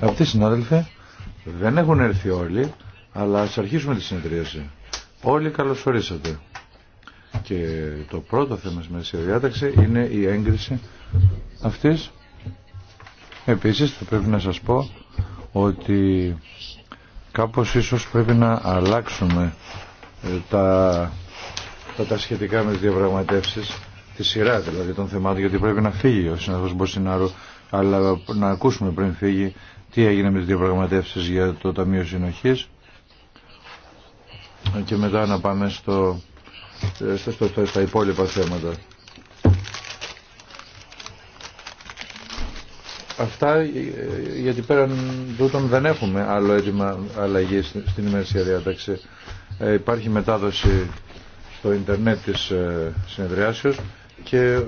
Αγαπητοί συνάδελφοι, δεν έχουν έρθει όλοι, αλλά ας αρχίσουμε τη συνεδρίαση. Όλοι καλωσορίσατε. Και το πρώτο θέμα σήμερα στη διάταξη είναι η έγκριση αυτής Επίσης θα πρέπει να σας πω ότι κάπως ίσως πρέπει να αλλάξουμε ε, τα, τα, σχετικά με τις διαπραγματεύσεις τη σειρά δηλαδή των θεμάτων γιατί πρέπει να φύγει ο συνάδελφος Μποσινάρου αλλά να ακούσουμε πριν φύγει τι έγινε με τις διαπραγματεύσεις για το Ταμείο Συνοχής ε, και μετά να πάμε στο, ε, στο, στο, στα υπόλοιπα θέματα. Αυτά ε, γιατί πέραν τούτων δεν έχουμε άλλο έτοιμα αλλαγή στην ημερησία διάταξη. Ε, υπάρχει μετάδοση στο ίντερνετ της ε, και ε,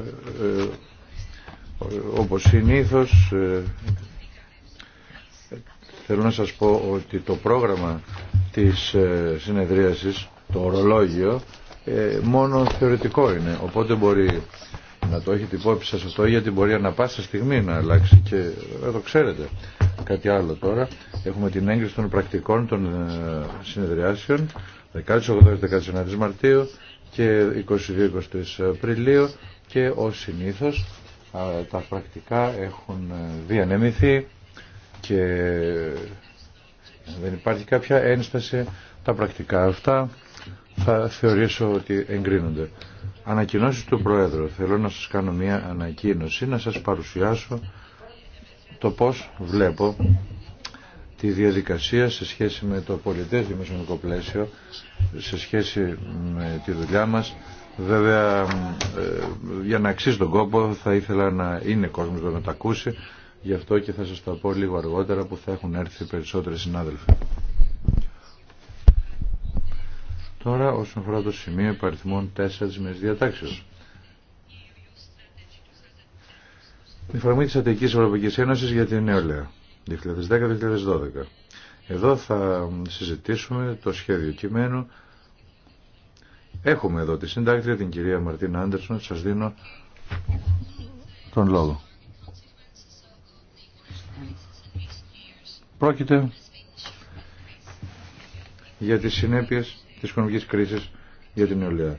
όπως συνήθως ε, θέλω να σας πω ότι το πρόγραμμα της ε, συνεδρίασης, το ορολόγιο, μόνο θεωρητικό είναι. Οπότε μπορεί να το έχετε υπόψη σας αυτό γιατί μπορεί να πάσα στιγμή να αλλάξει και εδώ ξέρετε κάτι άλλο τώρα έχουμε την έγκριση των πρακτικών των ε, συνεδριάσεων 18-19 Μαρτίου και 22-23 Απριλίου και ως συνήθως τα πρακτικά έχουν ε, διανεμηθεί και ε, δεν υπάρχει κάποια ένσταση τα πρακτικά αυτά θα θεωρήσω ότι εγκρίνονται. Ανακοινώσεις του Προέδρου. Θέλω να σας κάνω μια ανακοίνωση, να σας παρουσιάσω το πώς βλέπω τη διαδικασία σε σχέση με το πολιτές δημοσιονομικό πλαίσιο, σε σχέση με τη δουλειά μας. Βέβαια, ε, για να αξίζει τον κόπο θα ήθελα να είναι κόσμος να τα ακούσει, γι' αυτό και θα σας τα πω λίγο αργότερα που θα έχουν έρθει περισσότεροι συνάδελφοι. Τώρα όσον αφορά το σημείο υπαριθμών 4 της μιας διατάξεως. Η εφαρμογή της Αττικής Ευρωπαϊκής Ένωσης για την νεολαία 2010-2012. Εδώ θα συζητήσουμε το σχέδιο κειμένου. Έχουμε εδώ τη συντάκτρια, την κυρία Μαρτίνα Άντερσον. Σας δίνω τον λόγο. Πρόκειται για τις συνέπειες Τη οικονομική κρίσης για την νεολαία.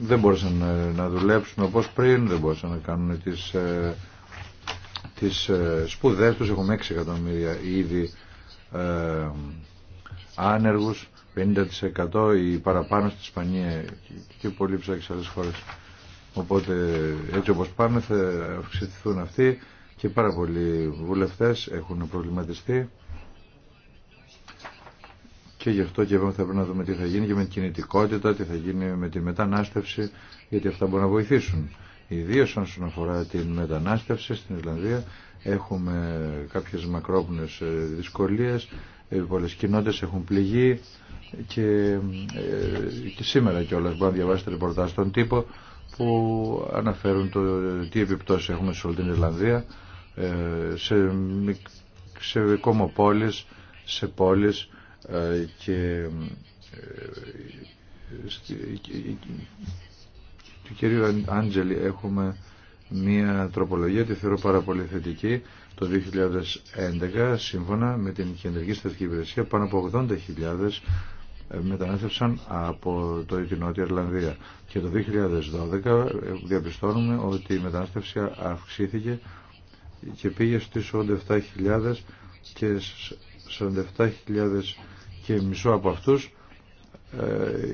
Δεν μπορούσαν ε, να δουλέψουν όπως πριν, δεν μπορούσαν να κάνουν τις, ε, τις ε, σπουδές τους. Έχουμε 6 εκατομμύρια ήδη ε, άνεργους, 50% ή παραπάνω στην Ισπανία και πολύ σε άλλες χώρες. Οπότε έτσι όπως πάμε θα αυξηθούν αυτοί και πάρα πολλοί βουλευτές έχουν προβληματιστεί και γι' αυτό και εγώ θα πρέπει να δούμε τι θα γίνει και με την κινητικότητα, τι θα γίνει με τη μετανάστευση, γιατί αυτά μπορούν να βοηθήσουν. Ιδίω όσον αφορά την μετανάστευση στην Ισλανδία, έχουμε κάποιε μακρόπνες ε, δυσκολίε, ε, πολλέ κοινότητε έχουν πληγεί και, ε, και σήμερα κιόλα μπορεί να διαβάσετε ρεπορτάζ στον τύπο που αναφέρουν το τι επιπτώσει έχουμε σε όλη την Ισλανδία σε, σε κομμοπόλεις, σε πόλεις και του κυρίου Άντζελη έχουμε μία τροπολογία τη θεωρώ πάρα πολύ θετική το 2011 σύμφωνα με την Κεντρική Στατική Υπηρεσία πάνω από 80.000 μετανάστευσαν από το, την Νότια Ιρλανδία και το 2012 διαπιστώνουμε ότι η μετανάστευση αυξήθηκε και πήγε στις 87.000 και 47.000 και μισό από αυτούς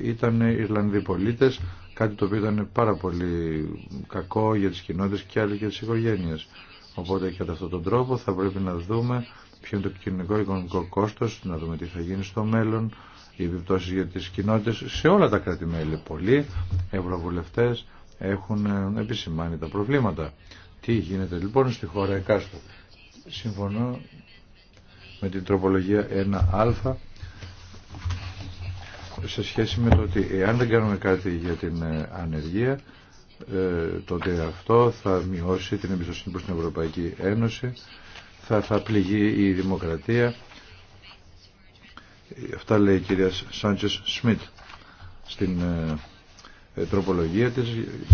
ε, ήταν Ιρλανδοί πολίτες, κάτι το οποίο ήταν πάρα πολύ κακό για τις κοινότητες και άλλοι για τις οικογένειες. Οπότε κατά αυτόν τον τρόπο θα πρέπει να δούμε ποιο είναι το κοινωνικό οικονομικό κόστος, να δούμε τι θα γίνει στο μέλλον, οι επιπτώσεις για τις κοινότητες σε όλα τα κράτη-μέλη. Πολλοί ευρωβουλευτές έχουν ε, επισημάνει τα προβλήματα. Τι γίνεται λοιπόν στη χώρα εκάστοτε. Συμφωνώ με την τροπολογία 1α σε σχέση με το ότι εάν δεν κάνουμε κάτι για την ε, ανεργία ε, τότε αυτό θα μειώσει την εμπιστοσύνη προς την Ευρωπαϊκή Ένωση θα, θα πληγεί η δημοκρατία αυτά λέει η κυρία Σάντσες Σμιτ στην ε, τροπολογία της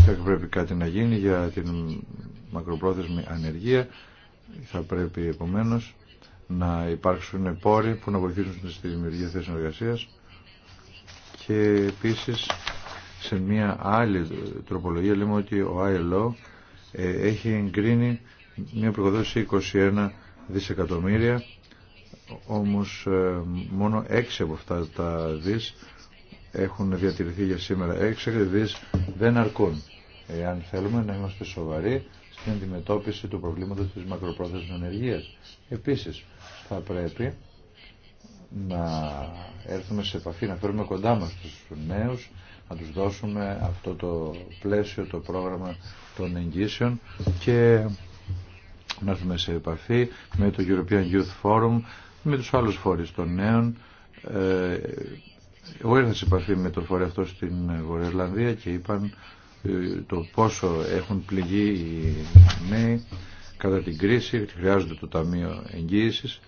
θα πρέπει κάτι να γίνει για την μακροπρόθεσμη ανεργία θα πρέπει επομένως να υπάρξουν πόροι που να βοηθήσουν στη δημιουργία θέσεων εργασίας και επίσης σε μια άλλη τροπολογία λέμε ότι ο ILO ε, έχει εγκρίνει μια προκοδόση 21 δισεκατομμύρια όμως ε, μόνο 6 από αυτά τα δις έχουν διατηρηθεί για σήμερα. 6 δις δεν αρκούν εάν θέλουμε να είμαστε σοβαροί στην αντιμετώπιση του προβλήματος της μακροπρόθεσμης ενεργείας. Επίσης θα πρέπει να έρθουμε σε επαφή, να φέρουμε κοντά μας τους νέους, να τους δώσουμε αυτό το πλαίσιο, το πρόγραμμα των εγγύσεων και να έρθουμε σε επαφή με το European Youth Forum, με τους άλλους φορείς των νέων. Ε, εγώ ήρθα σε επαφή με το φορέα αυτό στην Βορειοελλανδία και είπαν ε, το πόσο έχουν πληγεί οι νέοι κατά την κρίση, χρειάζονται το Ταμείο Εγγύησης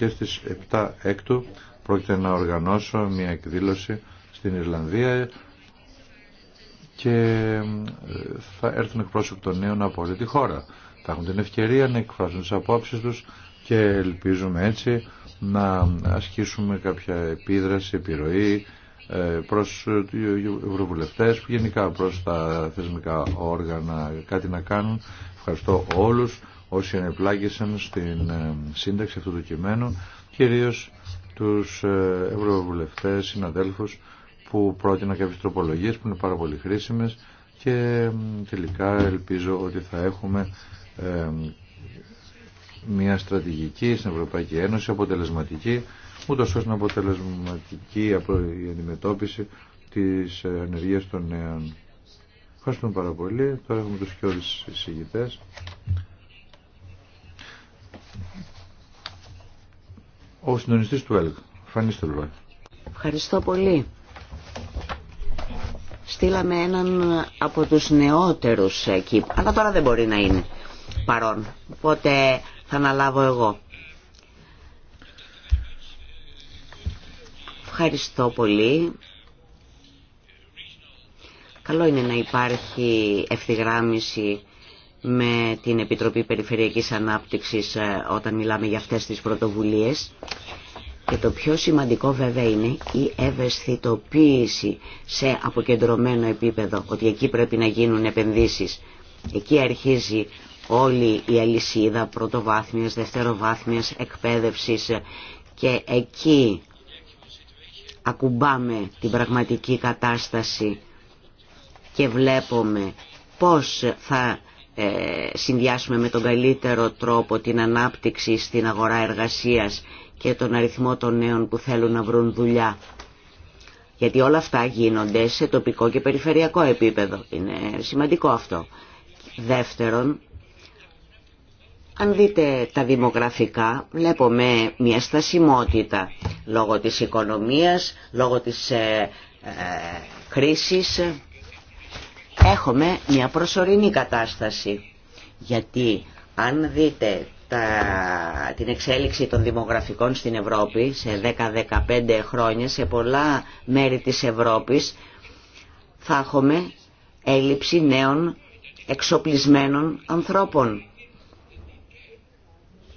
και στις 7 έκτου πρόκειται να οργανώσω μια εκδήλωση στην Ιρλανδία και ε, θα έρθουν εκπρόσωποι των νέων από όλη τη χώρα. Θα έχουν την ευκαιρία να εκφράσουν τις απόψεις τους και ελπίζουμε έτσι να ασκήσουμε κάποια επίδραση, επιρροή ε, προς ε, ευρωβουλευτές, γενικά προς τα θεσμικά όργανα κάτι να κάνουν. Ευχαριστώ όλους όσοι ανεπλάγησαν στην ε, σύνταξη αυτού του κειμένου, κυρίως τους ε, ευρωβουλευτές, συναδέλφους που πρότειναν κάποιες τροπολογίες που είναι πάρα πολύ χρήσιμες και τελικά ελπίζω ότι θα έχουμε ε, μια στρατηγική στην Ευρωπαϊκή Ένωση αποτελεσματική ούτω ώστε να αποτελεσματική η αντιμετώπιση της ενέργειας των νέων. Ευχαριστούμε πάρα πολύ. Τώρα έχουμε τους όλους εισηγητές. Ο συντονιστής του ΕΛΚ, Φανής Ευχαριστώ πολύ. Στείλαμε έναν από τους νεότερους εκεί, αλλά τώρα δεν μπορεί να είναι παρόν, οπότε θα αναλάβω εγώ. Ευχαριστώ πολύ. Καλό είναι να υπάρχει ευθυγράμμιση με την Επιτροπή Περιφερειακής Ανάπτυξης ε, όταν μιλάμε για αυτές τις πρωτοβουλίες. Και το πιο σημαντικό βέβαια είναι η ευαισθητοποίηση σε αποκεντρωμένο επίπεδο, ότι εκεί πρέπει να γίνουν επενδύσεις. Εκεί αρχίζει όλη η αλυσίδα πρωτοβάθμιας, δευτεροβάθμιας εκπαίδευσης και εκεί ακουμπάμε την πραγματική κατάσταση και βλέπουμε πώς θα ε, συνδυάσουμε με τον καλύτερο τρόπο την ανάπτυξη στην αγορά εργασίας και τον αριθμό των νέων που θέλουν να βρουν δουλειά. Γιατί όλα αυτά γίνονται σε τοπικό και περιφερειακό επίπεδο. Είναι σημαντικό αυτό. Δεύτερον, αν δείτε τα δημογραφικά, βλέπουμε μια στασιμότητα λόγω της οικονομίας, λόγω της ε, ε κρίσης Έχουμε μια προσωρινή κατάσταση, γιατί αν δείτε την εξέλιξη των δημογραφικών στην Ευρώπη σε 10-15 χρόνια, σε πολλά μέρη της Ευρώπης, θα έχουμε έλλειψη νέων εξοπλισμένων ανθρώπων.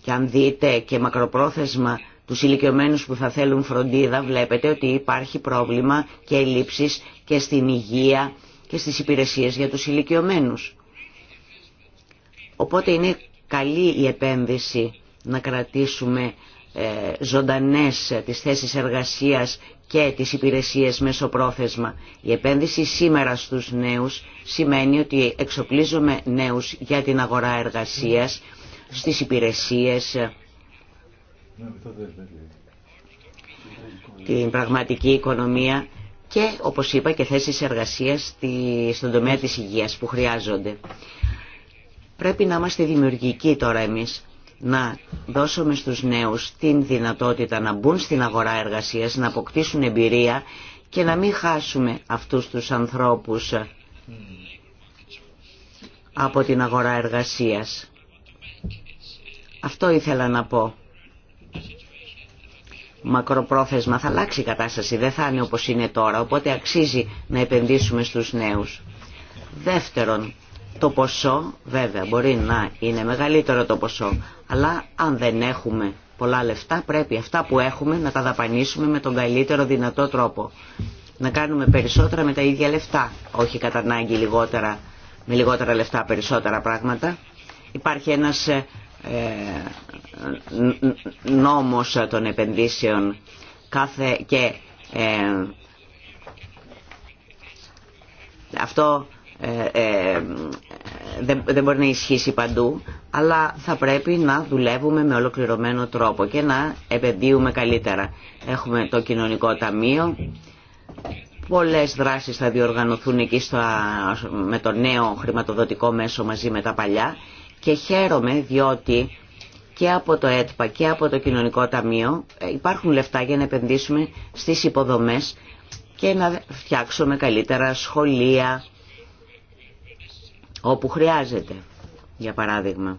Και αν δείτε και μακροπρόθεσμα τους ηλικιωμένους που θα θέλουν φροντίδα, βλέπετε ότι υπάρχει πρόβλημα και έλλειψης και στην υγεία και στις υπηρεσίες για τους ηλικιωμένους. Οπότε είναι καλή η επένδυση να κρατήσουμε ε, ζωντανές τις θέσεις εργασίας και τις υπηρεσίες πρόθεσμα. Η επένδυση σήμερα στους νέους σημαίνει ότι εξοπλίζουμε νέους για την αγορά εργασίας, στις υπηρεσίες, την πραγματική οικονομία και όπως είπα και θέσεις εργασίας στον τομέα της υγείας που χρειάζονται. Πρέπει να είμαστε δημιουργικοί τώρα εμείς να δώσουμε στους νέους την δυνατότητα να μπουν στην αγορά εργασίας, να αποκτήσουν εμπειρία και να μην χάσουμε αυτούς τους ανθρώπους από την αγορά εργασίας. Αυτό ήθελα να πω μακροπρόθεσμα θα αλλάξει η κατάσταση, δεν θα είναι όπως είναι τώρα, οπότε αξίζει να επενδύσουμε στους νέους. Δεύτερον, το ποσό βέβαια μπορεί να είναι μεγαλύτερο το ποσό, αλλά αν δεν έχουμε πολλά λεφτά πρέπει αυτά που έχουμε να τα δαπανίσουμε με τον καλύτερο δυνατό τρόπο. Να κάνουμε περισσότερα με τα ίδια λεφτά, όχι κατά ανάγκη λιγότερα, με λιγότερα λεφτά περισσότερα πράγματα. Υπάρχει ένας ε, ε, νόμος των επενδύσεων κάθε και ε, αυτό ε, δεν μπορεί να ισχύσει παντού αλλά θα πρέπει να δουλεύουμε με ολοκληρωμένο τρόπο και να επενδύουμε καλύτερα. Έχουμε το κοινωνικό ταμείο πολλές δράσεις θα διοργανωθούν εκεί στο, με το νέο χρηματοδοτικό μέσο μαζί με τα παλιά και χαίρομαι διότι και από το ΕΤΠΑ και από το Κοινωνικό Ταμείο ε, υπάρχουν λεφτά για να επενδύσουμε στις υποδομές και να φτιάξουμε καλύτερα σχολεία όπου χρειάζεται, για παράδειγμα.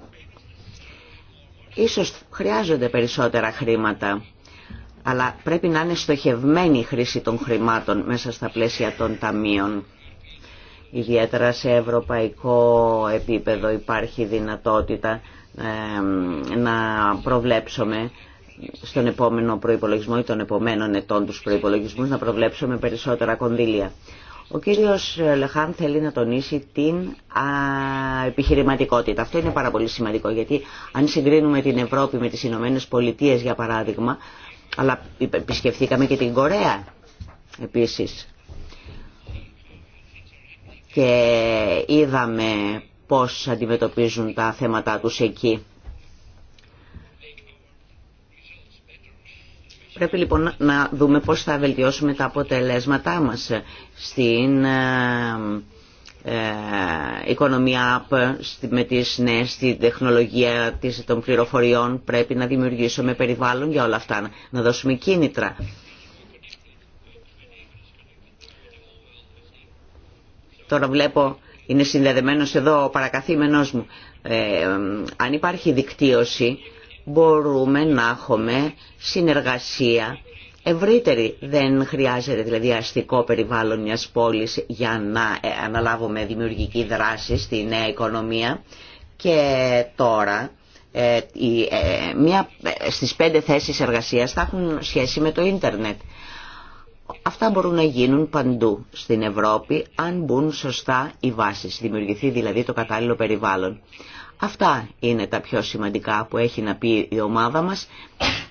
Ίσως χρειάζονται περισσότερα χρήματα, αλλά πρέπει να είναι στοχευμένη η χρήση των χρημάτων μέσα στα πλαίσια των ταμείων. Ιδιαίτερα σε ευρωπαϊκό επίπεδο υπάρχει δυνατότητα να προβλέψουμε στον επόμενο προϋπολογισμό ή των επομένων ετών τους προϋπολογισμούς να προβλέψουμε περισσότερα κονδύλια. Ο κύριος Λεχάν θέλει να τονίσει την επιχειρηματικότητα. Αυτό είναι πάρα πολύ σημαντικό γιατί αν συγκρίνουμε την Ευρώπη με τις Ηνωμένε Πολιτείες για παράδειγμα αλλά επισκεφθήκαμε και την Κορέα επίσης και είδαμε πώς αντιμετωπίζουν τα θέματα τους εκεί. Πρέπει λοιπόν να δούμε πώς θα βελτιώσουμε τα αποτελέσματά μας στην ε, ε, οικονομία με τις νέες, στην τεχνολογία των πληροφοριών. Πρέπει να δημιουργήσουμε περιβάλλον για όλα αυτά, να δώσουμε κίνητρα. Τώρα βλέπω, είναι συνδεδεμένος εδώ ο παρακαθήμενός μου. Ε, αν υπάρχει δικτύωση μπορούμε να έχουμε συνεργασία ευρύτερη. Δεν χρειάζεται δηλαδή αστικό περιβάλλον μιας πόλης για να ε, αναλάβουμε δημιουργική δράση στη νέα οικονομία. Και τώρα ε, η, ε, μια, στις πέντε θέσεις εργασίας θα έχουν σχέση με το ίντερνετ. Αυτά μπορούν να γίνουν παντού στην Ευρώπη αν μπουν σωστά οι βάσεις, δημιουργηθεί δηλαδή το κατάλληλο περιβάλλον. Αυτά είναι τα πιο σημαντικά που έχει να πει η ομάδα μας.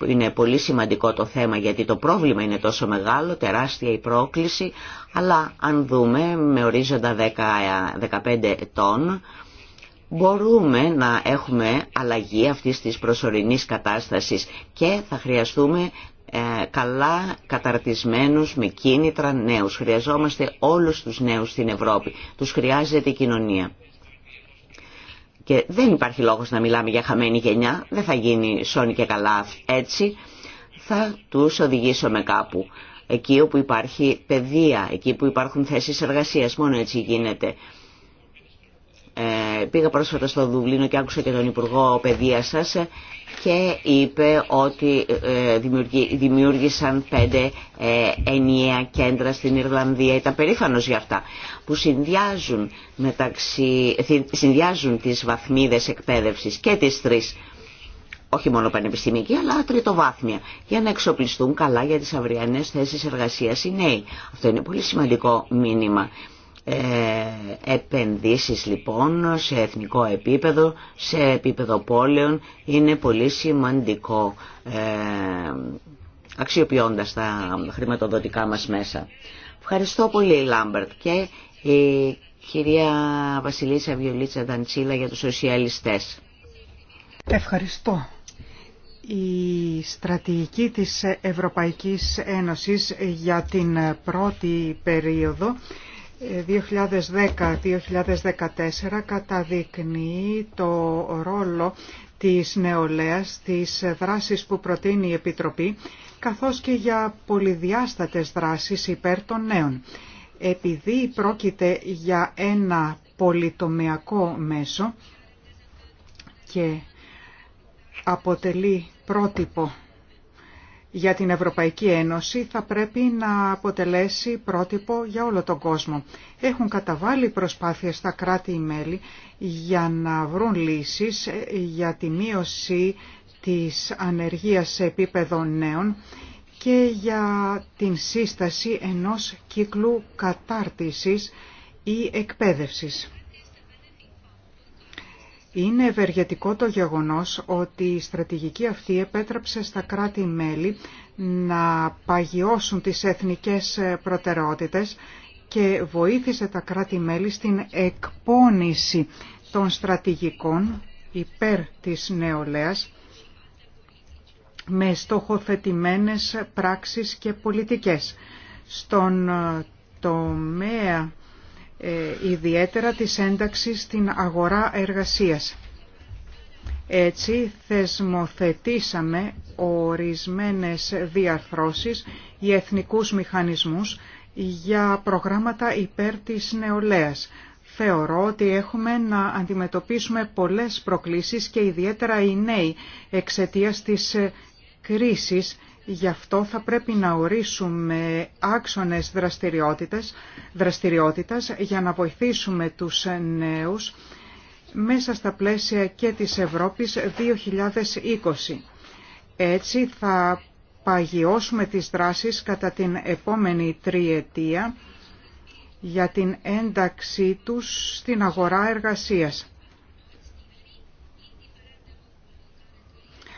Είναι πολύ σημαντικό το θέμα γιατί το πρόβλημα είναι τόσο μεγάλο, τεράστια η πρόκληση, αλλά αν δούμε με οριζοντα 10-15 ετών μπορούμε να έχουμε αλλαγή αυτής της προσωρινής κατάστασης και θα χρειαστούμε ε, καλά καταρτισμένους, με κίνητρα νέους. Χρειαζόμαστε όλους τους νέους στην Ευρώπη. Τους χρειάζεται η κοινωνία. Και δεν υπάρχει λόγος να μιλάμε για χαμένη γενιά, δεν θα γίνει σόνι και καλά έτσι. Θα τους οδηγήσουμε κάπου. Εκεί όπου υπάρχει παιδεία, εκεί που υπάρχουν θέσεις εργασίας, μόνο έτσι γίνεται. Ε, πήγα πρόσφατα στο Δουβλίνο και άκουσα και τον Υπουργό Παιδείας σας και είπε ότι ε, δημιούργησαν πέντε ε, ενιαία κέντρα στην Ιρλανδία. Ήταν περήφανος για αυτά που συνδυάζουν, μεταξύ, συνδυάζουν τις βαθμίδες εκπαίδευσης και τις τρεις όχι μόνο πανεπιστημική, αλλά τριτοβάθμια, για να εξοπλιστούν καλά για τις αυριανές θέσεις εργασίας οι νέοι. Αυτό είναι πολύ σημαντικό μήνυμα. Ε, επενδύσεις λοιπόν σε εθνικό επίπεδο, σε επίπεδο πόλεων είναι πολύ σημαντικό ε, αξιοποιώντας τα χρηματοδοτικά μας μέσα. Ευχαριστώ πολύ Λάμπερτ και η κυρία Βασιλίσσα Βιολίτσα Δαντσίλα για τους σοσιαλιστές. Ευχαριστώ. Η στρατηγική της Ευρωπαϊκής Ένωσης για την πρώτη περίοδο 2010-2014 καταδεικνύει το ρόλο της νεολαίας, της δράσης που προτείνει η Επιτροπή, καθώς και για πολυδιάστατες δράσεις υπέρ των νέων. Επειδή πρόκειται για ένα πολυτομιακό μέσο και αποτελεί πρότυπο για την Ευρωπαϊκή Ένωση θα πρέπει να αποτελέσει πρότυπο για όλο τον κόσμο. Έχουν καταβάλει προσπάθειες τα κράτη-μέλη για να βρουν λύσεις ε, για τη μείωση της ανεργίας σε επίπεδο νέων και για την σύσταση ενός κύκλου κατάρτισης ή εκπαίδευσης. Είναι ευεργετικό το γεγονός ότι η στρατηγική αυτή επέτρεψε στα κράτη-μέλη να παγιώσουν τις εθνικές προτεραιότητες και βοήθησε τα κράτη-μέλη στην εκπόνηση των στρατηγικών υπέρ της νεολαίας με στοχοθετημένες πράξεις και πολιτικές. Στον τομέα ε, ιδιαίτερα της ένταξης στην αγορά εργασίας. Έτσι θεσμοθετήσαμε ορισμένες διαρθρώσεις ή εθνικούς μηχανισμούς για προγράμματα υπέρ της νεολαίας. Θεωρώ ότι έχουμε να αντιμετωπίσουμε πολλές προκλήσεις και ιδιαίτερα οι νέοι εξαιτίας της κρίσης Γι' αυτό θα πρέπει να ορίσουμε άξονες δραστηριότητες, δραστηριότητας για να βοηθήσουμε τους νέους μέσα στα πλαίσια και της Ευρώπης 2020. Έτσι θα παγιώσουμε τις δράσεις κατά την επόμενη τριετία για την ένταξή τους στην αγορά εργασίας.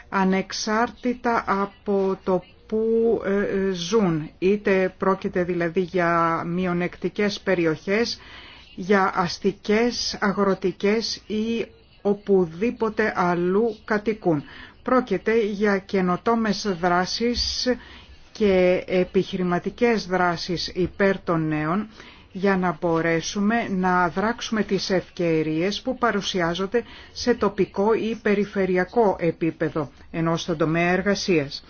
ανεξάρτητα από το που ε, ε, ζουν. Είτε πρόκειται δηλαδή για μειονεκτικές περιοχές, για αστικές, αγροτικές ή οπουδήποτε αλλού κατοικούν. Πρόκειται για καινοτόμες δράσεις και επιχειρηματικές δράσεις υπέρ των νέων για να μπορέσουμε να δράξουμε τις ευκαιρίες που παρουσιάζονται σε τοπικό ή περιφερειακό επίπεδο, ενώ στον τομέα εργασίας.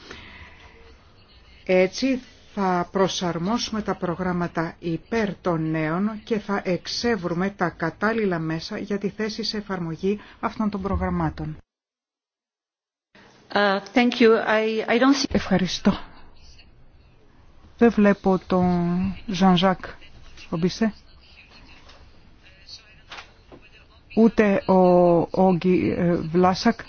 Έτσι θα προσαρμόσουμε τα προγράμματα υπέρ των νέων και θα εξεύρουμε τα κατάλληλα μέσα για τη θέση σε εφαρμογή αυτών των προγραμμάτων. Uh, thank you. I, don't see... Ευχαριστώ. Δεν βλέπω τον Ζανζάκ Ούτε ο ε, Βλάσακ.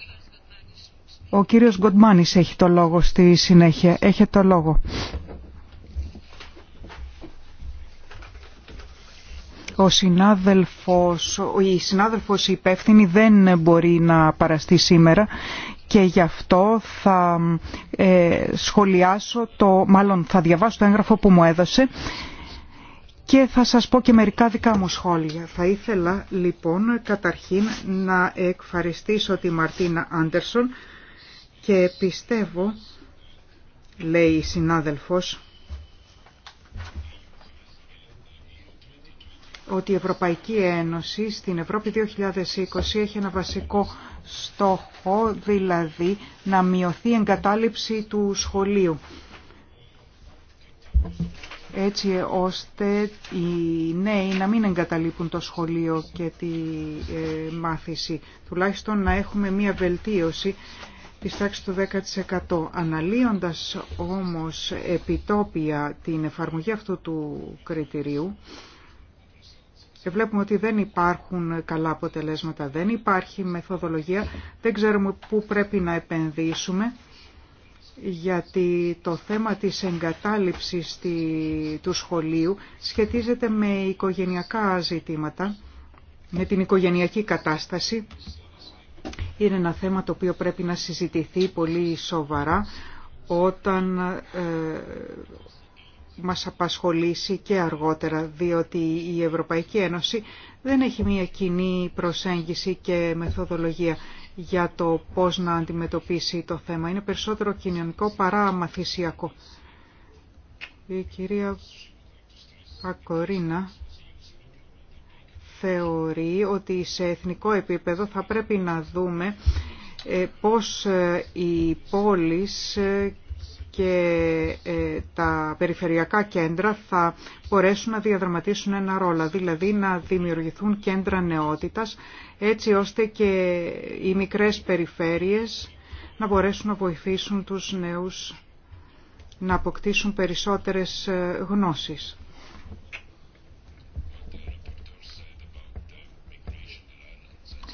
Ο κύριος Γκοντμάνης έχει το λόγο στη συνέχεια. έχει το λόγο. ο συνάδελφος, η συνάδελφος υπεύθυνη δεν μπορεί να παραστεί σήμερα και γι' αυτό θα ε, σχολιάσω το, μάλλον θα διαβάσω το έγγραφο που μου έδωσε και θα σας πω και μερικά δικά μου σχόλια. Θα ήθελα λοιπόν καταρχήν να εκφαριστήσω τη Μαρτίνα Άντερσον και πιστεύω, λέει η συνάδελφος, ότι η Ευρωπαϊκή Ένωση στην Ευρώπη 2020 έχει ένα βασικό στόχο, δηλαδή να μειωθεί η εγκατάλειψη του σχολείου έτσι ώστε οι νέοι να μην εγκαταλείπουν το σχολείο και τη ε, μάθηση. Τουλάχιστον να έχουμε μία βελτίωση της τάξης του 10%. Αναλύοντας όμως επιτόπια την εφαρμογή αυτού του κριτηρίου, βλέπουμε ότι δεν υπάρχουν καλά αποτελέσματα, δεν υπάρχει μεθοδολογία, δεν ξέρουμε πού πρέπει να επενδύσουμε γιατί το θέμα της εγκατάλειψης του σχολείου σχετίζεται με οικογενειακά ζητήματα, με την οικογενειακή κατάσταση. Είναι ένα θέμα το οποίο πρέπει να συζητηθεί πολύ σοβαρά όταν ε, μας απασχολήσει και αργότερα, διότι η Ευρωπαϊκή Ένωση δεν έχει μια κοινή προσέγγιση και μεθοδολογία για το πώς να αντιμετωπίσει το θέμα. Είναι περισσότερο κοινωνικό παρά μαθησιακό. Η κυρία Ακορίνα θεωρεί ότι σε εθνικό επίπεδο θα πρέπει να δούμε ε, πώς ε, οι πόλεις ε, και ε, τα περιφερειακά κέντρα θα μπορέσουν να διαδραματίσουν ένα ρόλο, δηλαδή να δημιουργηθούν κέντρα νεότητας έτσι ώστε και οι μικρές περιφέρειες να μπορέσουν να βοηθήσουν τους νέους να αποκτήσουν περισσότερες ε, γνώσεις.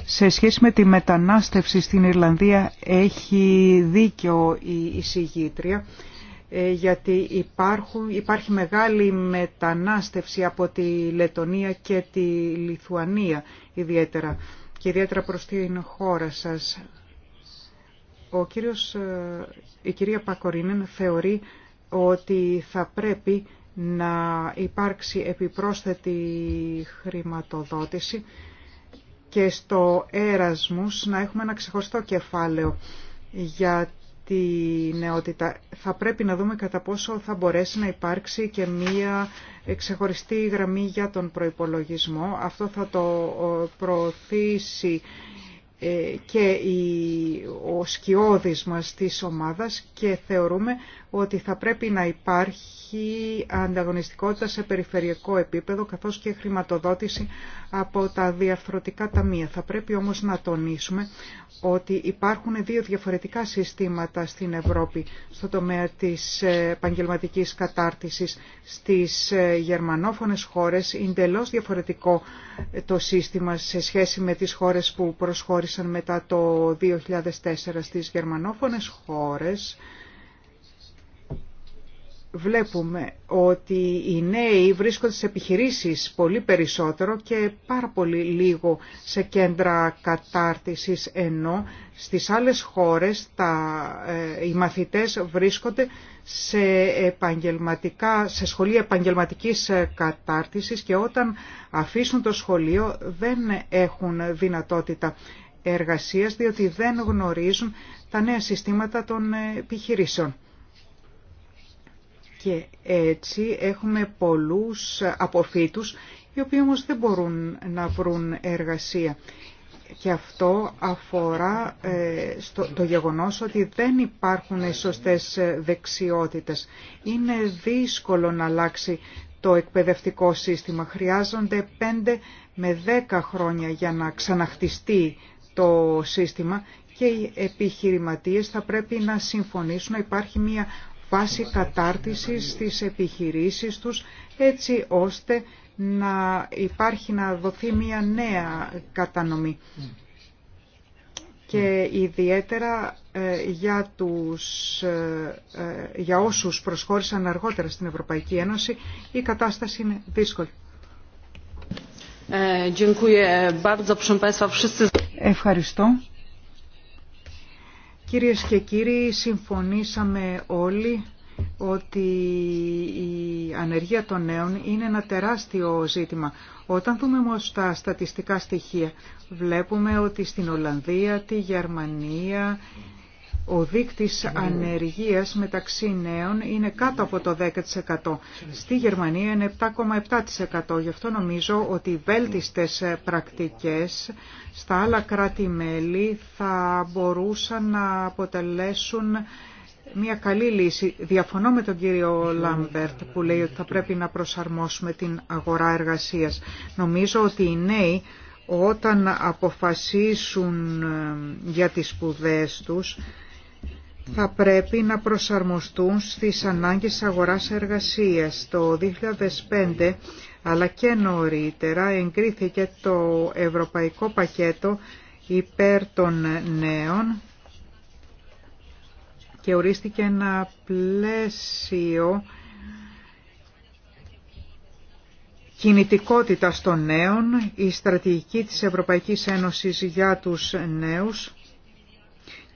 Σε σχέση με τη μετανάστευση στην Ιρλανδία έχει δίκιο η εισηγήτρια ε, γιατί υπάρχουν, υπάρχει μεγάλη μετανάστευση από τη Λετωνία και τη Λιθουανία ιδιαίτερα και ιδιαίτερα προς την χώρα σας. Ο κύριος, ε, η κυρία Πακορίνεν θεωρεί ότι θα πρέπει να υπάρξει επιπρόσθετη χρηματοδότηση και στο έρασμους να έχουμε ένα ξεχωριστό κεφάλαιο για τη νεότητα. Θα πρέπει να δούμε κατά πόσο θα μπορέσει να υπάρξει και μία ξεχωριστή γραμμή για τον προϋπολογισμό. Αυτό θα το ε, προωθήσει ε, και ο σκιώδης μας της ομάδας και θεωρούμε ότι θα πρέπει να υπάρχει ανταγωνιστικότητα σε περιφερειακό επίπεδο καθώς και χρηματοδότηση από τα διαφορετικά ταμεία. Θα πρέπει όμως να τονίσουμε ότι υπάρχουν δύο διαφορετικά συστήματα στην Ευρώπη στο τομέα της ε, επαγγελματική κατάρτισης στις ε, γερμανόφωνες χώρες είναι διαφορετικό το σύστημα σε σχέση με τις χώρες που προσχώρησαν μετά το 2004 στις γερμανόφωνες χώρες βλέπουμε ότι οι νέοι βρίσκονται σε επιχειρήσεις πολύ περισσότερο και πάρα πολύ λίγο σε κέντρα κατάρτισης ενώ στις άλλες χώρες τα, ε, οι μαθητές βρίσκονται σε, επαγγελματικά, σε σχολεία επαγγελματικής ε, κατάρτισης και όταν αφήσουν το σχολείο δεν έχουν δυνατότητα εργασίας διότι δεν γνωρίζουν τα νέα συστήματα των ε, επιχειρήσεων. Και έτσι έχουμε πολλούς αποφύτους οι οποίοι όμως δεν μπορούν να βρουν εργασία και αυτό αφορά ε, στο, το γεγονός ότι δεν υπάρχουν σωστές ε, δεξιότητες. Είναι δύσκολο να αλλάξει το εκπαιδευτικό σύστημα. Χρειάζονται 5 με 10 χρόνια για να ξαναχτιστεί το σύστημα και οι επιχειρηματίες θα πρέπει να συμφωνήσουν υπάρχει μια βάση κατάρτισης στις επιχειρήσεις τους έτσι ώστε να υπάρχει να δοθεί μια νέα κατανομή και ιδιαίτερα ε, για, τους, ε, ε, όσους προσχώρησαν αργότερα στην Ευρωπαϊκή Ένωση η κατάσταση είναι δύσκολη. Ευχαριστώ. Κυρίες και κύριοι, συμφωνήσαμε όλοι ότι η ανεργία των νέων είναι ένα τεράστιο ζήτημα. Όταν δούμε όμως τα στατιστικά στοιχεία, βλέπουμε ότι στην Ολλανδία, τη Γερμανία, ο δείκτης ανεργίας μεταξύ νέων είναι κάτω από το 10%. Στη Γερμανία είναι 7,7%. Γι' αυτό νομίζω ότι οι βέλτιστες πρακτικές στα άλλα κράτη-μέλη θα μπορούσαν να αποτελέσουν μια καλή λύση. Διαφωνώ με τον κύριο Λάμπερτ που λέει ότι θα πρέπει να προσαρμόσουμε την αγορά εργασίας. Νομίζω ότι οι νέοι όταν αποφασίσουν ε, για τις σπουδέ τους θα πρέπει να προσαρμοστούν στις ανάγκες της αγοράς εργασίας. Το 2005 αλλά και νωρίτερα εγκρίθηκε το Ευρωπαϊκό Πακέτο υπέρ των νέων και ορίστηκε ένα πλαίσιο κινητικότητα των νέων, η στρατηγική της Ευρωπαϊκής Ένωσης για τους νέους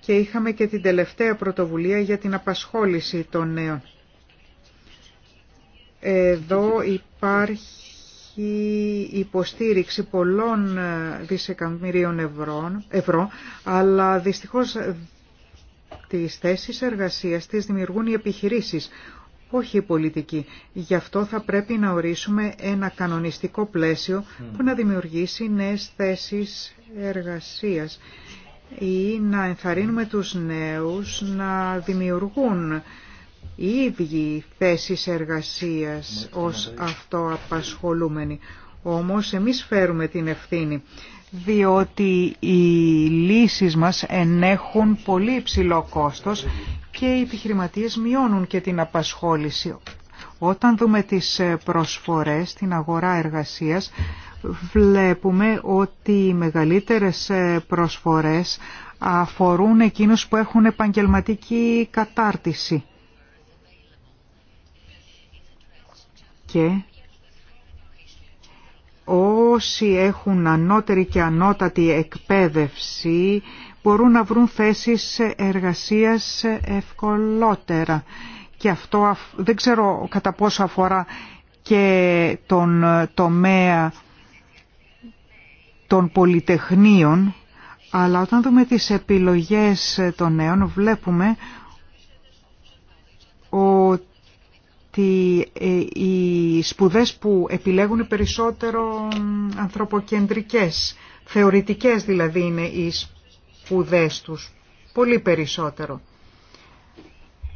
και είχαμε και την τελευταία πρωτοβουλία για την απασχόληση των νέων. Εδώ υπάρχει υποστήριξη πολλών δισεκατομμυρίων ευρώ, ευρώ αλλά δυστυχώς Τις θέσεις εργασίας τις δημιουργούν οι επιχειρήσεις, όχι οι πολιτικοί. Γι' αυτό θα πρέπει να ορίσουμε ένα κανονιστικό πλαίσιο που να δημιουργήσει νέες θέσεις εργασίας ή να ενθαρρύνουμε τους νέους να δημιουργούν οι ίδιοι θέσεις εργασίας ως αυτοαπασχολούμενοι. Όμως εμείς φέρουμε την ευθύνη διότι οι λύσεις μας ενέχουν πολύ υψηλό κόστος και οι επιχειρηματίες μειώνουν και την απασχόληση. Όταν δούμε τις προσφορές στην αγορά εργασίας, βλέπουμε ότι οι μεγαλύτερες προσφορές αφορούν εκείνους που έχουν επαγγελματική κατάρτιση. Και όσοι έχουν ανώτερη και ανώτατη εκπαίδευση μπορούν να βρουν θέσεις εργασίας ευκολότερα. Και αυτό δεν ξέρω κατά πόσο αφορά και τον τομέα των πολυτεχνείων, αλλά όταν δούμε τις επιλογές των νέων βλέπουμε ότι ότι ε, οι σπουδές που επιλέγουν περισσότερο ανθρωποκεντρικές, θεωρητικές δηλαδή είναι οι σπουδές τους, πολύ περισσότερο.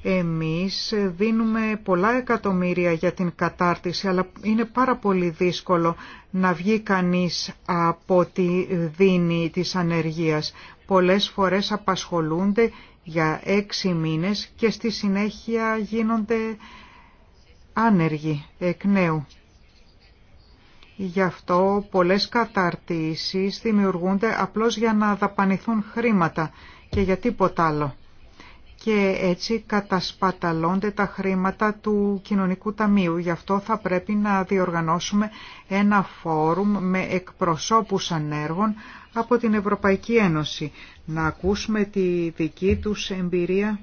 Εμείς δίνουμε πολλά εκατομμύρια για την κατάρτιση, αλλά είναι πάρα πολύ δύσκολο να βγει κανείς από τη δίνη της ανεργίας. Πολλές φορές απασχολούνται για έξι μήνες και στη συνέχεια γίνονται άνεργοι εκ νέου. Γι' αυτό πολλές καταρτήσεις δημιουργούνται απλώς για να δαπανηθούν χρήματα και για τίποτα άλλο. Και έτσι κατασπαταλώνται τα χρήματα του Κοινωνικού Ταμείου. Γι' αυτό θα πρέπει να διοργανώσουμε ένα φόρουμ με εκπροσώπους ανέργων από την Ευρωπαϊκή Ένωση. Να ακούσουμε τη δική τους εμπειρία,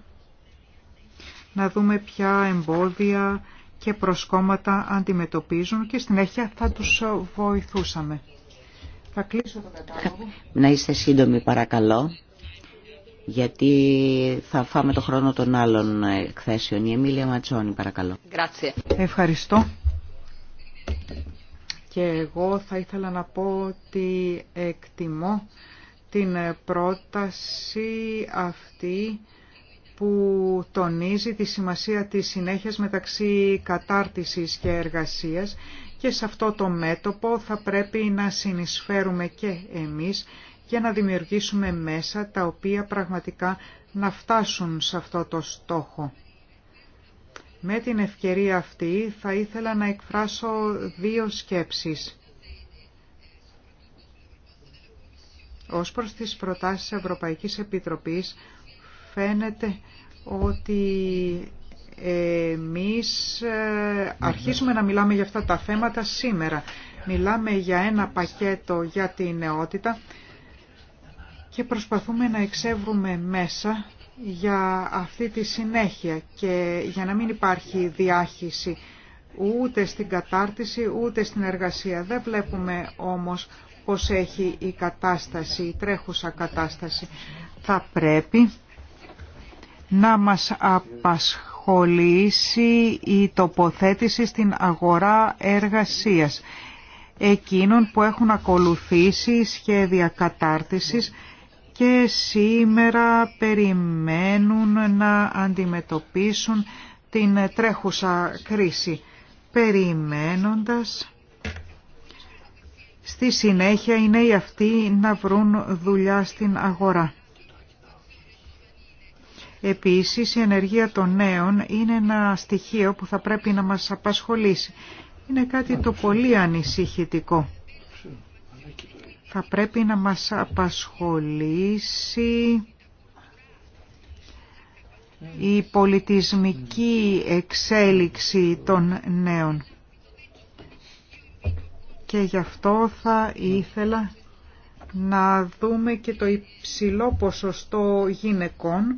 να δούμε ποια εμπόδια και προσκόμματα αντιμετωπίζουν και στην συνέχεια θα τους βοηθούσαμε. Θα κλείσω το κατάλογο. Να είστε σύντομοι παρακαλώ, γιατί θα φάμε το χρόνο των άλλων εκθέσεων. Η Εμίλια Ματσόνη παρακαλώ. Ευχαριστώ. Και εγώ θα ήθελα να πω ότι εκτιμώ την πρόταση αυτή που τονίζει τη σημασία της συνέχειας μεταξύ κατάρτισης και εργασίας και σε αυτό το μέτωπο θα πρέπει να συνεισφέρουμε και εμείς για να δημιουργήσουμε μέσα τα οποία πραγματικά να φτάσουν σε αυτό το στόχο. Με την ευκαιρία αυτή θα ήθελα να εκφράσω δύο σκέψεις. Ως προς τις προτάσεις Ευρωπαϊκής Επιτροπής φαίνεται ότι εμείς ε, αρχίσουμε να μιλάμε για αυτά τα θέματα σήμερα. Μιλάμε για ένα πακέτο για την νεότητα και προσπαθούμε να εξεύρουμε μέσα για αυτή τη συνέχεια και για να μην υπάρχει διάχυση ούτε στην κατάρτιση ούτε στην εργασία. Δεν βλέπουμε όμως πώς έχει η κατάσταση, η τρέχουσα κατάσταση. Θα πρέπει να μας απασχολήσει η τοποθέτηση στην αγορά εργασίας εκείνων που έχουν ακολουθήσει σχέδια κατάρτισης και σήμερα περιμένουν να αντιμετωπίσουν την τρέχουσα κρίση, περιμένοντας στη συνέχεια οι νέοι αυτοί να βρουν δουλειά στην αγορά. Επίσης, η ενεργεία των νέων είναι ένα στοιχείο που θα πρέπει να μας απασχολήσει. Είναι κάτι το πολύ ανησυχητικό. Θα πρέπει να μας απασχολήσει η πολιτισμική εξέλιξη των νέων. Και γι' αυτό θα ήθελα να δούμε και το υψηλό ποσοστό γυναικών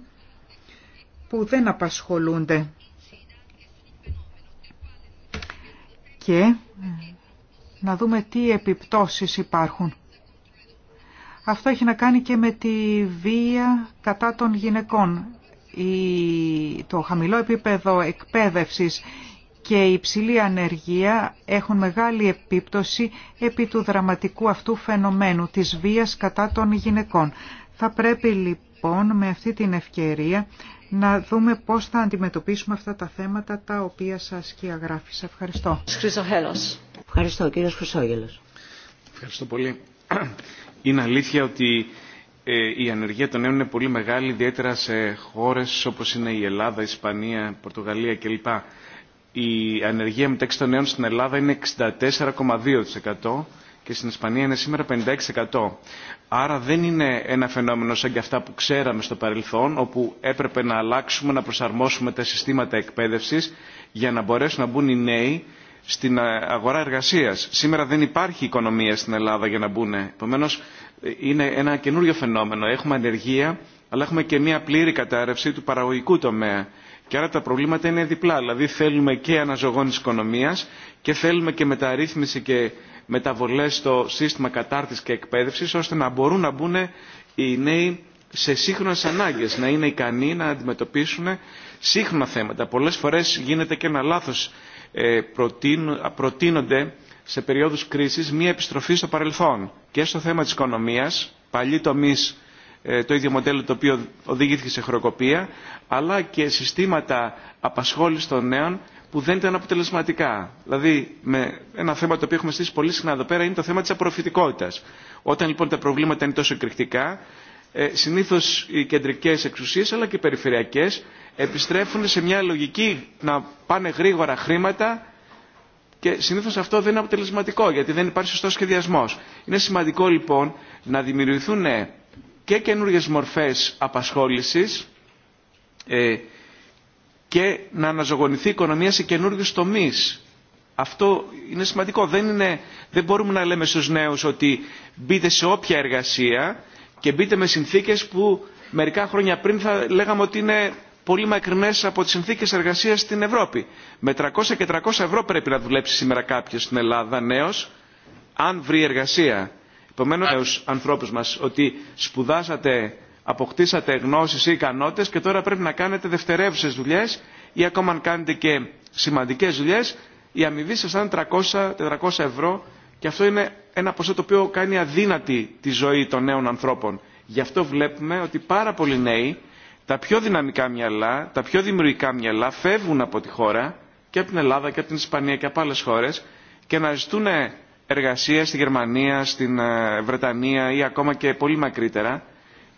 που δεν απασχολούνται. Και να δούμε τι επιπτώσεις υπάρχουν. Αυτό έχει να κάνει και με τη βία κατά των γυναικών. Το χαμηλό επίπεδο εκπαίδευσης και η υψηλή ανεργία έχουν μεγάλη επίπτωση επί του δραματικού αυτού φαινομένου της βίας κατά των γυναικών. Θα πρέπει λοιπόν με αυτή την ευκαιρία να δούμε πώς θα αντιμετωπίσουμε αυτά τα θέματα τα οποία σας σκιαγράφησα. Ευχαριστώ. Ευχαριστώ κύριος Χρυσόγελος. Ευχαριστώ πολύ. Είναι αλήθεια ότι ε, η ανεργία των νέων είναι πολύ μεγάλη, ιδιαίτερα σε χώρες όπως είναι η Ελλάδα, η Ισπανία, η Πορτογαλία κλπ. Η ανεργία μεταξύ των νέων στην Ελλάδα είναι 64,2% και στην Ισπανία είναι σήμερα 56%. Άρα δεν είναι ένα φαινόμενο σαν και αυτά που ξέραμε στο παρελθόν, όπου έπρεπε να αλλάξουμε, να προσαρμόσουμε τα συστήματα εκπαίδευσης για να μπορέσουν να μπουν οι νέοι στην ε, αγορά εργασίας. Σήμερα δεν υπάρχει οικονομία στην Ελλάδα για να μπουν. Επομένω, ε, είναι ένα καινούριο φαινόμενο. Έχουμε ανεργία, αλλά έχουμε και μια πλήρη κατάρρευση του παραγωγικού τομέα. Και άρα τα προβλήματα είναι διπλά. Δηλαδή θέλουμε και αναζωγόνηση οικονομίας και θέλουμε και μεταρρύθμιση και μεταβολές στο σύστημα κατάρτισης και εκπαίδευσης ώστε να μπορούν να μπουν οι νέοι σε σύγχρονες ανάγκες, να είναι ικανοί να αντιμετωπίσουν σύγχρονα θέματα. Πολλές φορές γίνεται και ένα λάθος. Ε, προτείνονται σε περίοδους κρίσης μία επιστροφή στο παρελθόν και στο θέμα της οικονομίας, παλιοί τομείς ε, το ίδιο μοντέλο το οποίο οδηγήθηκε σε χροκοπία, αλλά και συστήματα απασχόλησης των νέων που δεν ήταν αποτελεσματικά. Δηλαδή, με ένα θέμα το οποίο έχουμε στήσει πολύ συχνά εδώ πέρα είναι το θέμα της απορροφητικότητας. Όταν λοιπόν τα προβλήματα είναι τόσο εκρηκτικά, ε, συνήθως οι κεντρικές εξουσίες αλλά και οι περιφερειακές επιστρέφουν σε μια λογική να πάνε γρήγορα χρήματα και συνήθως αυτό δεν είναι αποτελεσματικό γιατί δεν υπάρχει σωστός σχεδιασμός. Είναι σημαντικό λοιπόν να δημιουργηθούν ε, και καινούργιες μορφές απασχόλησης ε, και να αναζωογονηθεί η οικονομία σε καινούργιους τομείς. Αυτό είναι σημαντικό. Δεν, είναι, δεν μπορούμε να λέμε στους νέους ότι μπείτε σε όποια εργασία και μπείτε με συνθήκες που μερικά χρόνια πριν θα λέγαμε ότι είναι πολύ μακρινές από τις συνθήκες εργασίας στην Ευρώπη. Με 300 και 300 ευρώ πρέπει να δουλέψει σήμερα κάποιος στην Ελλάδα νέος, αν βρει εργασία επομένως νέους ανθρώπους μας ότι σπουδάσατε, αποκτήσατε γνώσεις ή ικανότητες και τώρα πρέπει να κάνετε δευτερεύουσες δουλειές ή ακόμα αν κάνετε και σημαντικές δουλειές η αμοιβή σας 300 300-400 ευρώ και αυτό είναι ένα ποσό το οποίο κάνει αδύνατη τη ζωή των νέων ανθρώπων. Γι' αυτό βλέπουμε ότι πάρα πολλοί νέοι, τα πιο δυναμικά μυαλά, τα πιο δημιουργικά μυαλά φεύγουν από τη χώρα και από την Ελλάδα και από την Ισπανία και από άλλες χώρες και να ζητούν εργασία στη Γερμανία, στην ε, Βρετανία ή ακόμα και πολύ μακρύτερα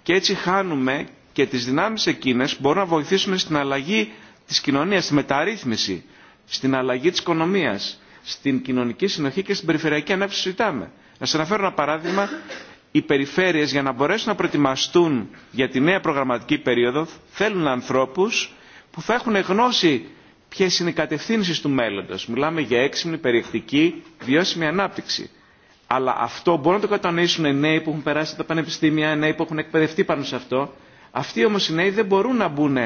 και έτσι χάνουμε και τις δυνάμεις εκείνες που μπορούν να βοηθήσουν στην αλλαγή της κοινωνίας, στη μεταρρύθμιση, στην αλλαγή της οικονομίας, στην κοινωνική συνοχή και στην περιφερειακή ανάπτυξη που Να σας αναφέρω ένα παράδειγμα. Οι περιφέρειες για να μπορέσουν να προετοιμαστούν για τη νέα προγραμματική περίοδο θέλουν ανθρώπους που θα έχουν γνώση ποιε είναι οι κατευθύνσει του μέλλοντο. Μιλάμε για έξυπνη, περιεκτική, βιώσιμη ανάπτυξη. Αλλά αυτό μπορούν να το κατανοήσουν οι νέοι που έχουν περάσει τα πανεπιστήμια, οι νέοι που έχουν εκπαιδευτεί πάνω σε αυτό. Αυτοί όμω οι νέοι δεν μπορούν να μπουν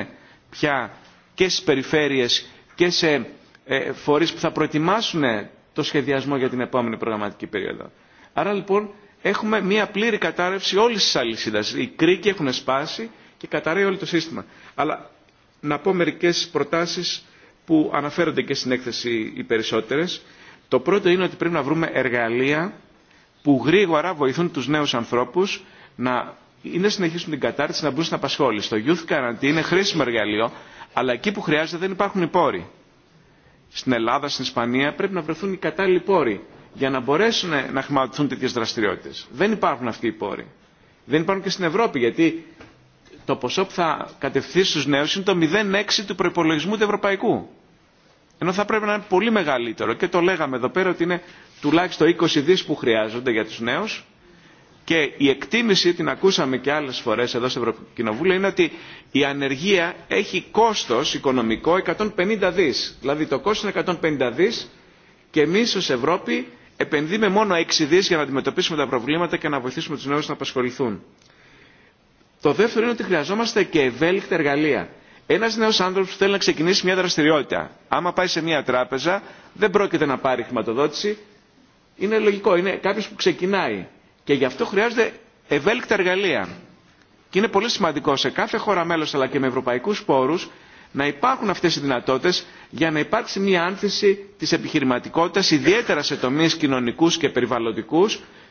πια και στι περιφέρειε και σε ε, φορεί που θα προετοιμάσουν το σχεδιασμό για την επόμενη προγραμματική περίοδο. Άρα λοιπόν έχουμε μία πλήρη κατάρρευση όλη τη αλυσίδα. Οι κρίκοι έχουν σπάσει και καταραίει όλο το σύστημα. Αλλά να πω μερικέ προτάσει που αναφέρονται και στην έκθεση οι περισσότερες. Το πρώτο είναι ότι πρέπει να βρούμε εργαλεία που γρήγορα βοηθούν τους νέους ανθρώπους να συνεχίσουν την κατάρτιση να μπουν στην απασχόληση. Το Youth Guarantee είναι χρήσιμο εργαλείο, αλλά εκεί που χρειάζεται δεν υπάρχουν οι πόροι. Στην Ελλάδα, στην Ισπανία πρέπει να βρεθούν οι κατάλληλοι πόροι για να μπορέσουν να χρηματοδοτηθούν τέτοιε δραστηριότητε. Δεν υπάρχουν αυτοί οι πόροι. Δεν υπάρχουν και στην Ευρώπη, γιατί το ποσό που θα κατευθύσει στου νέου είναι το 0,6 του προπολογισμού του Ευρωπαϊκού. Ενώ θα πρέπει να είναι πολύ μεγαλύτερο και το λέγαμε εδώ πέρα ότι είναι τουλάχιστον 20 δις που χρειάζονται για τους νέους και η εκτίμηση, την ακούσαμε και άλλες φορές εδώ στο Ευρωκοινοβούλιο, είναι ότι η ανεργία έχει κόστος οικονομικό 150 δις. Δηλαδή το κόστος είναι 150 δις και εμείς ως Ευρώπη επενδύουμε μόνο 6 δις για να αντιμετωπίσουμε τα προβλήματα και να βοηθήσουμε τους νέους να απασχοληθούν. Το δεύτερο είναι ότι χρειαζόμαστε και ευέλικτα εργαλεία. Ένα νέο άνθρωπο που θέλει να ξεκινήσει μια δραστηριότητα, άμα πάει σε μια τράπεζα, δεν πρόκειται να πάρει χρηματοδότηση. Είναι λογικό, είναι κάποιο που ξεκινάει. Και γι' αυτό χρειάζεται ευέλικτα εργαλεία. Και είναι πολύ σημαντικό σε κάθε χώρα μέλο αλλά και με ευρωπαϊκού πόρου να υπάρχουν αυτέ οι δυνατότητε για να υπάρξει μια άνθηση τη επιχειρηματικότητα, ιδιαίτερα σε τομεί κοινωνικού και περιβαλλοντικού,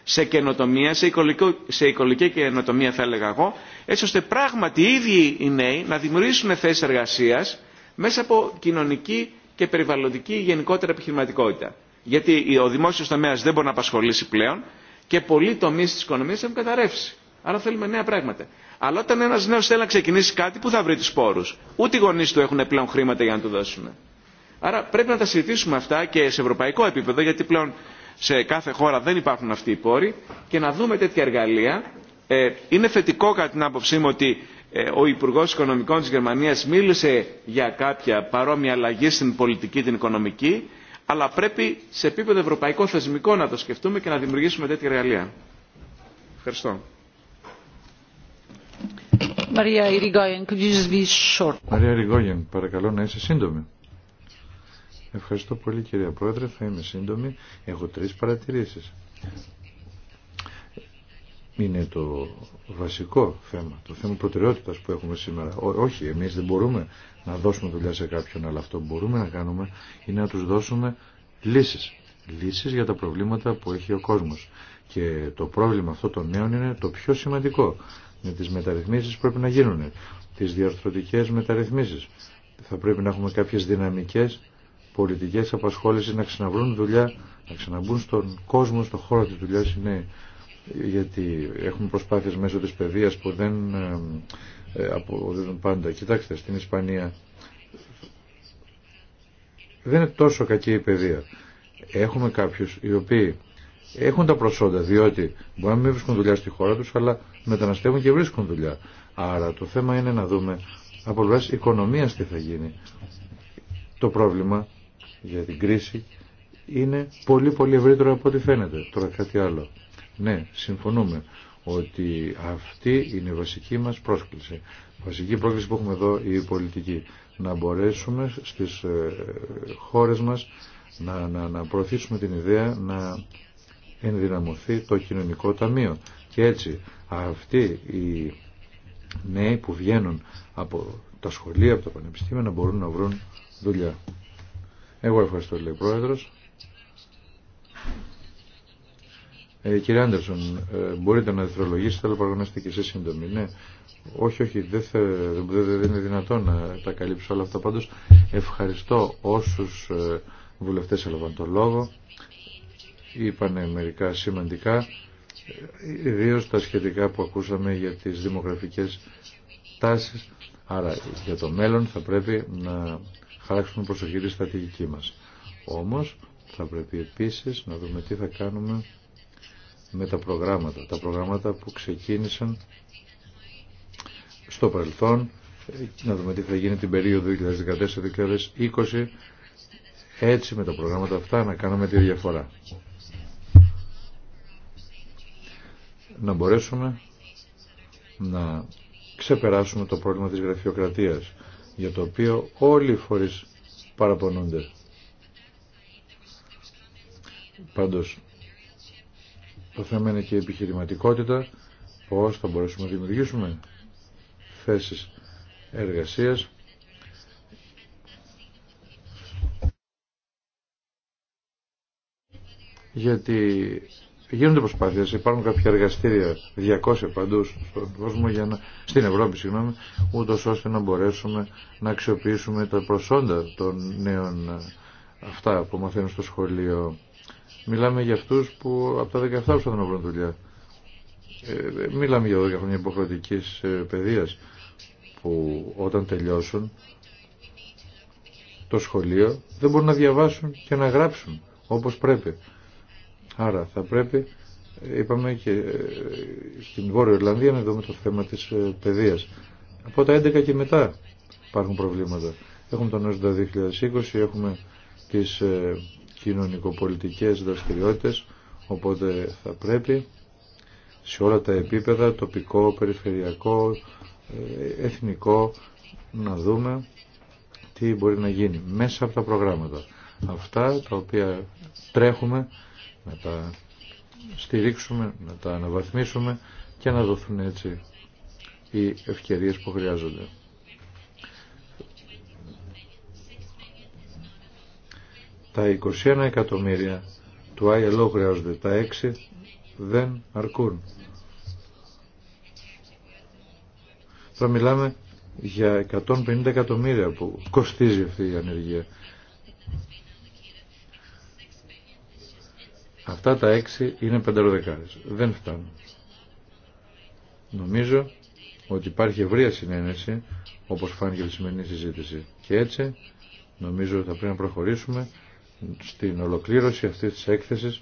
σε καινοτομία, σε, οικολογική, σε καινοτομία θα έλεγα εγώ, έτσι ώστε πράγματι οι ίδιοι οι νέοι να δημιουργήσουν θέσει εργασία μέσα από κοινωνική και περιβαλλοντική γενικότερα επιχειρηματικότητα. Γιατί ο δημόσιος τομέα δεν μπορεί να απασχολήσει πλέον και πολλοί τομεί της οικονομίας έχουν καταρρεύσει. Άρα θέλουμε νέα πράγματα. Αλλά όταν ένα νέο θέλει να ξεκινήσει κάτι, πού θα βρει του πόρους. Ούτε οι γονεί του έχουν πλέον χρήματα για να του δώσουν. Άρα πρέπει να τα συζητήσουμε αυτά και σε ευρωπαϊκό επίπεδο, γιατί πλέον σε κάθε χώρα δεν υπάρχουν αυτοί οι πόροι και να δούμε τέτοια εργαλεία. Ε, είναι θετικό κατά την άποψή μου ότι ε, ο Υπουργό Οικονομικών τη Γερμανία μίλησε για κάποια παρόμοια αλλαγή στην πολιτική, την οικονομική, αλλά πρέπει σε επίπεδο ευρωπαϊκό θεσμικό να το σκεφτούμε και να δημιουργήσουμε τέτοια εργαλεία. Ευχαριστώ. Μαρία Ριγόγεν, παρακαλώ να είσαι σύντομη. Ευχαριστώ πολύ κυρία Πρόεδρε, θα είμαι σύντομη. Έχω τρεις παρατηρήσεις. Είναι το βασικό θέμα, το θέμα προτεραιότητας που έχουμε σήμερα. όχι, εμείς δεν μπορούμε να δώσουμε δουλειά σε κάποιον, αλλά αυτό που μπορούμε να κάνουμε είναι να τους δώσουμε λύσεις. Λύσεις για τα προβλήματα που έχει ο κόσμος. Και το πρόβλημα αυτό των νέων είναι το πιο σημαντικό. Με τις μεταρρυθμίσεις πρέπει να γίνουν, τις διαρθρωτικές μεταρρυθμίσεις. Θα πρέπει να έχουμε κάποιες δυναμικές πολιτικές απασχόλησης να ξαναβρούν δουλειά, να ξαναμπούν στον κόσμο, στον χώρο της δουλειάς είναι Γιατί έχουμε προσπάθειες μέσω της παιδείας που δεν ε, ε, αποδίδουν πάντα. Κοιτάξτε, στην Ισπανία δεν είναι τόσο κακή η παιδεία. Έχουμε κάποιους οι οποίοι έχουν τα προσόντα, διότι μπορεί να μην βρίσκουν δουλειά στη χώρα τους, αλλά μεταναστεύουν και βρίσκουν δουλειά. Άρα το θέμα είναι να δούμε από πλευρά οικονομίας τι θα γίνει. Το πρόβλημα για την κρίση είναι πολύ πολύ ευρύτερο από ό,τι φαίνεται. Τώρα κάτι άλλο. Ναι, συμφωνούμε ότι αυτή είναι η βασική μας πρόσκληση. βασική πρόκληση που έχουμε εδώ η πολιτική. Να μπορέσουμε στις ε, χώρες μας να, να, να προωθήσουμε την ιδέα να ενδυναμωθεί το κοινωνικό ταμείο. Και έτσι αυτοί οι νέοι που βγαίνουν από τα σχολεία, από τα πανεπιστήμια να μπορούν να βρουν δουλειά. Εγώ ευχαριστώ, λέει ο Πρόεδρος. Ε, κύριε Άντερσον, ε, μπορείτε να δευτερολογήσετε, αλλά παραγωνίστε και εσεί σύντομοι. Ναι, όχι, όχι, δεν, είναι δυνατόν να τα καλύψω όλα αυτά. Πάντως, ευχαριστώ όσους ε, βουλευτές έλαβαν το λόγο. Είπανε μερικά σημαντικά, ιδίω τα σχετικά που ακούσαμε για τις δημογραφικές τάσεις. Άρα, για το μέλλον θα πρέπει να Χαράξουμε προσοχή τη στρατηγική μας. Όμως θα πρέπει επίσης να δούμε τι θα κάνουμε με τα προγράμματα. Τα προγράμματα που ξεκίνησαν στο παρελθόν, να δούμε τι θα γίνει την περίοδο 2014-2020, έτσι με τα προγράμματα αυτά να κάνουμε τη διαφορά. Να μπορέσουμε να ξεπεράσουμε το πρόβλημα της γραφειοκρατίας για το οποίο όλοι οι φορείς παραπονούνται. Πάντως, το θέμα είναι και η επιχειρηματικότητα, πώς θα μπορέσουμε να δημιουργήσουμε θέσεις εργασίας, γιατί γίνονται προσπάθειες, υπάρχουν κάποια εργαστήρια 200 παντού στον κόσμο για να, στην Ευρώπη συγγνώμη, ούτως ώστε να μπορέσουμε να αξιοποιήσουμε τα προσόντα των νέων ε, αυτά που μαθαίνουν στο σχολείο. Μιλάμε για αυτούς που από τα 17 ώστε να βρουν δουλειά. Ε, μιλάμε για 12 χρόνια υποχρεωτική ε, παιδείας που όταν τελειώσουν το σχολείο δεν μπορούν να διαβάσουν και να γράψουν όπως πρέπει. Άρα θα πρέπει, είπαμε και ε, στην Βόρεια Ιρλανδία να δούμε το θέμα της ε, παιδείας. Από τα 11 και μετά υπάρχουν προβλήματα. Έχουμε τον 2020, έχουμε τις ε, κοινωνικοπολιτικές δραστηριότητες, οπότε θα πρέπει σε όλα τα επίπεδα, τοπικό, περιφερειακό, εθνικό, να δούμε τι μπορεί να γίνει μέσα από τα προγράμματα. Αυτά τα οποία τρέχουμε να τα στηρίξουμε, να τα αναβαθμίσουμε και να δοθούν έτσι οι ευκαιρίες που χρειάζονται. Τα 21 εκατομμύρια του ILO χρειάζονται, τα 6 δεν αρκούν. Θα μιλάμε για 150 εκατομμύρια που κοστίζει αυτή η ανεργία. Αυτά τα έξι είναι πενταροδεκάρες. Δεν φτάνουν. Νομίζω ότι υπάρχει ευρεία συνένεση, όπως φάνηκε η τη σημερινή συζήτηση. Και έτσι, νομίζω ότι θα πρέπει να προχωρήσουμε στην ολοκλήρωση αυτής της έκθεσης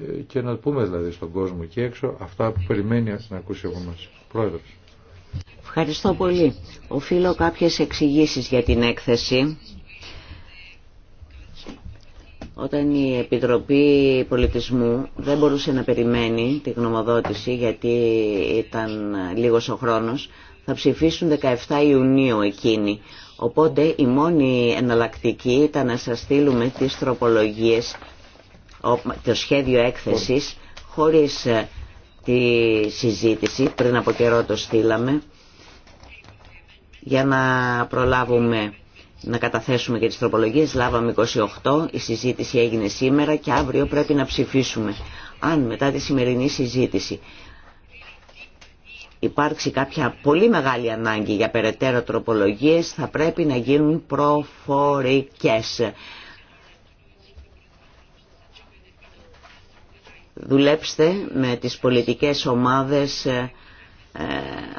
ε, και να πούμε δηλαδή στον κόσμο εκεί έξω αυτά που περιμένει να ακούσει εγώ μας. Πρόεδρος. Ευχαριστώ πολύ. Οφείλω κάποιες εξηγήσεις για την έκθεση όταν η Επιτροπή Πολιτισμού δεν μπορούσε να περιμένει τη γνωμοδότηση γιατί ήταν λίγος ο χρόνος, θα ψηφίσουν 17 Ιουνίου εκείνη. Οπότε η μόνη εναλλακτική ήταν να σας στείλουμε τις τροπολογίες, το σχέδιο έκθεσης, χωρίς ε, τη συζήτηση, πριν από καιρό το στείλαμε, για να προλάβουμε να καταθέσουμε και τις τροπολογίες. Λάβαμε 28, η συζήτηση έγινε σήμερα και αύριο πρέπει να ψηφίσουμε. Αν μετά τη σημερινή συζήτηση υπάρξει κάποια πολύ μεγάλη ανάγκη για περαιτέρω τροπολογίες, θα πρέπει να γίνουν προφορικές. Δουλέψτε με τις πολιτικές ομάδες ε,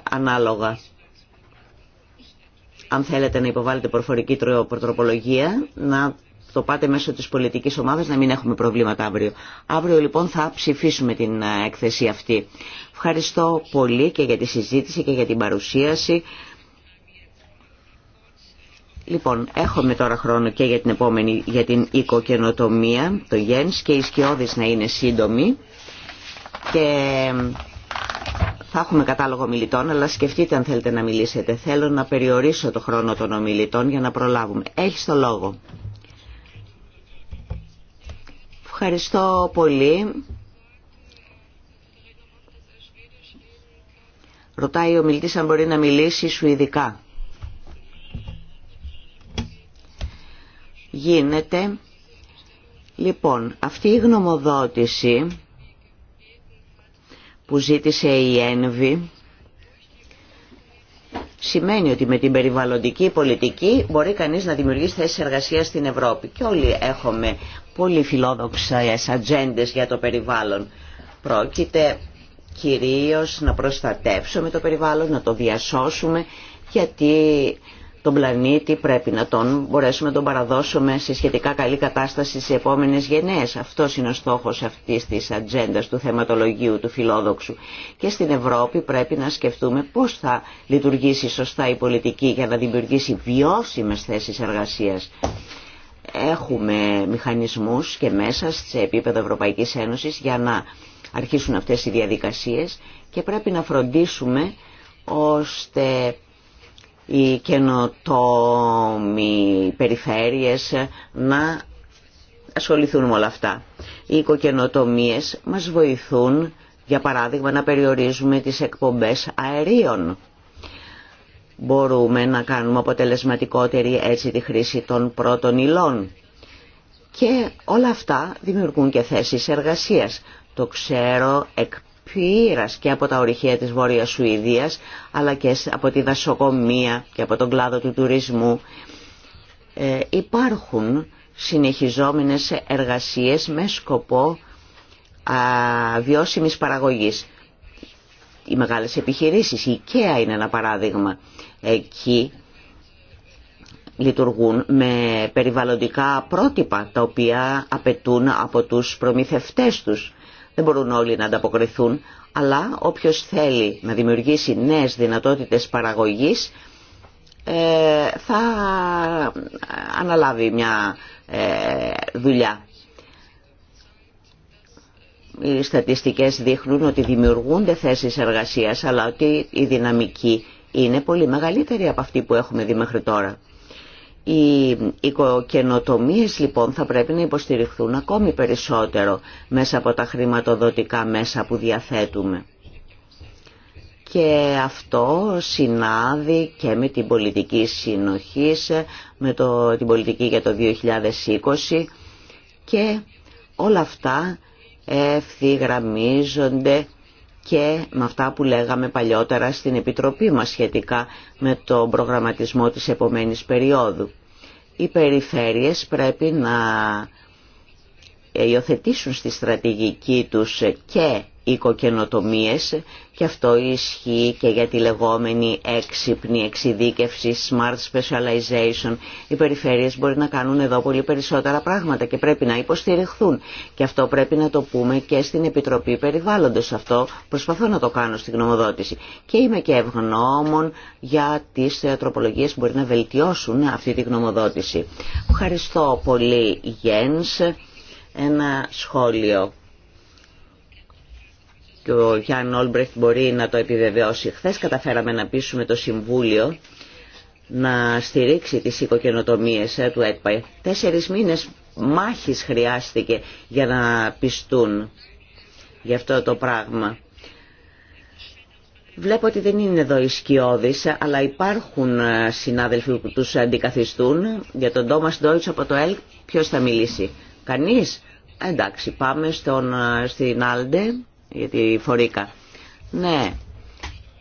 ανάλογα αν θέλετε να υποβάλλετε προφορική τροπολογία, να το πάτε μέσω της πολιτικής ομάδας, να μην έχουμε προβλήματα αύριο. Αύριο λοιπόν θα ψηφίσουμε την ε, έκθεση αυτή. Ευχαριστώ πολύ και για τη συζήτηση και για την παρουσίαση. Λοιπόν, έχουμε τώρα χρόνο και για την επόμενη, για την οικοκαινοτομία, το ΓΕΝΣ και οι σκιώδεις να είναι σύντομοι. Και θα έχουμε κατάλογο ομιλητών, αλλά σκεφτείτε αν θέλετε να μιλήσετε. Θέλω να περιορίσω το χρόνο των ομιλητών για να προλάβουμε. Έχει το λόγο. Ευχαριστώ πολύ. Ρωτάει ο μιλητής αν μπορεί να μιλήσει σου ειδικά. Γίνεται. Λοιπόν, αυτή η γνωμοδότηση που ζήτησε η ΕΝΒΗ σημαίνει ότι με την περιβαλλοντική πολιτική μπορεί κανείς να δημιουργήσει θέσεις εργασίας στην Ευρώπη. Και όλοι έχουμε πολύ φιλόδοξες ατζέντε για το περιβάλλον. Πρόκειται κυρίως να προστατεύσουμε το περιβάλλον, να το διασώσουμε, γιατί τον πλανήτη πρέπει να τον μπορέσουμε να τον παραδώσουμε σε σχετικά καλή κατάσταση σε επόμενες γενναίες. Αυτός είναι ο στόχος αυτής της ατζέντα του θεματολογίου του φιλόδοξου. Και στην Ευρώπη πρέπει να σκεφτούμε πώς θα λειτουργήσει σωστά η πολιτική για να δημιουργήσει βιώσιμες θέσεις εργασίας. Έχουμε μηχανισμούς και μέσα σε επίπεδο Ευρωπαϊκής Ένωσης για να αρχίσουν αυτές οι διαδικασίες και πρέπει να φροντίσουμε ώστε οι καινοτόμοι περιφέρειες να ασχοληθούν με όλα αυτά. Οι οικοκαινοτομίες μας βοηθούν, για παράδειγμα, να περιορίζουμε τις εκπομπές αερίων. Μπορούμε να κάνουμε αποτελεσματικότερη έτσι τη χρήση των πρώτων υλών. Και όλα αυτά δημιουργούν και θέσεις εργασίας. Το ξέρω εκ και από τα ορυχεία της Βόρειας Σουηδίας αλλά και από τη δασοκομεία και από τον κλάδο του τουρισμού ε, υπάρχουν συνεχιζόμενες εργασίες με σκοπό α, βιώσιμης παραγωγής. Οι μεγάλες επιχειρήσεις, η IKEA είναι ένα παράδειγμα, εκεί λειτουργούν με περιβαλλοντικά πρότυπα τα οποία απαιτούν από τους προμηθευτές τους δεν μπορούν όλοι να ανταποκριθούν, αλλά όποιος θέλει να δημιουργήσει νέες δυνατότητες παραγωγής ε, θα αναλάβει μια ε, δουλειά. Οι στατιστικές δείχνουν ότι δημιουργούνται θέσεις εργασίας, αλλά ότι η δυναμική είναι πολύ μεγαλύτερη από αυτή που έχουμε δει μέχρι τώρα. Οι οικοκενοτομίε λοιπόν θα πρέπει να υποστηριχθούν ακόμη περισσότερο μέσα από τα χρηματοδοτικά μέσα που διαθέτουμε. Και αυτό συνάδει και με την πολιτική συνοχή, με το, την πολιτική για το 2020 και όλα αυτά ευθυγραμμίζονται και με αυτά που λέγαμε παλιότερα στην Επιτροπή μας σχετικά με το προγραμματισμό της επομένης περίοδου. Οι περιφέρειες πρέπει να ε, υιοθετήσουν στη στρατηγική τους και οικοκαινοτομίες και αυτό ισχύει και για τη λεγόμενη έξυπνη εξειδίκευση, smart specialization. Οι περιφέρειες μπορεί να κάνουν εδώ πολύ περισσότερα πράγματα και πρέπει να υποστηριχθούν. Και αυτό πρέπει να το πούμε και στην Επιτροπή Περιβάλλοντος. Αυτό προσπαθώ να το κάνω στην γνωμοδότηση. Και είμαι και ευγνώμων για τις θεατροπολογίες που μπορεί να βελτιώσουν αυτή τη γνωμοδότηση. Ευχαριστώ πολύ Γένς ένα σχόλιο και ο Γιάνν Όλμπρεχτ μπορεί να το επιβεβαιώσει. Χθε καταφέραμε να πείσουμε το Συμβούλιο να στηρίξει τις οικοκαινοτομίες ε, του ΕΚΠΑ. Τέσσερις μήνες μάχης χρειάστηκε για να πιστούν για αυτό το πράγμα. Βλέπω ότι δεν είναι εδώ οι αλλά υπάρχουν ε, συνάδελφοι που τους αντικαθιστούν. Για τον Τόμας Ντόιτς από το ΕΛΚ ποιος θα μιλήσει. Κανείς. Εντάξει, πάμε στον, στην Άλντε για τη Φορήκα. Ναι,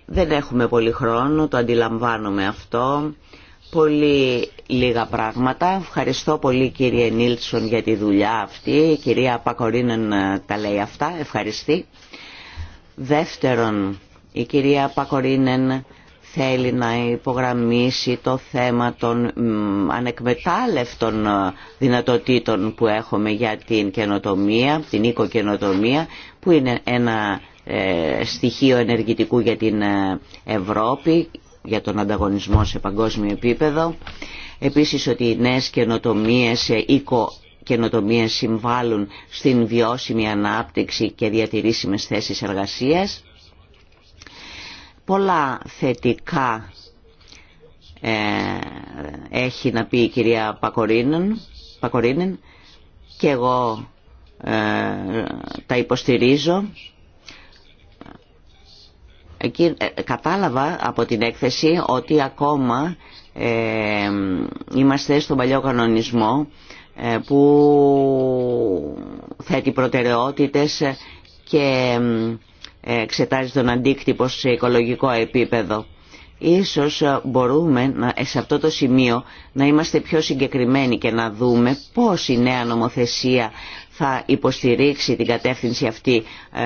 δεν έχουμε πολύ χρόνο, το αντιλαμβάνομαι αυτό. Πολύ λίγα πράγματα. Ευχαριστώ πολύ κύριε Νίλσον για τη δουλειά αυτή. Η κυρία Πακορίνεν τα λέει αυτά. Ευχαριστή. Δεύτερον, η κυρία Πακορίνεν θέλει να υπογραμμίσει το θέμα των ανεκμετάλλευτων ε, δυνατοτήτων που έχουμε για την καινοτομία, την οικοκαινοτομία, που είναι ένα ε, στοιχείο ενεργητικού για την ε, Ευρώπη, για τον ανταγωνισμό σε παγκόσμιο επίπεδο. Επίσης ότι οι νέες καινοτομίες, οικοκαινοτομίες συμβάλλουν στην βιώσιμη ανάπτυξη και διατηρήσιμες θέσεις εργασίας. Πολλά θετικά ε, έχει να πει η κυρία Πακορίνεν και εγώ ε, τα υποστηρίζω. Εκεί ε, κατάλαβα από την έκθεση ότι ακόμα είμαστε στον παλιό κανονισμό που θέτει προτεραιότητες και εξετάζει τον αντίκτυπο σε οικολογικό επίπεδο. Ίσως ε, μπορούμε ε, σε αυτό το σημείο να είμαστε πιο συγκεκριμένοι και να δούμε πώς η νέα νομοθεσία θα υποστηρίξει την κατεύθυνση αυτή ε,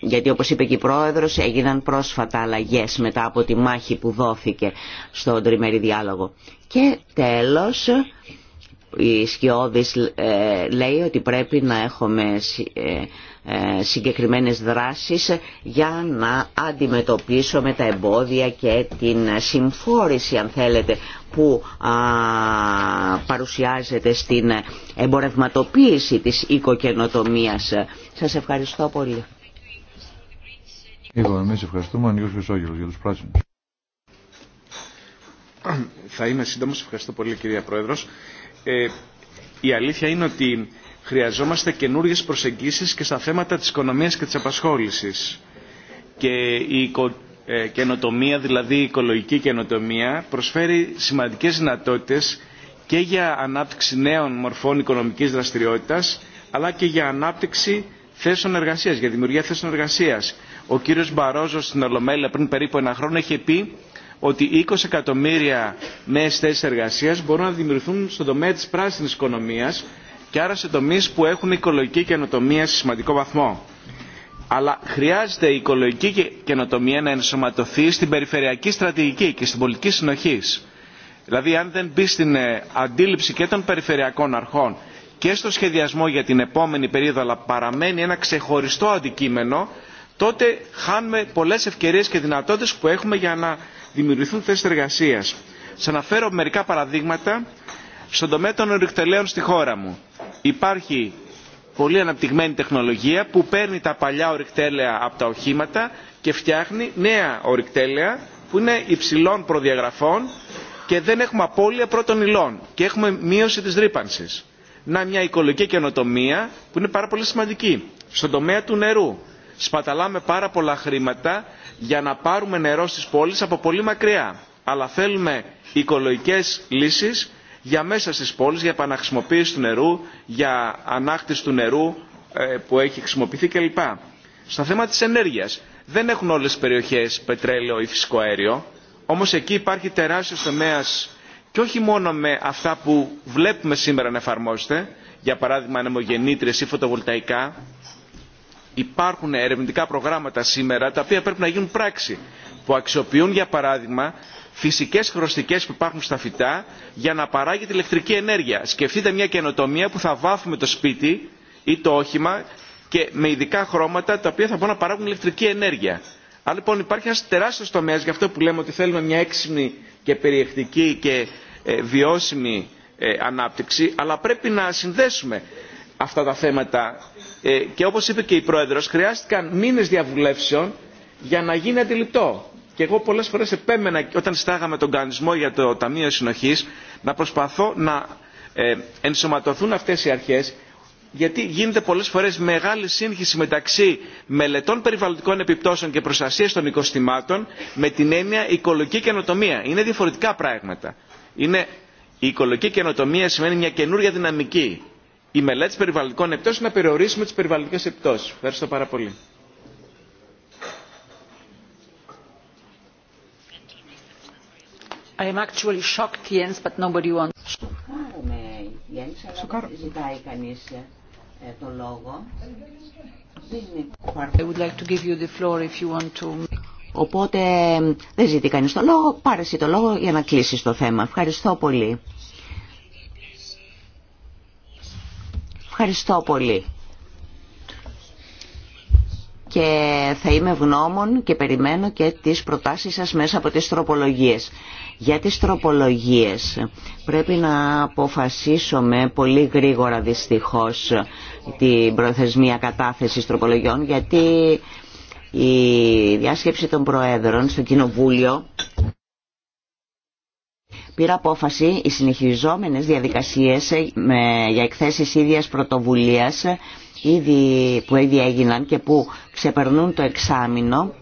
γιατί όπως είπε και η Πρόεδρος έγιναν πρόσφατα αλλαγές μετά από τη μάχη που δόθηκε στον τριμερή διάλογο. Και τέλος η Σκιώδης λέει ότι πρέπει να έχουμε ε, συγκεκριμένες δράσεις για να αντιμετωπίσουμε τα εμπόδια και την συμφόρηση αν θέλετε που παρουσιάζεται στην εμπορευματοποίηση της οικοκαινοτομίας. Σας ευχαριστώ πολύ. Εγώ εμείς ευχαριστούμε. Ανιούς Χρυσόγελος για τους πράσινους. Θα είμαι σύντομος. Ευχαριστώ πολύ κυρία Πρόεδρος. Ε, η αλήθεια είναι ότι χρειαζόμαστε καινούριε προσεγγίσεις και στα θέματα της οικονομίας και της απασχόλησης. Και η ε, καινοτομία, δηλαδή η οικολογική καινοτομία, προσφέρει σημαντικές δυνατότητες και για ανάπτυξη νέων μορφών οικονομικής δραστηριότητας, αλλά και για ανάπτυξη θέσεων εργασίας, για δημιουργία θέσεων εργασίας. Ο κύριος Μπαρόζος στην Ολομέλεια πριν περίπου ένα χρόνο είχε πει ότι 20 εκατομμύρια νέες θέσεις εργασίας μπορούν να δημιουργηθούν στον τομέα της πράσινης οικονομίας και άρα σε τομείς που έχουν οικολογική καινοτομία σε σημαντικό βαθμό. Αλλά χρειάζεται η οικολογική καινοτομία να ενσωματωθεί στην περιφερειακή στρατηγική και στην πολιτική συνοχή. Δηλαδή, αν δεν μπει στην ε, αντίληψη και των περιφερειακών αρχών και στο σχεδιασμό για την επόμενη περίοδο, αλλά παραμένει ένα ξεχωριστό αντικείμενο, τότε χάνουμε πολλέ ευκαιρίε και δυνατότητε που έχουμε για να δημιουργηθούν θέσει εργασία. Σα αναφέρω μερικά παραδείγματα στον τομέα των ορυκτελέων στη χώρα μου. Υπάρχει πολύ αναπτυγμένη τεχνολογία που παίρνει τα παλιά ορυκτέλεα από τα οχήματα και φτιάχνει νέα ορυκτέλεα που είναι υψηλών προδιαγραφών και δεν έχουμε απώλεια πρώτων υλών και έχουμε μείωση της ρήπανσης. Να μια οικολογική καινοτομία που είναι πάρα πολύ σημαντική. Στον τομέα του νερού σπαταλάμε πάρα πολλά χρήματα για να πάρουμε νερό στις πόλεις από πολύ μακριά. Αλλά θέλουμε οικολογικές λύσεις για μέσα στις πόλεις, για επαναχρησιμοποίηση του νερού, για ανάκτηση του νερού ε, που έχει χρησιμοποιηθεί κλπ. Στο θέμα της ενέργειας δεν έχουν όλες τις περιοχές πετρέλαιο ή φυσικό αέριο, όμως εκεί υπάρχει τεράστιος τομέας και όχι μόνο με αυτά που βλέπουμε σήμερα να εφαρμόζεται, για παράδειγμα ανεμογεννήτρες ή φωτοβολταϊκά, υπάρχουν ερευνητικά προγράμματα σήμερα τα οποία πρέπει να γίνουν πράξη που αξιοποιούν για παράδειγμα φυσικές χρωστικές που υπάρχουν στα φυτά για να παράγεται ηλεκτρική ενέργεια. Σκεφτείτε μια καινοτομία που θα βάφουμε το σπίτι ή το όχημα και με ειδικά χρώματα τα οποία θα μπορούν να παράγουν ηλεκτρική ενέργεια. Άρα λοιπόν υπάρχει ένας τεράστιος τομέας γι' αυτό που λέμε ότι θέλουμε μια έξυπνη και περιεκτική και ε, βιώσιμη ε, ανάπτυξη αλλά πρέπει να συνδέσουμε αυτά τα θέματα ε, και όπως είπε και η Πρόεδρος χρειάστηκαν μήνες διαβουλεύσεων για να γίνει αντιληπτό και εγώ πολλέ φορέ επέμενα όταν στάγαμε τον κανονισμό για το Ταμείο Συνοχή να προσπαθώ να ε, ενσωματωθούν αυτέ οι αρχέ γιατί γίνεται πολλέ φορέ μεγάλη σύγχυση μεταξύ μελετών περιβαλλοντικών επιπτώσεων και προστασία των οικοστημάτων με την έννοια οικολογική καινοτομία. Είναι διαφορετικά πράγματα. Είναι, η οικολογική καινοτομία σημαίνει μια καινούργια δυναμική. Η μελέτη περιβαλλοντικών επιπτώσεων να περιορίσουμε τι περιβαλλοντικέ επιπτώσει. Ευχαριστώ πάρα πολύ. I am actually shocked, Jens, but nobody wants. Σοκάρομαι, Jens, ε, ε, I would like to give you the floor if you want to... Οπότε ε, δεν ζητεί κανείς το λόγο, πάρε εσύ το λόγο για να κλείσεις το θέμα. Ευχαριστώ πολύ. Ευχαριστώ πολύ και θα είμαι ευγνώμων και περιμένω και τις προτάσεις σας μέσα από τις τροπολογίες. Για τις τροπολογίες πρέπει να αποφασίσουμε πολύ γρήγορα δυστυχώς την προθεσμία κατάθεσης τροπολογιών γιατί η διάσκεψη των Προέδρων στο Κοινοβούλιο πήρα απόφαση οι συνεχιζόμενες διαδικασίες ε, για εκθέσεις ίδιας πρωτοβουλίας ήδη, που ήδη έγιναν και που ξεπερνούν το εξάμεινο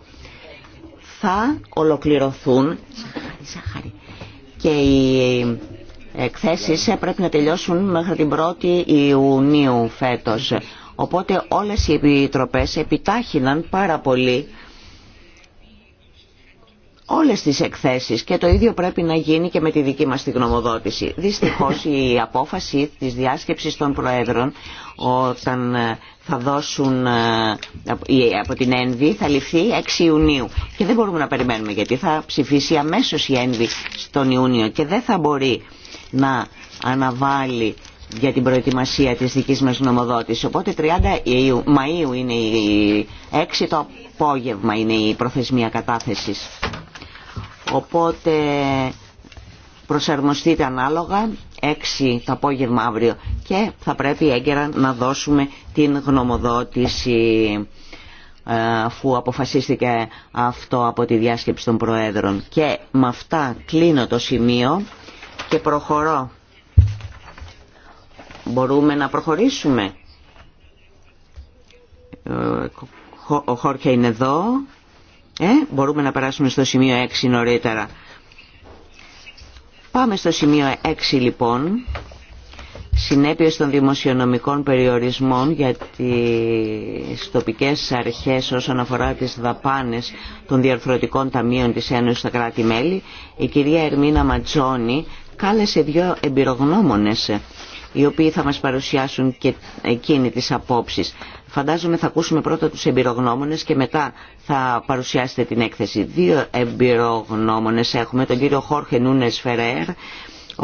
θα ολοκληρωθούν και οι εκθέσεις πρέπει να τελειώσουν μέχρι την 1η Ιουνίου φέτος. Οπότε όλες οι επιτροπές επιτάχυναν πάρα πολύ όλες τις εκθέσεις και το ίδιο πρέπει να γίνει και με τη δική μας τη γνωμοδότηση. Δυστυχώς η απόφαση της διάσκεψης των Προέδρων όταν ε, θα δώσουν ε, από την ΕΝΒΗ θα ληφθεί 6 Ιουνίου και δεν μπορούμε να περιμένουμε γιατί θα ψηφίσει αμέσως η ΕΝΒΗ στον Ιούνιο και δεν θα μπορεί να αναβάλει για την προετοιμασία της δικής μας νομοδότησης. Οπότε 30 Μαΐου είναι η 6 το απόγευμα είναι η προθεσμία κατάθεσης. Οπότε προσαρμοστείτε ανάλογα 6 το απόγευμα αύριο και θα πρέπει έγκαιρα να δώσουμε την γνωμοδότηση ε, αφού αποφασίστηκε αυτό από τη διάσκεψη των Προέδρων. Και με αυτά κλείνω το σημείο και προχωρώ. Μπορούμε να προχωρήσουμε. Ε, ο Χόρκια είναι εδώ. Ε, μπορούμε να περάσουμε στο σημείο 6 νωρίτερα. Πάμε στο σημείο 6 λοιπόν. Συνέπειες των δημοσιονομικών περιορισμών για τι τοπικές αρχές όσον αφορά τις δαπάνες των διαρθρωτικών ταμείων της Ένωσης στα κράτη-μέλη. Η κυρία Ερμίνα Ματζόνη κάλεσε δύο εμπειρογνώμονες οι οποίοι θα μας παρουσιάσουν και εκείνη τι απόψεις. Φαντάζομαι θα ακούσουμε πρώτα τους εμπειρογνώμονες και μετά θα παρουσιάσετε την έκθεση. Δύο εμπειρογνώμονες έχουμε, τον κύριο Χόρχε Νούνες Φερέρ, ο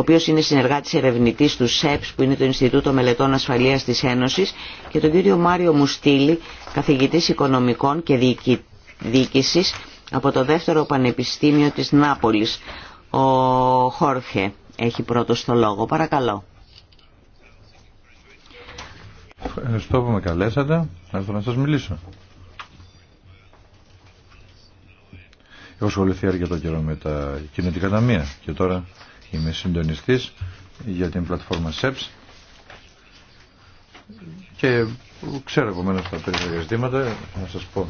οποίος είναι συνεργάτης ερευνητής του ΣΕΠΣ, που είναι το Ινστιτούτο Μελετών Ασφαλείας της Ένωσης, και τον κύριο Μάριο Μουστήλη, καθηγητής Οικονομικών και διοίκησης από το δεύτερο Πανεπιστήμιο της Νάπολης. Ο Χόρχε έχει πρώτο το λόγο. Παρακαλώ. Ευχαριστώ που με καλέσατε. Έρθω να σας μιλήσω. Έχω ασχοληθεί αρκετό καιρό με τα κινητικά ταμεία και τώρα είμαι συντονιστής για την πλατφόρμα SEPS και ξέρω επομένως τα περισσότερα Να σας πω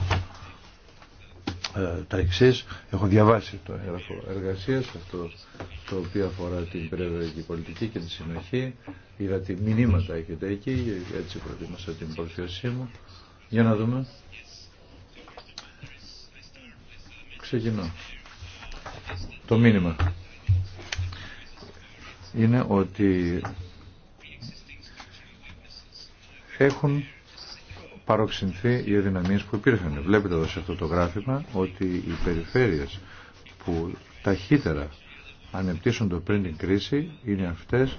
ε, τα εξή. Έχω διαβάσει το έγγραφο εργασία, αυτό το οποίο αφορά την περιοδική πολιτική και τη συνοχή. Είδα τι μηνύματα έχετε εκεί, έτσι προτίμασα την προσφυγή μου. Για να δούμε. Ξεκινώ. Το μήνυμα είναι ότι έχουν παροξυνθεί οι αδυναμίες που υπήρχαν. Βλέπετε εδώ σε αυτό το γράφημα ότι οι περιφέρειες που ταχύτερα ανεπτύσσονται πριν την κρίση είναι αυτές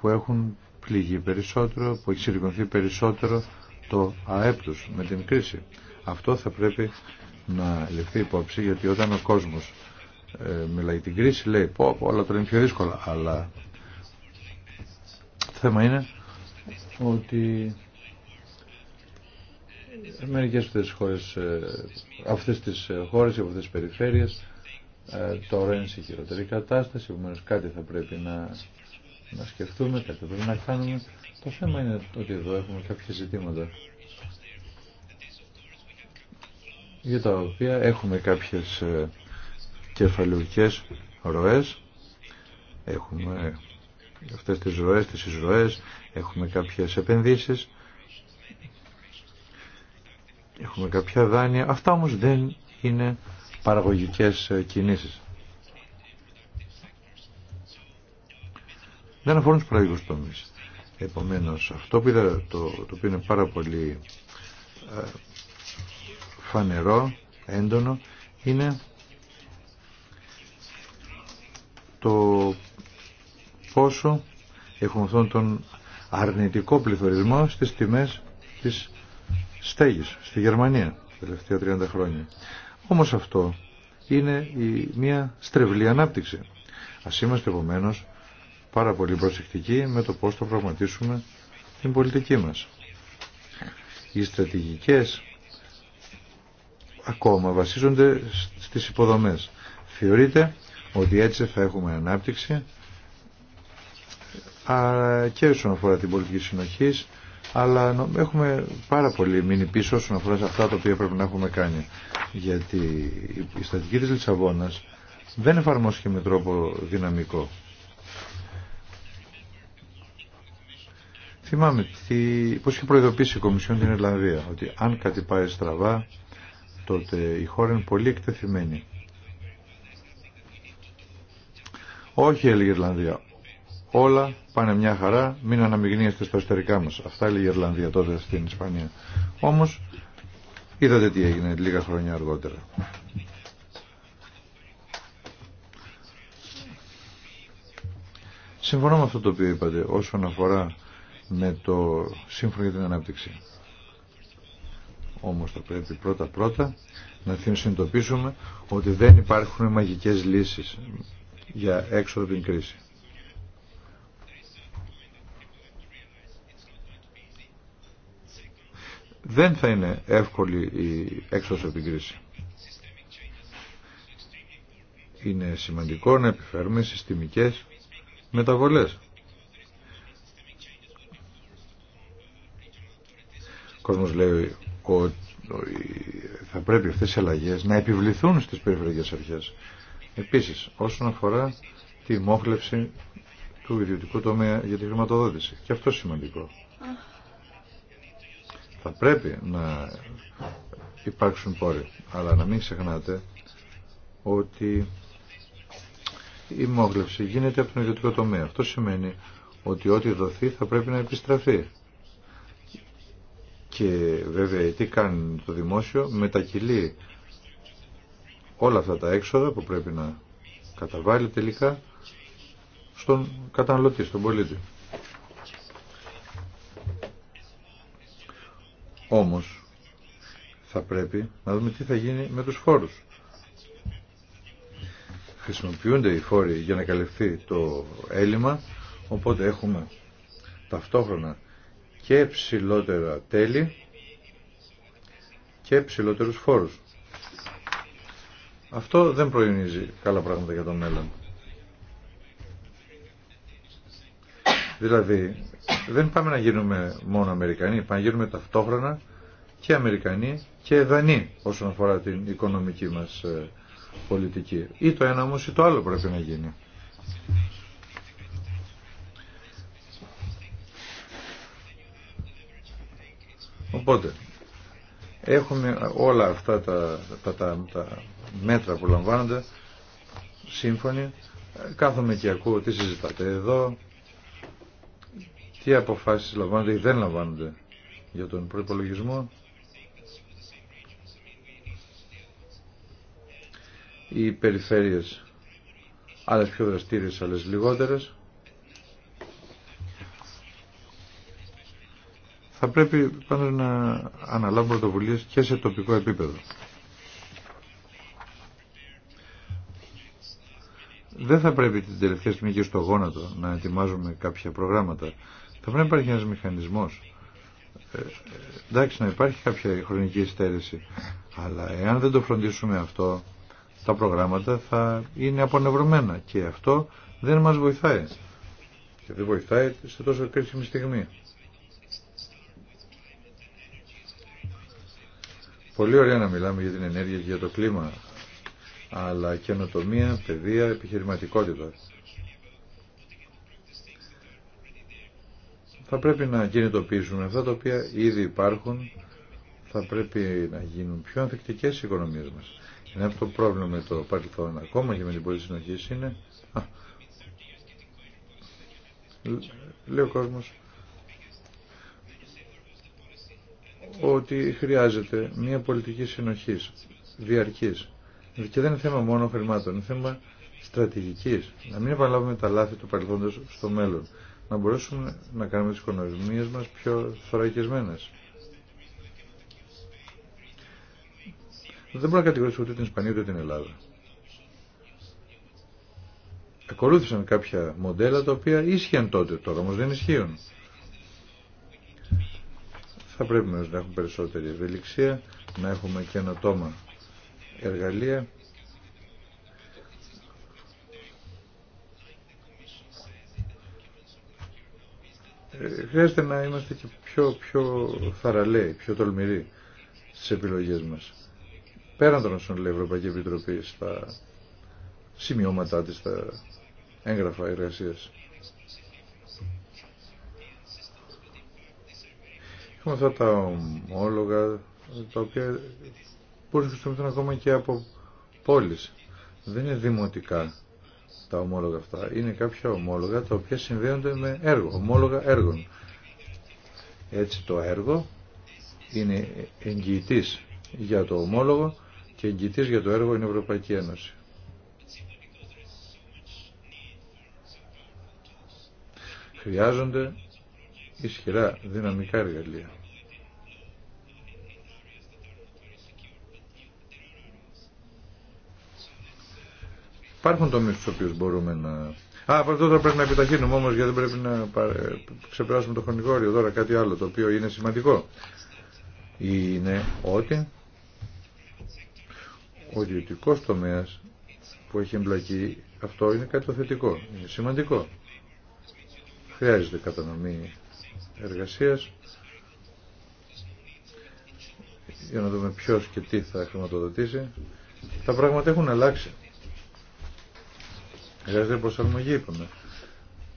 που έχουν πληγεί περισσότερο, που έχει συρρικνωθεί περισσότερο το ΑΕΠ με την κρίση. Αυτό θα πρέπει να ληφθεί υπόψη γιατί όταν ο κόσμος ε, μιλάει την κρίση λέει πω όλα τώρα είναι πιο δύσκολα αλλά το θέμα είναι ότι μερικές ε, αυτές τις χώρες, αυτές τις χώρες αυτές τις περιφέρειες ε, τώρα είναι σε χειροτερή κατάσταση, επομένως κάτι θα πρέπει να, να σκεφτούμε, κάτι πρέπει να κάνουμε. Το θέμα είναι ότι εδώ έχουμε κάποια ζητήματα για τα οποία έχουμε κάποιες ε, κεφαλαιοκές ροές, έχουμε αυτές τις ροές, τις εισροές, έχουμε κάποιες επενδύσεις, έχουμε κάποια δάνεια. Αυτά όμως δεν είναι παραγωγικές ε, κινήσεις. Δεν αφορούν τους παραγωγικούς τομείς. Επομένως, αυτό που το, οποίο είναι πάρα πολύ ε, φανερό, έντονο, είναι το πόσο έχουμε αυτόν τον αρνητικό πληθωρισμό στις τιμές της στέγης στη Γερμανία τα τελευταία 30 χρόνια. Όμως αυτό είναι η, μια στρεβλή ανάπτυξη. Ας είμαστε επομένω πάρα πολύ προσεκτικοί με το πώς το πραγματίσουμε την πολιτική μας. Οι στρατηγικές ακόμα βασίζονται στις υποδομές. Θεωρείται ότι έτσι θα έχουμε ανάπτυξη και όσον αφορά την πολιτική συνοχής αλλά έχουμε πάρα πολύ μείνει πίσω όσον αφορά σε αυτά τα οποία πρέπει να έχουμε κάνει. Γιατί η στατική της Λισαβόνας δεν εφαρμόστηκε με τρόπο δυναμικό. Θυμάμαι τι, πώς είχε προειδοποιήσει η Κομισιόν την Ιρλανδία, ότι αν κάτι πάει στραβά, τότε η χώρα είναι πολύ εκτεθειμένη. Όχι, έλεγε η Ιρλανδία, όλα πάνε μια χαρά, μην αναμειγνύεστε στα εσωτερικά μας. Αυτά έλεγε η Ιρλανδία τότε στην Ισπανία. Όμως, είδατε τι έγινε λίγα χρόνια αργότερα. Συμφωνώ με αυτό το οποίο είπατε όσον αφορά με το σύμφωνο για την ανάπτυξη. Όμως θα πρέπει πρώτα πρώτα να συνειδητοποιήσουμε ότι δεν υπάρχουν μαγικές λύσεις για έξοδο από την κρίση. δεν θα είναι εύκολη η έξοδος από την κρίση. Είναι σημαντικό να επιφέρουμε συστημικές μεταβολές. Ο κόσμος λέει ότι θα πρέπει αυτές οι αλλαγές να επιβληθούν στις περιφερειακές αρχές. Επίσης, όσον αφορά τη μόχλευση του ιδιωτικού τομέα για τη χρηματοδότηση. Και αυτό σημαντικό. Θα πρέπει να υπάρξουν πόροι. Αλλά να μην ξεχνάτε ότι η μόγλευση γίνεται από τον ιδιωτικό τομέα. Αυτό σημαίνει ότι ό,τι δοθεί θα πρέπει να επιστραφεί. Και βέβαια τι κάνει το δημόσιο, μετακυλεί όλα αυτά τα έξοδα που πρέπει να καταβάλει τελικά στον καταναλωτή, στον πολίτη. Όμως θα πρέπει να δούμε τι θα γίνει με τους φόρους. Χρησιμοποιούνται οι φόροι για να καλυφθεί το έλλειμμα, οπότε έχουμε ταυτόχρονα και ψηλότερα τέλη και ψηλότερους φόρους. Αυτό δεν προϊονίζει καλά πράγματα για το μέλλον. Δηλαδή, δεν πάμε να γίνουμε μόνο Αμερικανοί, πάμε να γίνουμε ταυτόχρονα και Αμερικανοί και Δανείοι όσον αφορά την οικονομική μας ε, πολιτική. Ή το ένα όμως ή το άλλο πρέπει να γίνει. Οπότε, έχουμε όλα αυτά τα, τα μέτρα που λαμβάνονται σύμφωνοι. Ε, κάθομαι και ακούω τι συζητάτε εδώ, τι αποφάσεις λαμβάνονται ή δεν λαμβάνονται για τον προϋπολογισμό. Οι περιφέρειες, άλλες πιο δραστήριες, άλλες λιγότερες. Θα πρέπει πάντως να αναλάβουν πρωτοβουλίες και σε τοπικό επίπεδο. Δεν θα πρέπει την τελευταία στιγμή και στο γόνατο να ετοιμάζουμε κάποια προγράμματα. Θα πρέπει να υπάρχει ένα μηχανισμός. Ε, εντάξει, να υπάρχει κάποια χρονική στέρηση. Αλλά εάν δεν το φροντίσουμε αυτό, τα προγράμματα θα είναι απονευρωμένα. Και αυτό δεν μας βοηθάει. Και δεν βοηθάει σε τόσο κρίσιμη στιγμή. Πολύ ωραία να μιλάμε για την ενέργεια και για το κλίμα, αλλά καινοτομία, παιδεία, επιχειρηματικότητα. Θα πρέπει να κινητοποιήσουμε αυτά τα οποία ήδη υπάρχουν. Θα πρέπει να γίνουν πιο ανθεκτικές οι οικονομίες μας. Είναι αυτό το πρόβλημα με το παρελθόν ακόμα και με την πολιτική συνοχή είναι. Α, λέει ο κόσμος ότι χρειάζεται μια πολιτική συνοχής, διαρκής. Και δεν είναι θέμα μόνο χρημάτων, είναι θέμα στρατηγικής. Να μην επαναλάβουμε τα λάθη του παρελθόντος στο μέλλον να μπορέσουμε να κάνουμε τις οικονομίες μας πιο θωρακισμένες. Δεν μπορώ να κατηγορήσω ούτε την Ισπανία ούτε την Ελλάδα. Ακολούθησαν κάποια μοντέλα τα οποία ίσχυαν τότε, τώρα όμως δεν ισχύουν. Θα πρέπει να έχουμε περισσότερη ευελιξία, να έχουμε και καινοτόμα εργαλεία χρειάζεται να είμαστε και πιο, πιο θαραλέοι, πιο τολμηροί στις επιλογές μας. Πέραν των όσων λέει η Ευρωπαϊκή Επιτροπή στα σημειώματά της, στα έγγραφα εργασίας. Έχουμε αυτά τα ομόλογα, τα οποία μπορούν να χρησιμοποιηθούν ακόμα και από πόλεις. Δεν είναι δημοτικά τα ομόλογα αυτά. Είναι κάποια ομόλογα τα οποία συνδέονται με έργο, ομόλογα έργων. Έτσι το έργο είναι εγγυητής για το ομόλογο και εγγυητής για το έργο είναι η Ευρωπαϊκή Ένωση. Χρειάζονται ισχυρά δυναμικά εργαλεία. Υπάρχουν τομεί στους οποίου μπορούμε να... Α, αυτό τώρα πρέπει να επιταχύνουμε όμως γιατί δεν πρέπει να ξεπεράσουμε το χρονικό όριο. Τώρα κάτι άλλο το οποίο είναι σημαντικό. Είναι ότι ο ιδιωτικό τομέα που έχει εμπλακεί, αυτό είναι κάτι το θετικό, είναι σημαντικό. Χρειάζεται κατανομή εργασίας για να δούμε ποιος και τι θα χρηματοδοτήσει. Τα πράγματα έχουν αλλάξει. Χρειάζεται προσαρμογή, είπαμε.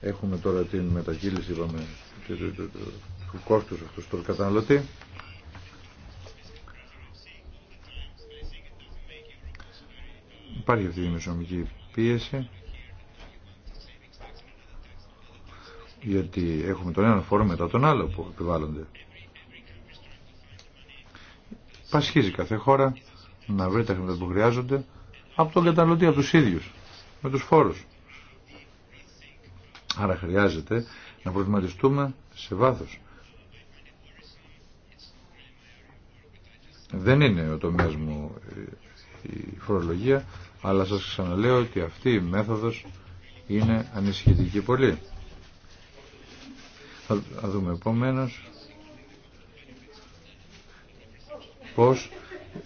Έχουμε τώρα την μετακύληση, είπαμε, του, του, του, του κόστου αυτού του καταναλωτή. Υπάρχει αυτή η μεσονομική πίεση. Γιατί έχουμε τον ένα φόρο μετά τον άλλο που επιβάλλονται. Πασχίζει κάθε χώρα να βρει τα χρήματα που χρειάζονται από τον καταναλωτή, από τους ίδιους με τους φόρους. Άρα χρειάζεται να προβληματιστούμε σε βάθος. Δεν είναι ο τομέας μου η φορολογία, αλλά σας ξαναλέω ότι αυτή η μέθοδος είναι ανησυχητική πολύ. Θα δούμε επόμενος πώς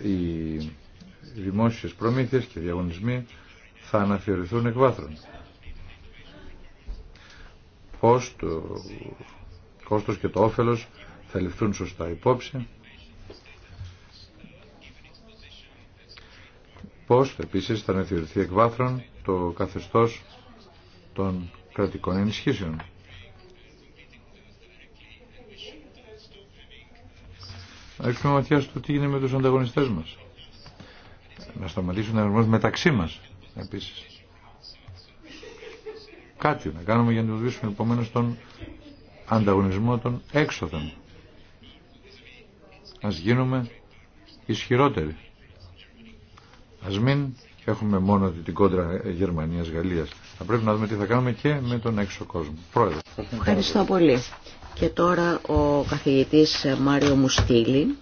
οι δημόσιες προμήθειες και διαγωνισμοί θα αναθεωρηθούν εκ βάθρων. Πώς το κόστος και το όφελος θα ληφθούν σωστά υπόψη. Πώς επίσης θα αναθεωρηθεί εκ βάθρων το καθεστώς των κρατικών ενισχύσεων. Να ρίξουμε ματιά στο τι γίνεται με τους ανταγωνιστές μας. Να σταματήσουν να μεταξύ μας επίσης. Κάτι να κάνουμε για να αντιμετωπίσουμε επομένω τον ανταγωνισμό των έξοδων. Ας γίνουμε ισχυρότεροι. Ας μην έχουμε μόνο την κόντρα Γερμανίας-Γαλλίας. Θα πρέπει να δούμε τι θα κάνουμε και με τον έξω κόσμο. Πρόεδρε. Ευχαριστώ πολύ. Και τώρα ο καθηγητής Μάριο Μουστήλη.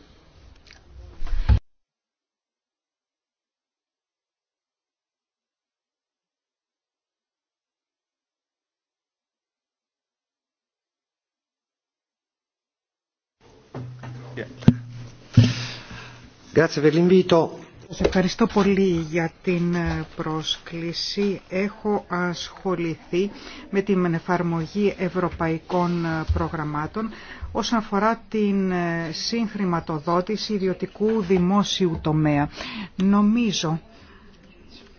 Σας ευχαριστώ πολύ για την ε, πρόσκληση. Έχω ασχοληθεί με την εφαρμογή ευρωπαϊκών ε, προγραμμάτων όσον αφορά την ε, συγχρηματοδότηση ιδιωτικού δημόσιου τομέα. Νομίζω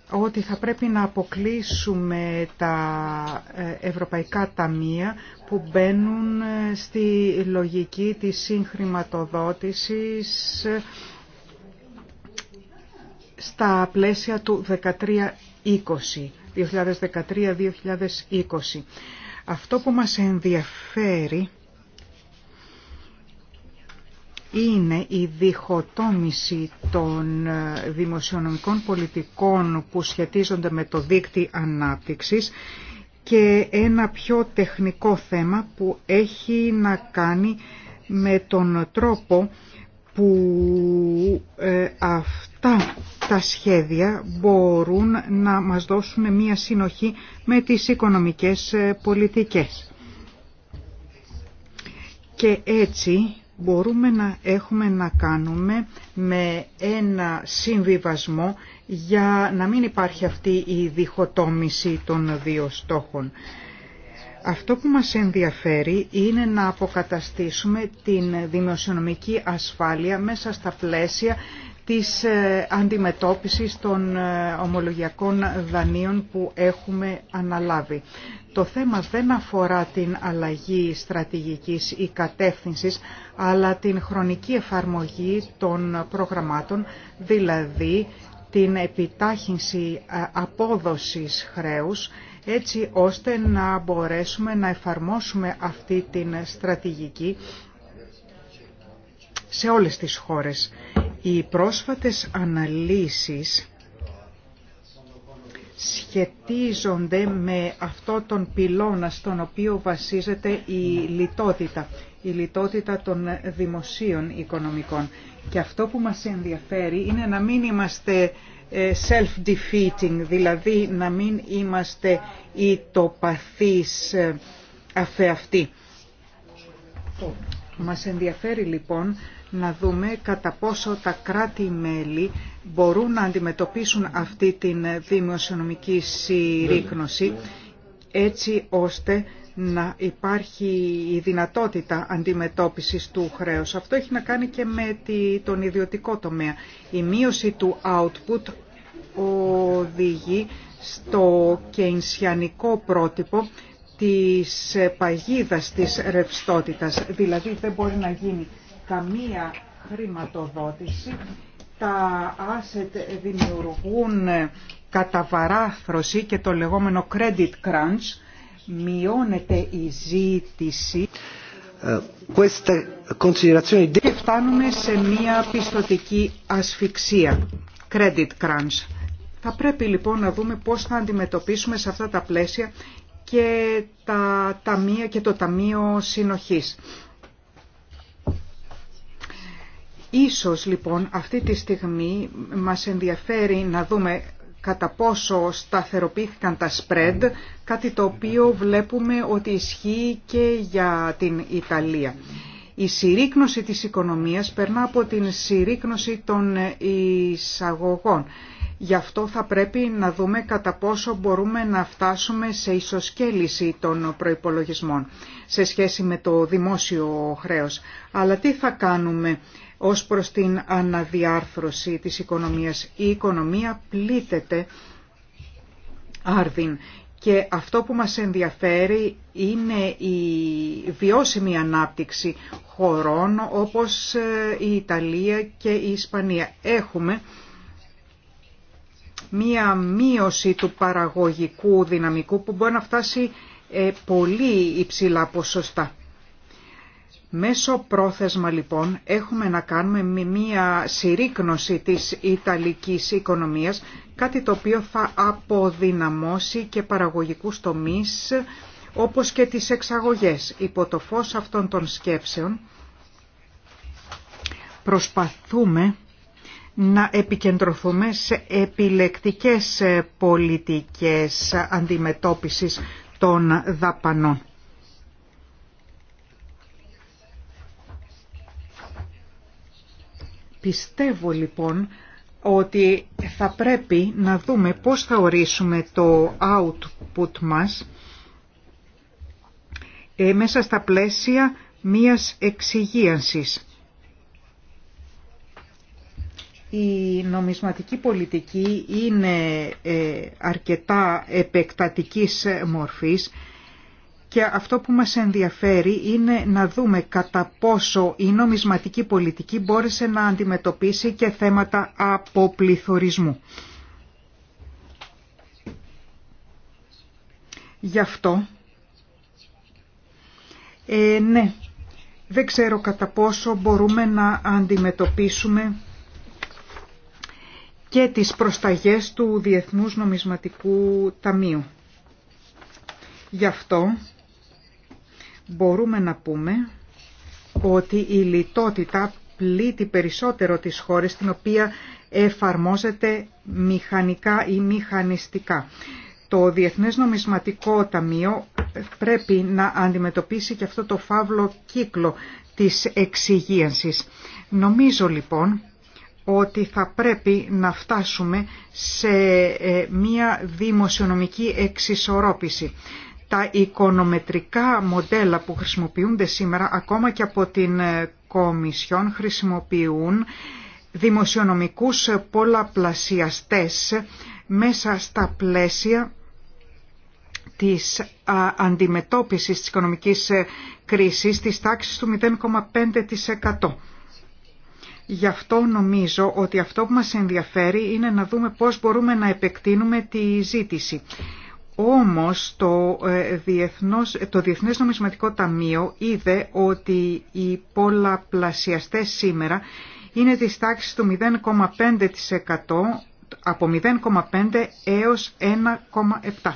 ότι θα πρέπει να αποκλείσουμε τα ευρωπαϊκά ταμεία που μπαίνουν στη λογική της συγχρηματοδότησης στα πλαίσια του 1320, 2013-2020. Αυτό που μας ενδιαφέρει είναι η διχοτόμηση των ε, δημοσιονομικών πολιτικών που σχετίζονται με το δίκτυο ανάπτυξης και ένα πιο τεχνικό θέμα που έχει να κάνει με τον τρόπο που ε, αυτό τα σχέδια μπορούν να μας δώσουν μία συνοχή με τις οικονομικές ε, πολιτικές. Και έτσι μπορούμε να έχουμε να κάνουμε με ένα συμβιβασμό για να μην υπάρχει αυτή η διχοτόμηση των δύο στόχων. Αυτό που μας ενδιαφέρει είναι να αποκαταστήσουμε την δημοσιονομική ασφάλεια μέσα στα πλαίσια της ε, αντιμετώπισης των ε, ομολογιακών δανείων που έχουμε αναλάβει. Το θέμα δεν αφορά την αλλαγή στρατηγικής ή κατεύθυνσης, αλλά την χρονική εφαρμογή των προγραμμάτων, δηλαδή την επιτάχυνση ε, απόδοσης χρέους, έτσι ώστε να μπορέσουμε να εφαρμόσουμε αυτή την στρατηγική σε όλες τις χώρες. Οι πρόσφατες αναλύσεις σχετίζονται με αυτό τον πυλώνα στον οποίο βασίζεται η λιτότητα, η λιτότητα των δημοσίων οικονομικών. Και αυτό που μας ενδιαφέρει είναι να μην είμαστε ε, self-defeating, δηλαδή να μην είμαστε ητοπαθείς ε, αφεαυτοί. Μας ενδιαφέρει λοιπόν να δούμε κατά πόσο τα κράτη-μέλη μπορούν να αντιμετωπίσουν αυτή την δημοσιονομική συρρήκνωση έτσι ώστε να υπάρχει η δυνατότητα αντιμετώπισης του χρέους. Αυτό έχει να κάνει και με τον ιδιωτικό τομέα. Η μείωση του output οδηγεί στο κεινσιανικό πρότυπο της παγίδας της ρευστότητας. Δηλαδή δεν μπορεί να γίνει καμία χρηματοδότηση. Τα asset δημιουργούν καταβαράθρωση και το λεγόμενο credit crunch, μειώνεται η ζήτηση ε, και φτάνουμε σε μια πιστοτική ασφυξία, credit crunch. Θα πρέπει λοιπόν να δούμε πώς θα αντιμετωπίσουμε σε αυτά τα πλαίσια και, τα ταμεία και το Ταμείο Συνοχής. Ίσως λοιπόν αυτή τη στιγμή μας ενδιαφέρει να δούμε κατά πόσο σταθεροποιήθηκαν τα spread, κάτι το οποίο βλέπουμε ότι ισχύει και για την Ιταλία. Η συρρήκνωση της οικονομίας περνά από την συρρήκνωση των εισαγωγών. Γι' αυτό θα πρέπει να δούμε κατά πόσο μπορούμε να φτάσουμε σε ισοσκέληση των προϋπολογισμών σε σχέση με το δημόσιο χρέος. Αλλά τι θα κάνουμε ως προς την αναδιάρθρωση της οικονομίας. Η οικονομία πλήθεται άρδιν και αυτό που μας ενδιαφέρει είναι η βιώσιμη ανάπτυξη χωρών όπως ε, η Ιταλία και η Ισπανία. Έχουμε μία μείωση του παραγωγικού δυναμικού που μπορεί να φτάσει ε, πολύ υψηλά ποσοστά. Μέσω πρόθεσμα λοιπόν έχουμε να κάνουμε μία συρρήκνωση της Ιταλικής οικονομίας, κάτι το οποίο θα αποδυναμώσει και παραγωγικούς τομείς όπως και τις εξαγωγές. Υπό το φως αυτών των σκέψεων προσπαθούμε να επικεντρωθούμε σε επιλεκτικές πολιτικές αντιμετώπισης των δαπανών Πιστεύω λοιπόν ότι θα πρέπει να δούμε πώς θα ορίσουμε το output μας ε, μέσα στα πλαίσια μίας εξυγίανσης. Η νομισματική πολιτική είναι ε, αρκετά επεκτατικής μορφής και αυτό που μας ενδιαφέρει είναι να δούμε κατά πόσο η νομισματική πολιτική μπόρεσε να αντιμετωπίσει και θέματα αποπληθωρισμού. Γι' αυτό, ε, ναι, δεν ξέρω κατά πόσο μπορούμε να αντιμετωπίσουμε και τις προσταγές του Διεθνούς Νομισματικού Ταμείου. Γι' αυτό μπορούμε να πούμε ότι η λιτότητα πλήττει περισσότερο τις χώρες στην οποία εφαρμόζεται μηχανικά ή μηχανιστικά. Το Διεθνές Νομισματικό Ταμείο πρέπει να αντιμετωπίσει και αυτό το φαύλο κύκλο της εξυγίανσης. Νομίζω λοιπόν ότι θα πρέπει να φτάσουμε σε ε, μία δημοσιονομική εξισορρόπηση. Τα οικονομετρικά μοντέλα που χρησιμοποιούνται σήμερα ακόμα και από την ε, Κομισιόν χρησιμοποιούν δημοσιονομικούς πολλαπλασιαστές μέσα στα πλαίσια της αντιμετώπισης της οικονομικής ε, κρίσης της τάξης του 0,5%. Γι' αυτό νομίζω ότι αυτό που μας ενδιαφέρει είναι να δούμε πώς μπορούμε να επεκτείνουμε τη ζήτηση. Όμως το, ε, διεθνώς, το Διεθνές Νομισματικό Ταμείο είδε ότι οι πολλαπλασιαστές σήμερα είναι της τάξης του 0,5% από 0,5 έως 1,7.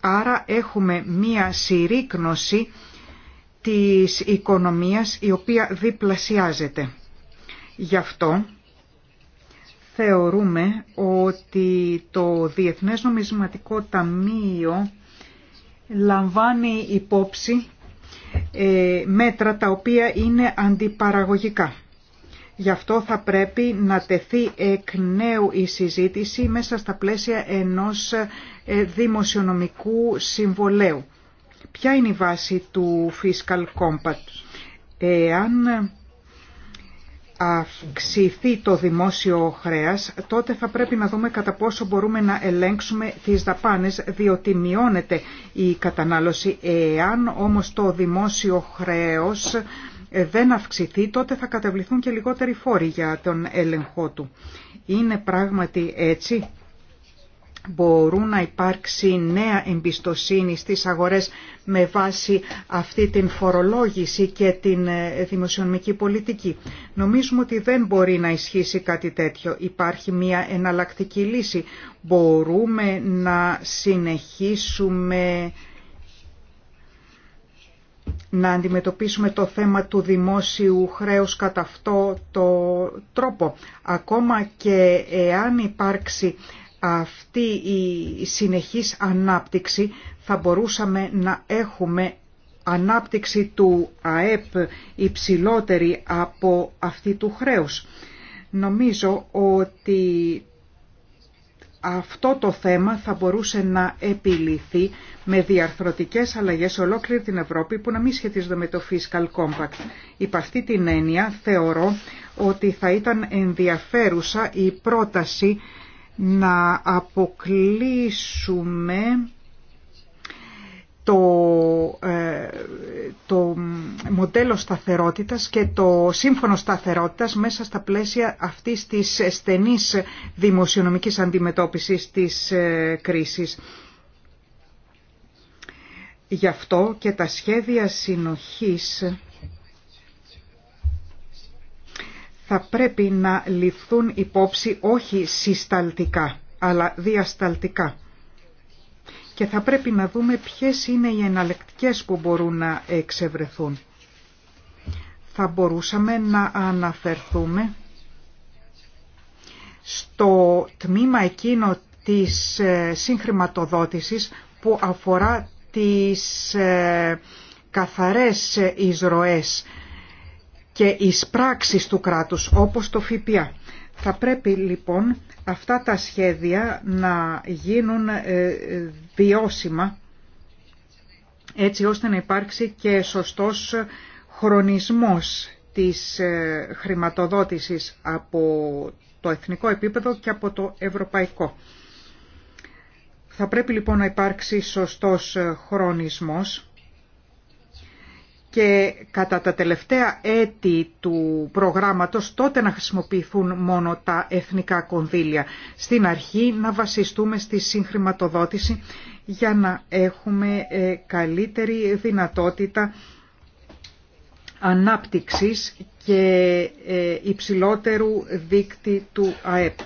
Άρα έχουμε μία συρρήκνωση της οικονομίας η οποία διπλασιάζεται. Γι' αυτό θεωρούμε ότι το Διεθνές Νομισματικό Ταμείο λαμβάνει υπόψη ε, μέτρα τα οποία είναι αντιπαραγωγικά. Γι' αυτό θα πρέπει να τεθεί εκ νέου η συζήτηση μέσα στα πλαίσια ενός ε, δημοσιονομικού συμβολέου. Ποια είναι η βάση του Fiscal Compact. Εάν αυξηθεί το δημόσιο χρέας, τότε θα πρέπει να δούμε κατά πόσο μπορούμε να ελέγξουμε τις δαπάνες, διότι μειώνεται η κατανάλωση. Εάν όμως το δημόσιο χρέος δεν αυξηθεί, τότε θα κατεβληθούν και λιγότεροι φόροι για τον έλεγχό του. Είναι πράγματι έτσι μπορούν να υπάρξει νέα εμπιστοσύνη στις αγορές με βάση αυτή την φορολόγηση και την ε, δημοσιονομική πολιτική. Νομίζουμε ότι δεν μπορεί να ισχύσει κάτι τέτοιο. Υπάρχει μια εναλλακτική λύση. Μπορούμε να συνεχίσουμε να αντιμετωπίσουμε το θέμα του δημόσιου χρέους κατά αυτό το τρόπο. Ακόμα και εάν υπάρξει αυτή η συνεχής ανάπτυξη θα μπορούσαμε να έχουμε ανάπτυξη του ΑΕΠ υψηλότερη από αυτή του χρέους. Νομίζω ότι αυτό το θέμα θα μπορούσε να επιληθεί με διαρθρωτικές αλλαγές σε ολόκληρη την Ευρώπη που να μην σχετίζονται με το Fiscal Compact. Υπ' αυτή την έννοια θεωρώ ότι θα ήταν ενδιαφέρουσα η πρόταση να αποκλείσουμε το, ε, το μοντέλο σταθερότητας και το σύμφωνο σταθερότητας μέσα στα πλαίσια αυτής της στενής δημοσιονομικής αντιμετώπισης της ε, κρίσης. Γι' αυτό και τα σχέδια συνοχής θα πρέπει να ληφθούν υπόψη όχι συσταλτικά, αλλά διασταλτικά. Και θα πρέπει να δούμε ποιες είναι οι εναλλεκτικές που μπορούν να εξευρεθούν. Θα μπορούσαμε να αναφερθούμε στο τμήμα εκείνο της ε, συγχρηματοδότησης που αφορά τις ε, καθαρές εισρωές και εις πράξεις του κράτους, όπως το ΦΠΑ. Θα πρέπει λοιπόν αυτά τα σχέδια να γίνουν ε, ε, βιώσιμα έτσι ώστε να υπάρξει και σωστός χρονισμός της ε, χρηματοδότησης από το εθνικό επίπεδο και από το ευρωπαϊκό. Θα πρέπει λοιπόν να υπάρξει σωστός χρονισμός και κατά τα τελευταία έτη του προγράμματος τότε να χρησιμοποιηθούν μόνο τα εθνικά κονδύλια. Στην αρχή να βασιστούμε στη συγχρηματοδότηση για να έχουμε ε, καλύτερη δυνατότητα ανάπτυξης και ε, υψηλότερου δίκτυ του ΑΕΠ.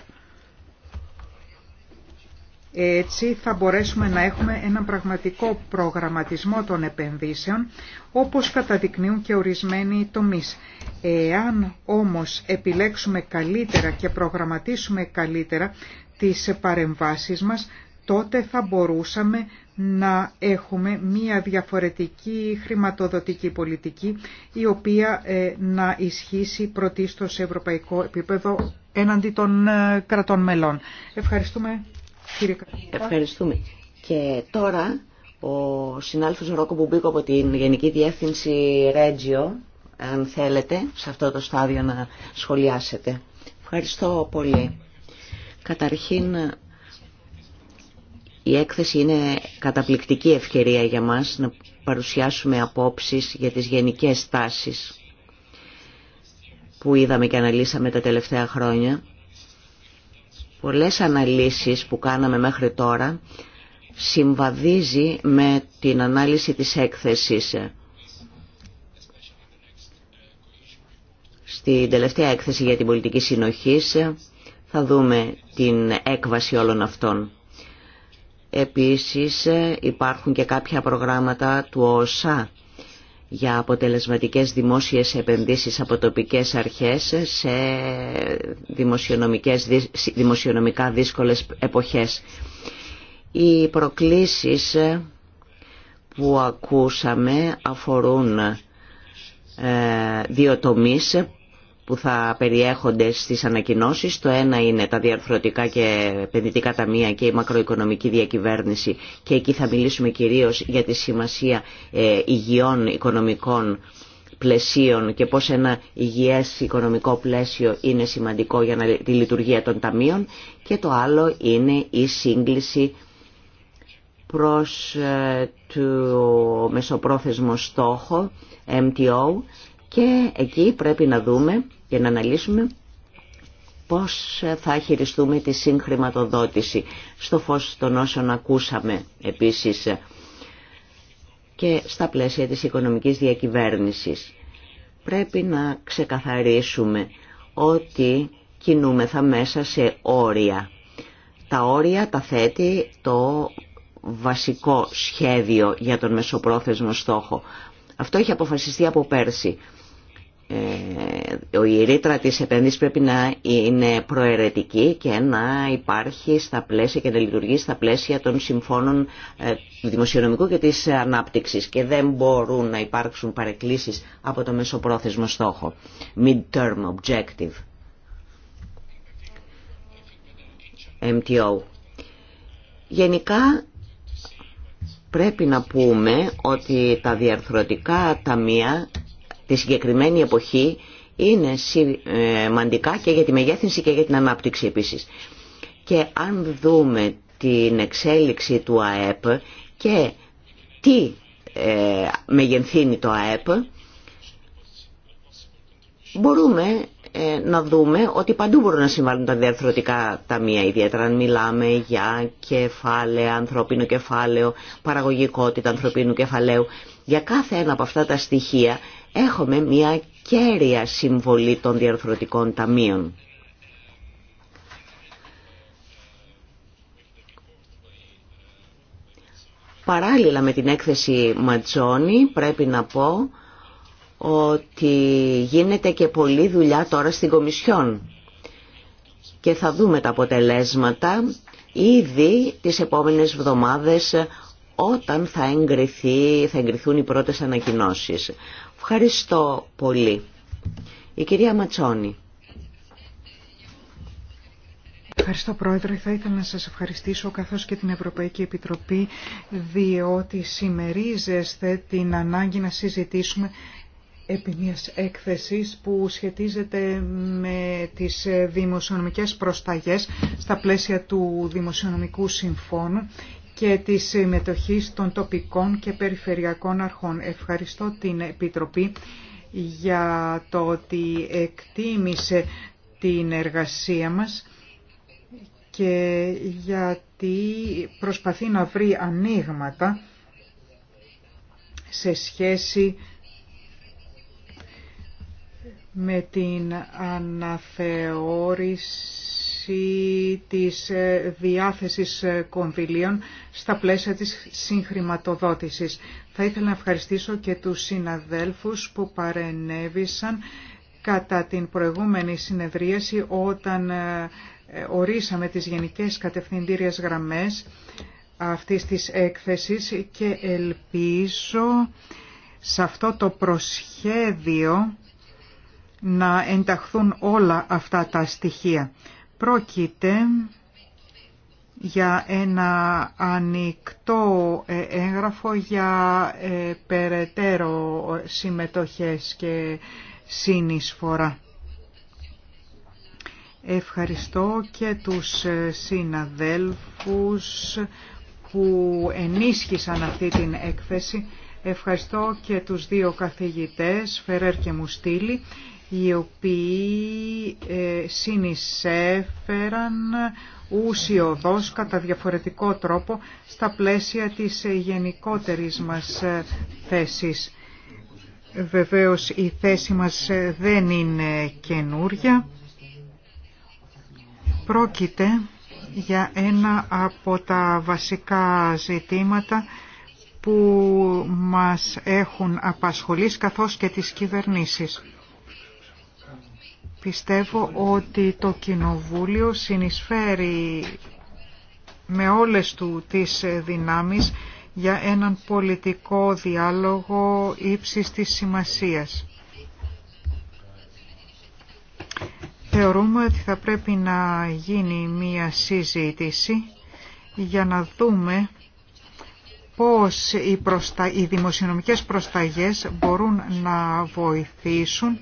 Έτσι θα μπορέσουμε να έχουμε έναν πραγματικό προγραμματισμό των επενδύσεων, όπως καταδεικνύουν και ορισμένοι τομείς. Εάν όμως επιλέξουμε καλύτερα και προγραμματίσουμε καλύτερα τις παρεμβάσεις μας, τότε θα μπορούσαμε να έχουμε μία διαφορετική χρηματοδοτική πολιτική η οποία ε, να ισχύσει πρωτίστως σε ευρωπαϊκό επίπεδο έναντι των ε, κρατών μελών. Ευχαριστούμε Ευχαριστούμε. Και τώρα ο συνάλφος Ρόκο Μπουμπίκο από την Γενική Διεύθυνση Ρέτζιο, αν θέλετε, σε αυτό το στάδιο να σχολιάσετε. Ευχαριστώ πολύ. Καταρχήν, η έκθεση είναι καταπληκτική ευκαιρία για μας να παρουσιάσουμε απόψεις για τις γενικές τάσεις που είδαμε και αναλύσαμε τα τελευταία χρόνια πολλές αναλύσεις που κάναμε μέχρι τώρα συμβαδίζει με την ανάλυση της έκθεσης. Στην τελευταία έκθεση για την πολιτική συνοχή θα δούμε την έκβαση όλων αυτών. Επίσης υπάρχουν και κάποια προγράμματα του ΟΣΑ για αποτελεσματικές δημόσιες επενδύσεις από τοπικές αρχές σε δημοσιονομικές, δημοσιονομικά δύσκολες εποχές. Οι προκλήσεις που ακούσαμε αφορούν ε, δύο τομείς που θα περιέχονται στις ανακοινώσεις. Το ένα είναι τα διαρθρωτικά και επενδυτικά ταμεία και η μακροοικονομική διακυβέρνηση και εκεί θα μιλήσουμε κυρίως για τη σημασία ε, υγιών οικονομικών πλαισίων και πώς ένα υγιές οικονομικό πλαίσιο είναι σημαντικό για τη λειτουργία των ταμείων και το άλλο είναι η σύγκληση προς ε, το μεσοπρόθεσμο στόχο MTO και εκεί πρέπει να δούμε για να αναλύσουμε πώς θα χειριστούμε τη συγχρηματοδότηση στο φως των όσων ακούσαμε επίσης και στα πλαίσια της οικονομικής διακυβέρνησης. Πρέπει να ξεκαθαρίσουμε ότι κινούμεθα μέσα σε όρια. Τα όρια τα θέτει το βασικό σχέδιο για τον μεσοπρόθεσμο στόχο. Αυτό έχει αποφασιστεί από πέρσι. Ε, η ρήτρα της επένδυσης πρέπει να είναι προαιρετική και να υπάρχει στα πλαίσια και να λειτουργεί στα πλαίσια των συμφώνων ε, δημοσιονομικού και της ανάπτυξης και δεν μπορούν να υπάρξουν παρεκκλήσεις από το μεσοπρόθεσμο στόχο. Mid-term objective. MTO. Γενικά πρέπει να πούμε ότι τα διαρθρωτικά ταμεία τη συγκεκριμένη εποχή είναι σημαντικά ε, και για τη μεγέθυνση και για την ανάπτυξη επίσης. Και αν δούμε την εξέλιξη του ΑΕΠ και τι ε, μεγενθύνει το ΑΕΠ, μπορούμε ε, να δούμε ότι παντού μπορούν να συμβάλλουν τα διαρθρωτικά ταμεία, ιδιαίτερα αν μιλάμε για κεφάλαια, ανθρωπίνο κεφάλαιο, παραγωγικότητα ανθρωπίνου κεφαλαίου. Για κάθε ένα από αυτά τα στοιχεία έχουμε μια κέρια συμβολή των διαρθρωτικών ταμείων. Παράλληλα με την έκθεση Ματζόνη πρέπει να πω ότι γίνεται και πολλή δουλειά τώρα στην Κομισιόν και θα δούμε τα αποτελέσματα ήδη τις επόμενες εβδομάδες όταν θα, εγκριθεί, θα εγκριθούν οι πρώτες ανακοινώσεις. Ευχαριστώ πολύ. Η κυρία Ματσόνη. Ευχαριστώ Πρόεδρε. Θα ήθελα να σας ευχαριστήσω καθώς και την Ευρωπαϊκή Επιτροπή διότι σημερίζεστε την ανάγκη να συζητήσουμε επί μιας έκθεσης που σχετίζεται με τις δημοσιονομικές προσταγές στα πλαίσια του Δημοσιονομικού Συμφώνου και τη συμμετοχή των τοπικών και περιφερειακών αρχών. Ευχαριστώ την Επιτροπή για το ότι εκτίμησε την εργασία μας και γιατί προσπαθεί να βρει ανοίγματα σε σχέση με την αναθεώρηση Τη της ε, διάθεσης ε, κονδυλίων στα πλαίσια της συγχρηματοδότησης. Θα ήθελα να ευχαριστήσω και τους συναδέλφους που παρενέβησαν κατά την προηγούμενη συνεδρίαση όταν ε, ορίσαμε τις γενικές κατευθυντήριες γραμμές αυτής της έκθεσης και ελπίζω σε αυτό το προσχέδιο να ενταχθούν όλα αυτά τα στοιχεία. Πρόκειται για ένα ανοιχτό ε, έγγραφο για ε, περαιτέρω συμμετοχές και συνεισφορά. Ευχαριστώ και τους ε, συναδέλφους που ενίσχυσαν αυτή την έκθεση. Ευχαριστώ και τους δύο καθηγητές, Φερέρ και Μουστήλη, οι οποίοι ε, συνεισέφεραν ουσιοδός κατά διαφορετικό τρόπο στα πλαίσια της γενικότερης μας ε, θέσης. Βεβαίως η θέση μας ε, δεν είναι καινούρια. Πρόκειται για ένα από τα βασικά ζητήματα που μας έχουν απασχολήσει καθώς και τις κυβερνήσεις. Πιστεύω ότι το Κοινοβούλιο συνεισφέρει με όλες του τις δυνάμεις για έναν πολιτικό διάλογο ύψης της σημασίας. Θεωρούμε ότι θα πρέπει να γίνει μία συζήτηση για να δούμε πώς οι, προστα... οι δημοσιονομικές προσταγές μπορούν να βοηθήσουν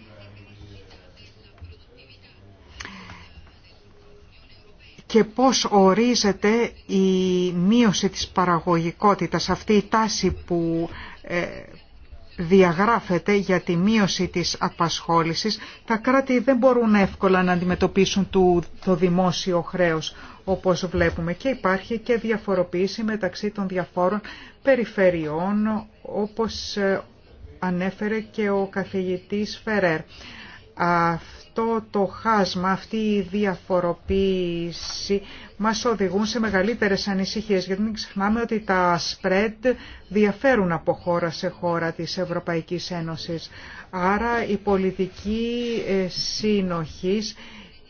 και πώς ορίζεται η μείωση της παραγωγικότητας, αυτή η τάση που ε, διαγράφεται για τη μείωση της απασχόλησης, τα κράτη δεν μπορούν εύκολα να αντιμετωπίσουν το δημόσιο χρέος, όπως βλέπουμε. Και υπάρχει και διαφοροποίηση μεταξύ των διαφόρων περιφερειών, όπως ε, ανέφερε και ο καθηγητής Φερέρ αυτό το χάσμα, αυτή η διαφοροποίηση μας οδηγούν σε μεγαλύτερες ανησυχίες, γιατί μην ξεχνάμε ότι τα spread διαφέρουν από χώρα σε χώρα της Ευρωπαϊκής Ένωσης. Άρα η πολιτική ε, συνοχής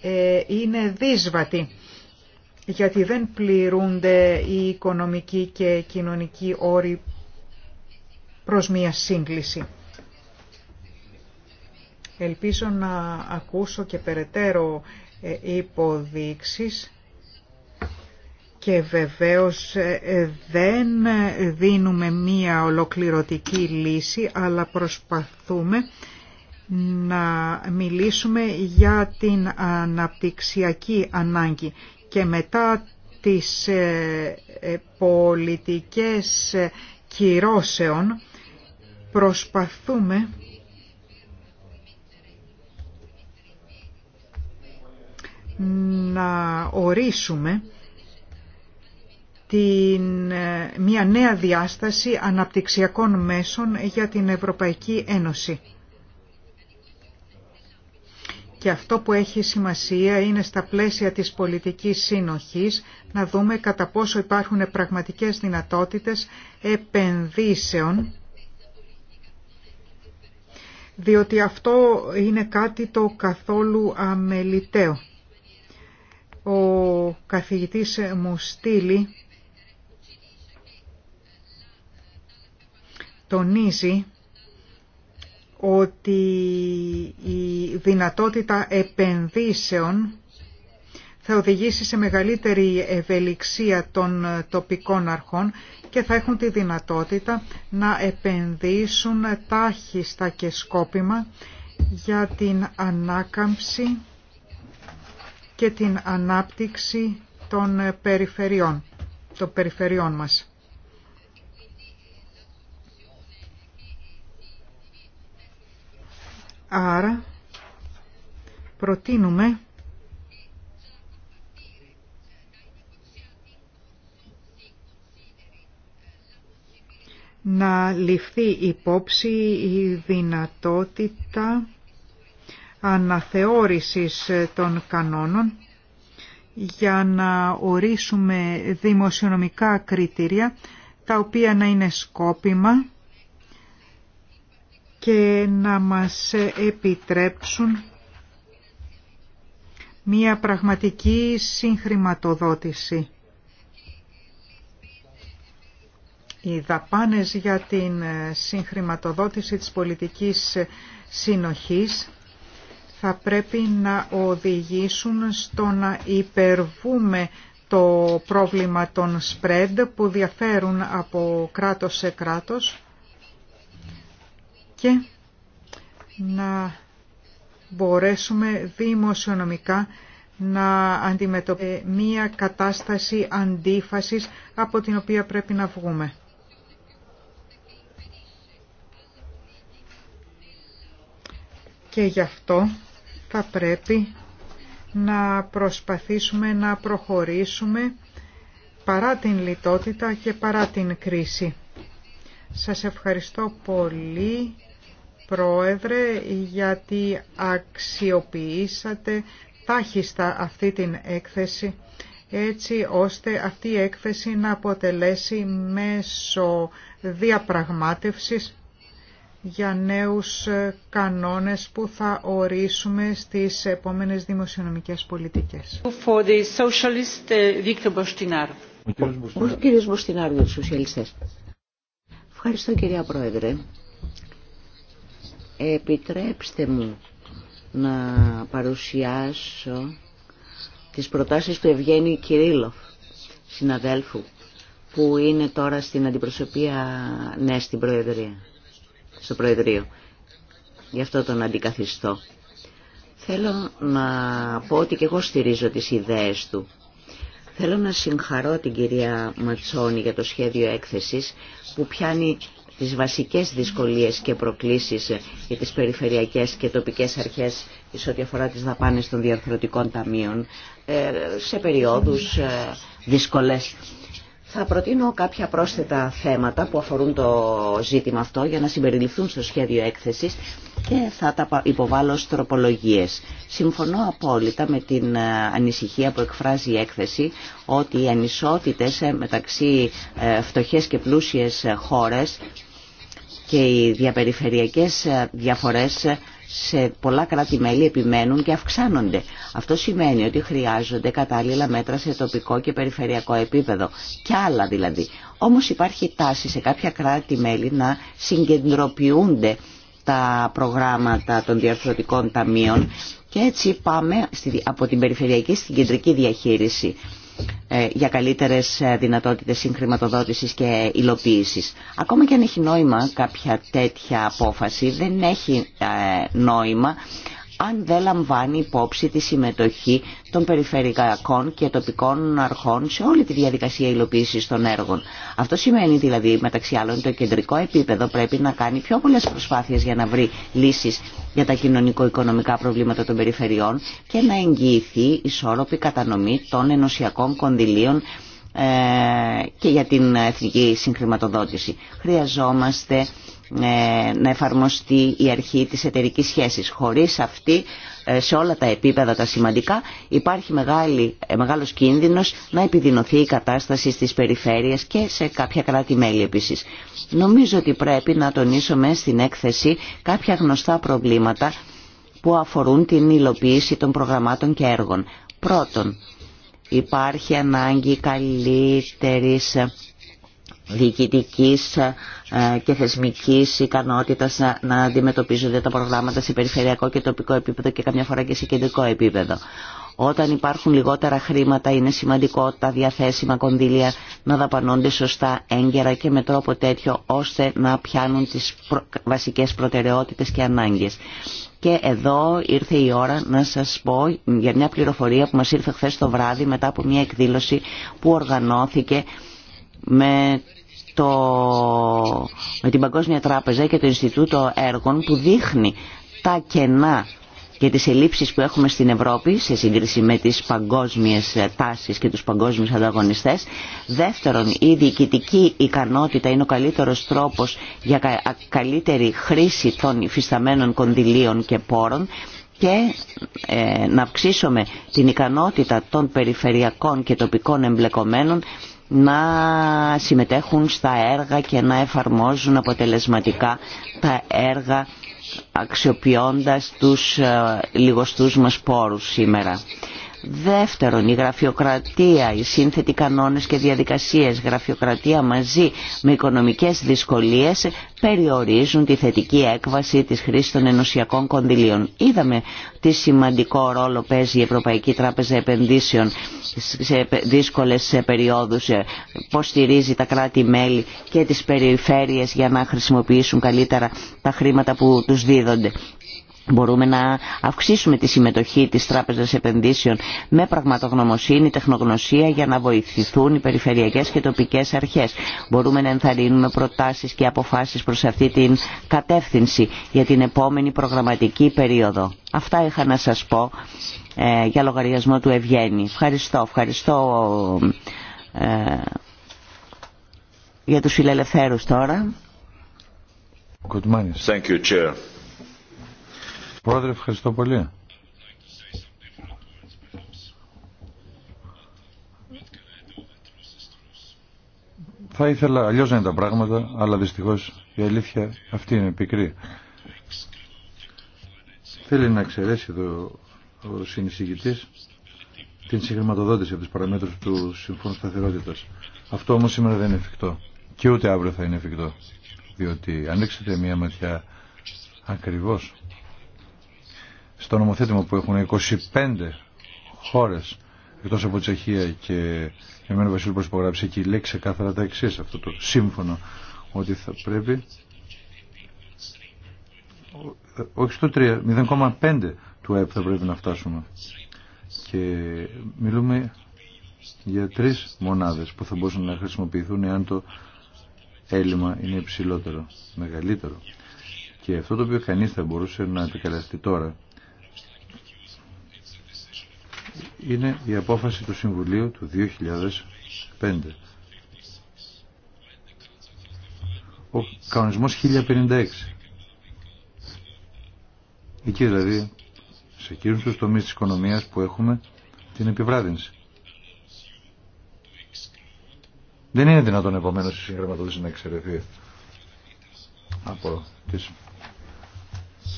ε, είναι δύσβατη γιατί δεν πληρούνται οι οικονομικοί και κοινωνικοί όροι προς μία σύγκληση. Ελπίζω να ακούσω και περαιτέρω ε, υποδείξεις και βεβαίως ε, ε, δεν δίνουμε μία ολοκληρωτική λύση, αλλά προσπαθούμε να μιλήσουμε για την αναπτυξιακή ανάγκη και μετά τις πολιτικές κυρώσεων προσπαθούμε να ορίσουμε την, ε, μια νέα διάσταση αναπτυξιακών μέσων για την Ευρωπαϊκή Ένωση. Και αυτό που έχει σημασία είναι στα πλαίσια της πολιτικής σύνοχης να δούμε κατά πόσο υπάρχουν πραγματικές δυνατότητες επενδύσεων, διότι αυτό είναι κάτι το καθόλου αμεληταίο. Ο καθηγητής μου στείλει τονίζει ότι η δυνατότητα επενδύσεων θα οδηγήσει σε μεγαλύτερη ευελιξία των τοπικών αρχών και θα έχουν τη δυνατότητα να επενδύσουν τάχιστα και σκόπιμα για την ανάκαμψη και την ανάπτυξη των ε, περιφερειών, των περιφερειών μας. Άρα προτείνουμε να ληφθεί υπόψη η δυνατότητα αναθεώρησης των κανόνων για να ορίσουμε δημοσιονομικά κριτήρια τα οποία να είναι σκόπιμα και να μας επιτρέψουν μία πραγματική συγχρηματοδότηση. Οι δαπάνες για την συγχρηματοδότηση της πολιτικής συνοχής θα πρέπει να οδηγήσουν στο να υπερβούμε το πρόβλημα των spread που διαφέρουν από κράτος σε κράτος και να μπορέσουμε δημοσιονομικά να αντιμετωπίσουμε μία κατάσταση αντίφασης από την οποία πρέπει να βγούμε. Και γι' αυτό θα πρέπει να προσπαθήσουμε να προχωρήσουμε παρά την λιτότητα και παρά την κρίση. Σας ευχαριστώ πολύ, Πρόεδρε, γιατί αξιοποιήσατε τάχιστα αυτή την έκθεση, έτσι ώστε αυτή η έκθεση να αποτελέσει μέσο διαπραγμάτευσης για νέους ε, κανόνες που θα ορίσουμε στις επόμενες δημοσιονομικές πολιτικές. For the socialist, ε, ο κύριος για τους σοσιαλιστές. Ευχαριστώ κυρία Πρόεδρε. Επιτρέψτε μου να παρουσιάσω τις προτάσεις του Ευγένη Κυρίλοφ, συναδέλφου, που είναι τώρα στην αντιπροσωπεία, ναι, στην Προεδρία στο Προεδρείο. Γι' αυτό τον αντικαθιστώ. Θέλω να πω ότι και εγώ στηρίζω τις ιδέες του. Θέλω να συγχαρώ την κυρία Ματσόνη για το σχέδιο έκθεσης που πιάνει τις βασικές δυσκολίες και προκλήσεις για τις περιφερειακές και τοπικές αρχές σε ό,τι αφορά τις δαπάνες των διαρθρωτικών ταμείων ε, σε περιόδους ε, δύσκολες θα προτείνω κάποια πρόσθετα θέματα που αφορούν το ζήτημα αυτό για να συμπεριληφθούν στο σχέδιο έκθεσης και θα τα υποβάλω ως τροπολογίες. Συμφωνώ απόλυτα με την ε, ανησυχία που εκφράζει η έκθεση ότι οι ανισότητες ε, μεταξύ ε, φτωχές και πλούσιες χώρες και οι διαπεριφερειακές διαφορές σε πολλά κράτη-μέλη επιμένουν και αυξάνονται. Αυτό σημαίνει ότι χρειάζονται κατάλληλα μέτρα σε τοπικό και περιφερειακό επίπεδο. Κι άλλα δηλαδή. Όμως υπάρχει τάση σε κάποια κράτη-μέλη να συγκεντροποιούνται τα προγράμματα των διαρθρωτικών ταμείων και έτσι πάμε από την περιφερειακή στην κεντρική διαχείριση. Ε, για καλύτερες ε, δυνατότητες συγχρηματοδότησης και υλοποίησης. Ακόμα και αν έχει νόημα κάποια τέτοια απόφαση, δεν έχει ε, νόημα αν δεν λαμβάνει υπόψη τη συμμετοχή των περιφερειακών και τοπικών αρχών σε όλη τη διαδικασία υλοποίηση των έργων. Αυτό σημαίνει δηλαδή μεταξύ άλλων το κεντρικό επίπεδο πρέπει να κάνει πιο πολλέ προσπάθειε για να βρει λύσει για τα κοινωνικο-οικονομικά προβλήματα των περιφερειών και να εγγυηθεί ισόρροπη κατανομή των ενωσιακών κονδυλίων ε, και για την εθνική συγχρηματοδότηση. Χρειαζόμαστε ε, να εφαρμοστεί η αρχή της εταιρική σχέσης. Χωρίς αυτή, ε, σε όλα τα επίπεδα τα σημαντικά, υπάρχει μεγάλη, ε, μεγάλος κίνδυνος να επιδεινωθεί η κατάσταση στις περιφέρειες και σε κάποια κράτη-μέλη επίσης. Νομίζω ότι πρέπει να τονίσουμε στην έκθεση κάποια γνωστά προβλήματα που αφορούν την υλοποίηση των προγραμμάτων και έργων. Πρώτον, υπάρχει ανάγκη καλύτερης διοικητικής ε, και θεσμικής ικανότητας να, αντιμετωπίζονται τα προγράμματα σε περιφερειακό και τοπικό επίπεδο και καμιά φορά και σε κεντρικό επίπεδο. Όταν υπάρχουν λιγότερα χρήματα είναι σημαντικό τα διαθέσιμα κονδύλια να δαπανώνται σωστά έγκαιρα και με τρόπο τέτοιο ώστε να πιάνουν τις βασικές προτεραιότητες και ανάγκες. Και εδώ ήρθε η ώρα να σας πω για μια πληροφορία που μας ήρθε χθε το βράδυ μετά από μια εκδήλωση που οργανώθηκε με, το, με την Παγκόσμια Τράπεζα και το Ινστιτούτο Έργων που δείχνει τα κενά και τις ελλείψεις που έχουμε στην Ευρώπη σε σύγκριση με τις παγκόσμιες τάσεις και τους παγκόσμιους ανταγωνιστές. Δεύτερον, η διοικητική ικανότητα είναι ο καλύτερος τρόπος για καλύτερη χρήση των υφισταμένων κονδυλίων και πόρων και ε, να αυξήσουμε την ικανότητα των περιφερειακών και τοπικών εμπλεκομένων να συμμετέχουν στα έργα και να εφαρμόζουν αποτελεσματικά τα έργα αξιοποιώντας τους ε, λιγοστούς μας πόρους σήμερα. Δεύτερον, η γραφειοκρατία, οι σύνθετοι κανόνες και διαδικασίες, γραφειοκρατία μαζί με οικονομικές δυσκολίες περιορίζουν τη θετική έκβαση της χρήσης των ενωσιακών κονδυλίων. Είδαμε τι σημαντικό ρόλο παίζει η Ευρωπαϊκή Τράπεζα Επενδύσεων σε δύσκολες περιόδους, πώς στηρίζει τα κράτη-μέλη και τις περιφέρειες για να χρησιμοποιήσουν καλύτερα τα χρήματα που τους δίδονται. Μπορούμε να αυξήσουμε τη συμμετοχή της Τράπεζας Επενδύσεων με πραγματογνωμοσύνη, τεχνογνωσία για να βοηθηθούν οι περιφερειακές και τοπικές αρχές. Μπορούμε να ενθαρρύνουμε προτάσεις και αποφάσεις προς αυτή την κατεύθυνση για την επόμενη προγραμματική περίοδο. Αυτά είχα να σας πω ε, για λογαριασμό του Ευγέννη. Ευχαριστώ, ευχαριστώ ε, για τους φιλελευθέρους τώρα. Good Thank you, Chair. Πρόεδρε, ευχαριστώ πολύ. Θα ήθελα αλλιώς να είναι τα πράγματα, αλλά δυστυχώς η αλήθεια αυτή είναι πικρή. Θέλει να εξαιρέσει εδώ ο συνεισηγητής την συγχρηματοδότηση από τις παραμέτρους του Συμφώνου Σταθερότητας. Αυτό όμως σήμερα δεν είναι εφικτό και ούτε αύριο θα είναι εφικτό, διότι ανοίξετε μία ματιά ακριβώς στο νομοθέτημα που έχουν 25 χώρε εκτός από Τσεχία και εμένα που υπογράψει εκεί λέει ξεκάθαρα τα εξή αυτό το σύμφωνο ότι θα πρέπει όχι στο 3, 0,5 του ΑΕΠ θα πρέπει να φτάσουμε και μιλούμε για τρεις μονάδες που θα μπορούσαν να χρησιμοποιηθούν εάν το έλλειμμα είναι υψηλότερο, μεγαλύτερο. Και αυτό το οποίο κανεί θα μπορούσε να επικαλεστεί τώρα είναι η απόφαση του Συμβουλίου του 2005. Ο κανονισμός 1056. Εκεί δηλαδή, σε εκείνους τους τομείς της οικονομίας που έχουμε την επιβράδυνση. Δεν είναι δυνατόν επομένω η συγχρηματοδότηση να εξαιρεθεί από τις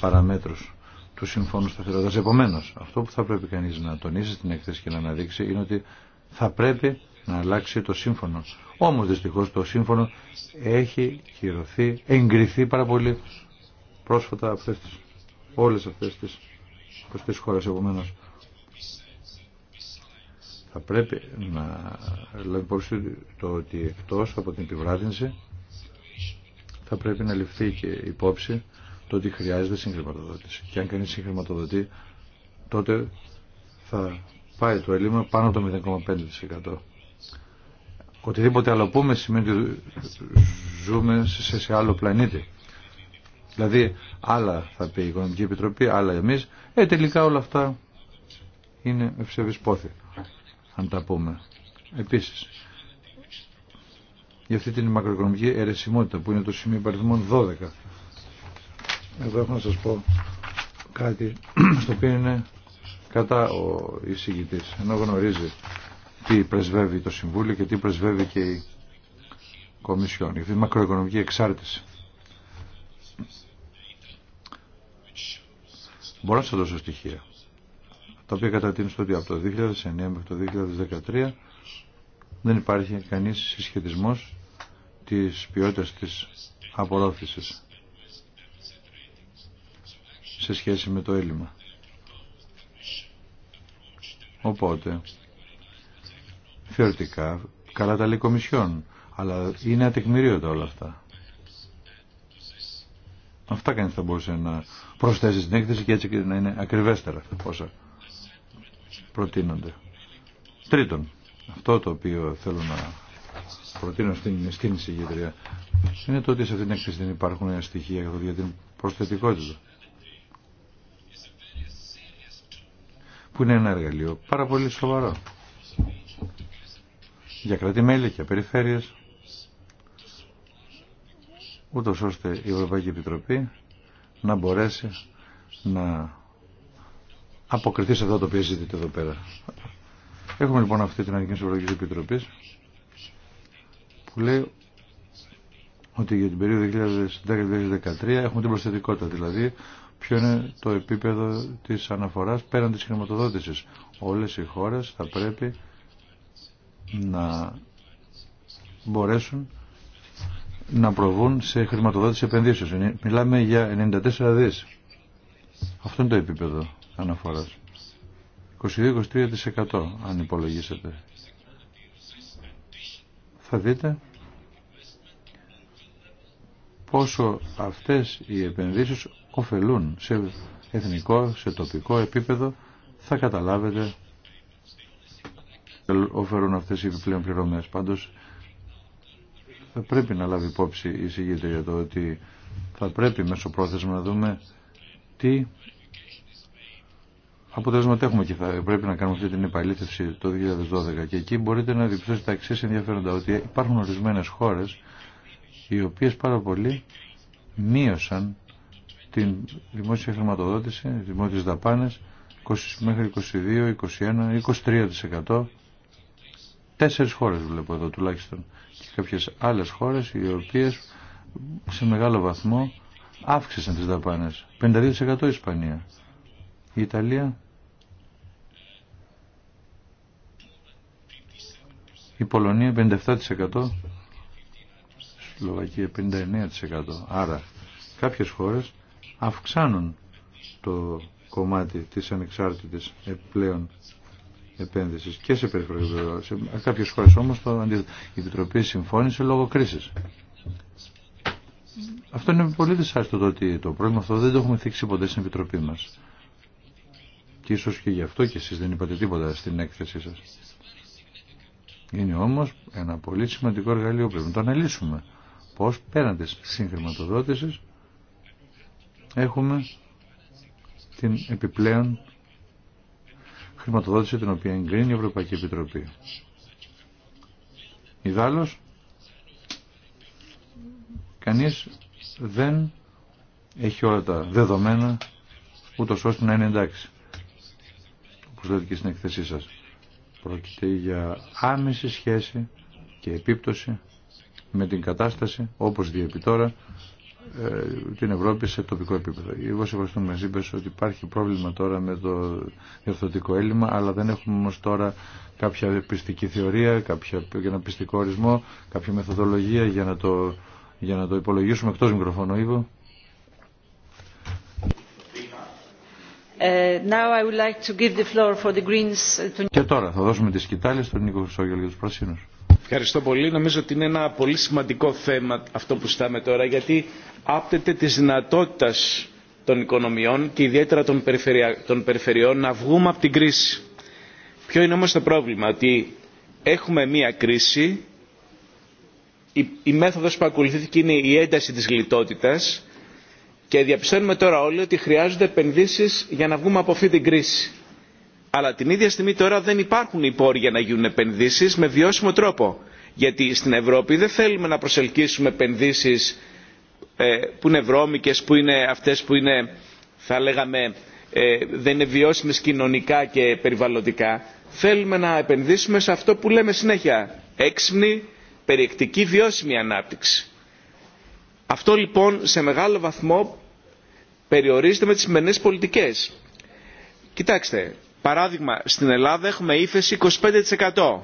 παραμέτρους του Συμφώνου Σταθερότητας. Επομένω, αυτό που θα πρέπει κανείς να τονίσει στην έκθεση και να αναδείξει είναι ότι θα πρέπει να αλλάξει το σύμφωνο. Όμως δυστυχώς το σύμφωνο έχει κυρωθεί, εγκριθεί πάρα πολύ πρόσφατα αυτές τις, όλες αυτές τις επομένω. χώρες Θα πρέπει να λάβει υπόψη το ότι εκτός από την επιβράδυνση θα πρέπει να ληφθεί και υπόψη το ότι χρειάζεται συγχρηματοδότηση. Και αν κανείς συγχρηματοδοτεί, τότε θα πάει το έλλειμμα πάνω το 0,5%. Οτιδήποτε άλλο πούμε σημαίνει ότι ζούμε σε, σε άλλο πλανήτη. Δηλαδή, άλλα θα πει η Οικονομική Επιτροπή, άλλα εμείς. Ε, τελικά όλα αυτά είναι ευσεβείς πόθη, αν τα πούμε. Επίσης, για αυτή την μακροοικονομική αιρεσιμότητα που είναι το σημείο παριθμών 12 εδώ έχω να σας πω κάτι στο οποίο είναι κατά ο εισηγητής ενώ γνωρίζει τι πρεσβεύει το Συμβούλιο και τι πρεσβεύει και η Κομισιόν η μακροοικονομική εξάρτηση μπορώ να σας δώσω στοιχεία τα οποία κατατείνουν ότι από το 2009 μέχρι το 2013 δεν υπάρχει κανείς συσχετισμός της ποιότητας της απορρόφησης σε σχέση με το έλλειμμα. Οπότε, θεωρητικά, καλά τα λέει κομισιόν, αλλά είναι ατεκμηρίωτα όλα αυτά. Αυτά κανείς θα μπορούσε να προσθέσει στην έκθεση και έτσι να είναι ακριβέστερα όσα προτείνονται. Τρίτον, αυτό το οποίο θέλω να προτείνω στην, στην εισηγητρία είναι το ότι σε αυτήν την έκθεση δεν υπάρχουν στοιχεία για την προσθετικότητα. που είναι ένα εργαλείο πάρα πολύ σοβαρό για κρατημέλη και περιφέρειες ούτως ώστε η Ευρωπαϊκή Επιτροπή να μπορέσει να αποκριθεί σε αυτό το οποίο ζητείτε εδώ πέρα. Έχουμε λοιπόν αυτή την ανακοίνωση Ευρωπαϊκή Επιτροπή, που λέει ότι για την περίοδο 2010-2013 έχουμε την προσθετικότητα, δηλαδή ποιο είναι το επίπεδο της αναφοράς πέραν της χρηματοδότησης. Όλες οι χώρες θα πρέπει να μπορέσουν να προβούν σε χρηματοδότηση επενδύσεων. Μιλάμε για 94 δις. Αυτό είναι το επίπεδο αναφοράς. 22-23% αν υπολογίσετε. Θα δείτε πόσο αυτές οι επενδύσεις ωφελούν σε εθνικό, σε τοπικό επίπεδο, θα καταλάβετε ωφελούν αυτές οι επιπλέον πληρωμές. Πάντως θα πρέπει να λάβει υπόψη η συγκέντρια για το ότι θα πρέπει μέσω πρόθεσμα να δούμε τι αποτελέσματα έχουμε και θα πρέπει να κάνουμε αυτή την επαλήθευση το 2012 και εκεί μπορείτε να διπιστώσετε τα εξή ενδιαφέροντα ότι υπάρχουν ορισμένες χώρες οι οποίες πάρα πολύ μείωσαν την δημόσια χρηματοδότηση, δημόσιες δαπάνες, 20, μέχρι 22, 21, 23%. Τέσσερις χώρες βλέπω εδώ τουλάχιστον και κάποιες άλλες χώρες οι οποίες σε μεγάλο βαθμό αύξησαν τις δαπάνες. 52% η Ισπανία. Η Ιταλία Η Πολωνία 57%, Σλοβακία 59%. Άρα κάποιες χώρες αυξάνουν το κομμάτι της ανεξάρτητης επιπλέον επένδυσης και σε περιφερειακό Σε κάποιες χώρες όμως το αντίθετο. Η Επιτροπή συμφώνησε λόγω κρίσης. Αυτό είναι πολύ δυσάρεστο το ότι το πρόβλημα αυτό δεν το έχουμε θίξει ποτέ στην Επιτροπή μας. Και ίσως και γι' αυτό και εσείς δεν είπατε τίποτα στην έκθεσή σας. Είναι όμως ένα πολύ σημαντικό εργαλείο πρέπει να το αναλύσουμε. Πώς πέραν της συγχρηματοδότησης έχουμε την επιπλέον χρηματοδότηση την οποία εγκρίνει η Ευρωπαϊκή Επιτροπή. Ιδάλλως, κανείς δεν έχει όλα τα δεδομένα ούτως ώστε να είναι εντάξει. Όπως λέτε και στην εκθεσή σας. Πρόκειται για άμεση σχέση και επίπτωση με την κατάσταση όπως διεπιτόρα... Ε, την Ευρώπη σε τοπικό επίπεδο. Εγώ σε ευχαριστούμε μας ότι υπάρχει πρόβλημα τώρα με το διορθωτικό έλλειμμα, αλλά δεν έχουμε όμως τώρα κάποια πιστική θεωρία, κάποια, για ένα πιστικό ορισμό, κάποια μεθοδολογία για να το, για να το υπολογίσουμε εκτός μικροφώνου, Ήβο. Ε, ε, Και τώρα θα δώσουμε τις σκητάλη στον Νίκο Χρυσόγελ για τους Πρασίνους. Ευχαριστώ πολύ. Νομίζω ότι είναι ένα πολύ σημαντικό θέμα αυτό που στάμε τώρα γιατί άπτεται τη δυνατότητας των οικονομιών και ιδιαίτερα των, περιφερειών να βγούμε από την κρίση. Ποιο είναι όμως το πρόβλημα, ότι έχουμε μία κρίση, η, η μέθοδος που ακολουθήθηκε είναι η ένταση της λιτότητας και διαπιστώνουμε τώρα όλοι ότι χρειάζονται επενδύσεις για να βγούμε από αυτή την κρίση αλλά την ίδια στιγμή τώρα δεν υπάρχουν οι για να γίνουν επενδύσεις με βιώσιμο τρόπο. Γιατί στην Ευρώπη δεν θέλουμε να προσελκύσουμε επενδύσεις ε, που είναι βρώμικες, που είναι αυτές που είναι, θα λέγαμε, ε, δεν είναι βιώσιμες κοινωνικά και περιβαλλοντικά. Θέλουμε να επενδύσουμε σε αυτό που λέμε συνέχεια, έξυπνη, περιεκτική, βιώσιμη ανάπτυξη. Αυτό λοιπόν σε μεγάλο βαθμό περιορίζεται με τις σημερινές πολιτικές. Κοιτάξτε, Παράδειγμα, στην Ελλάδα έχουμε ύφεση 25%.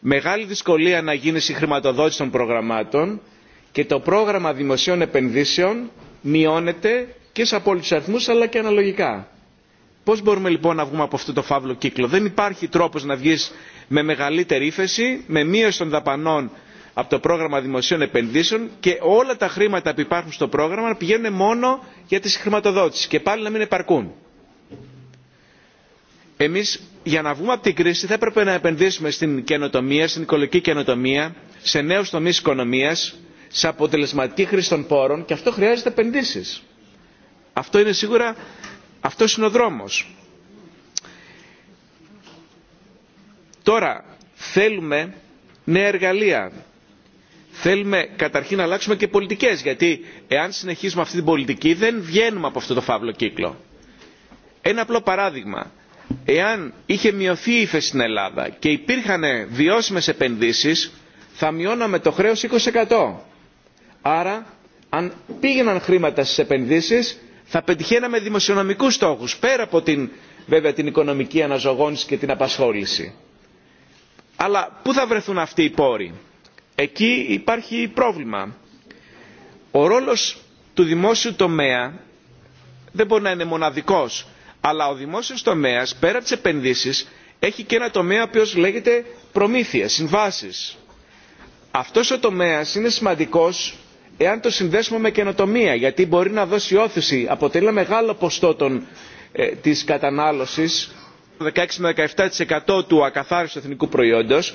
Μεγάλη δυσκολία να γίνει η χρηματοδότηση των προγραμμάτων και το πρόγραμμα δημοσίων επενδύσεων μειώνεται και σε απόλυτους αριθμούς αλλά και αναλογικά. Πώς μπορούμε λοιπόν να βγούμε από αυτό το φαύλο κύκλο. Δεν υπάρχει τρόπος να βγεις με μεγαλύτερη ύφεση, με μείωση των δαπανών από το πρόγραμμα δημοσίων επενδύσεων και όλα τα χρήματα που υπάρχουν στο πρόγραμμα να πηγαίνουν μόνο για τη χρηματοδότηση και πάλι να μην επαρκούν εμείς για να βγούμε από την κρίση θα έπρεπε να επενδύσουμε στην καινοτομία, στην οικολογική καινοτομία, σε νέους τομείς οικονομίας, σε αποτελεσματική χρήση των πόρων και αυτό χρειάζεται επενδύσεις. Αυτό είναι σίγουρα, αυτό είναι ο δρόμος. Τώρα, θέλουμε νέα εργαλεία. Θέλουμε καταρχήν να αλλάξουμε και πολιτικές, γιατί εάν συνεχίσουμε αυτή την πολιτική δεν βγαίνουμε από αυτό το φαύλο κύκλο. Ένα απλό παράδειγμα εάν είχε μειωθεί η ύφεση στην Ελλάδα και υπήρχαν βιώσιμες επενδύσεις θα μειώναμε το χρέος 20%. Άρα αν πήγαιναν χρήματα στις επενδύσεις θα πετυχαίναμε δημοσιονομικούς στόχους πέρα από την, βέβαια, την οικονομική αναζωγόνηση και την απασχόληση. Αλλά πού θα βρεθούν αυτοί οι πόροι. Εκεί υπάρχει πρόβλημα. Ο ρόλος του δημόσιου τομέα δεν μπορεί να είναι μοναδικός αλλά ο δημόσιος τομέας πέρα από τις επενδύσεις έχει και ένα τομέα ο οποίος λέγεται προμήθεια, συμβάσεις. Αυτός ο τομέας είναι σημαντικός εάν το συνδέσουμε με καινοτομία γιατί μπορεί να δώσει όθηση, αποτελεί μεγάλο ποστό των, ε, της κατανάλωσης 16 με 17% του ακαθάριστου εθνικού προϊόντος.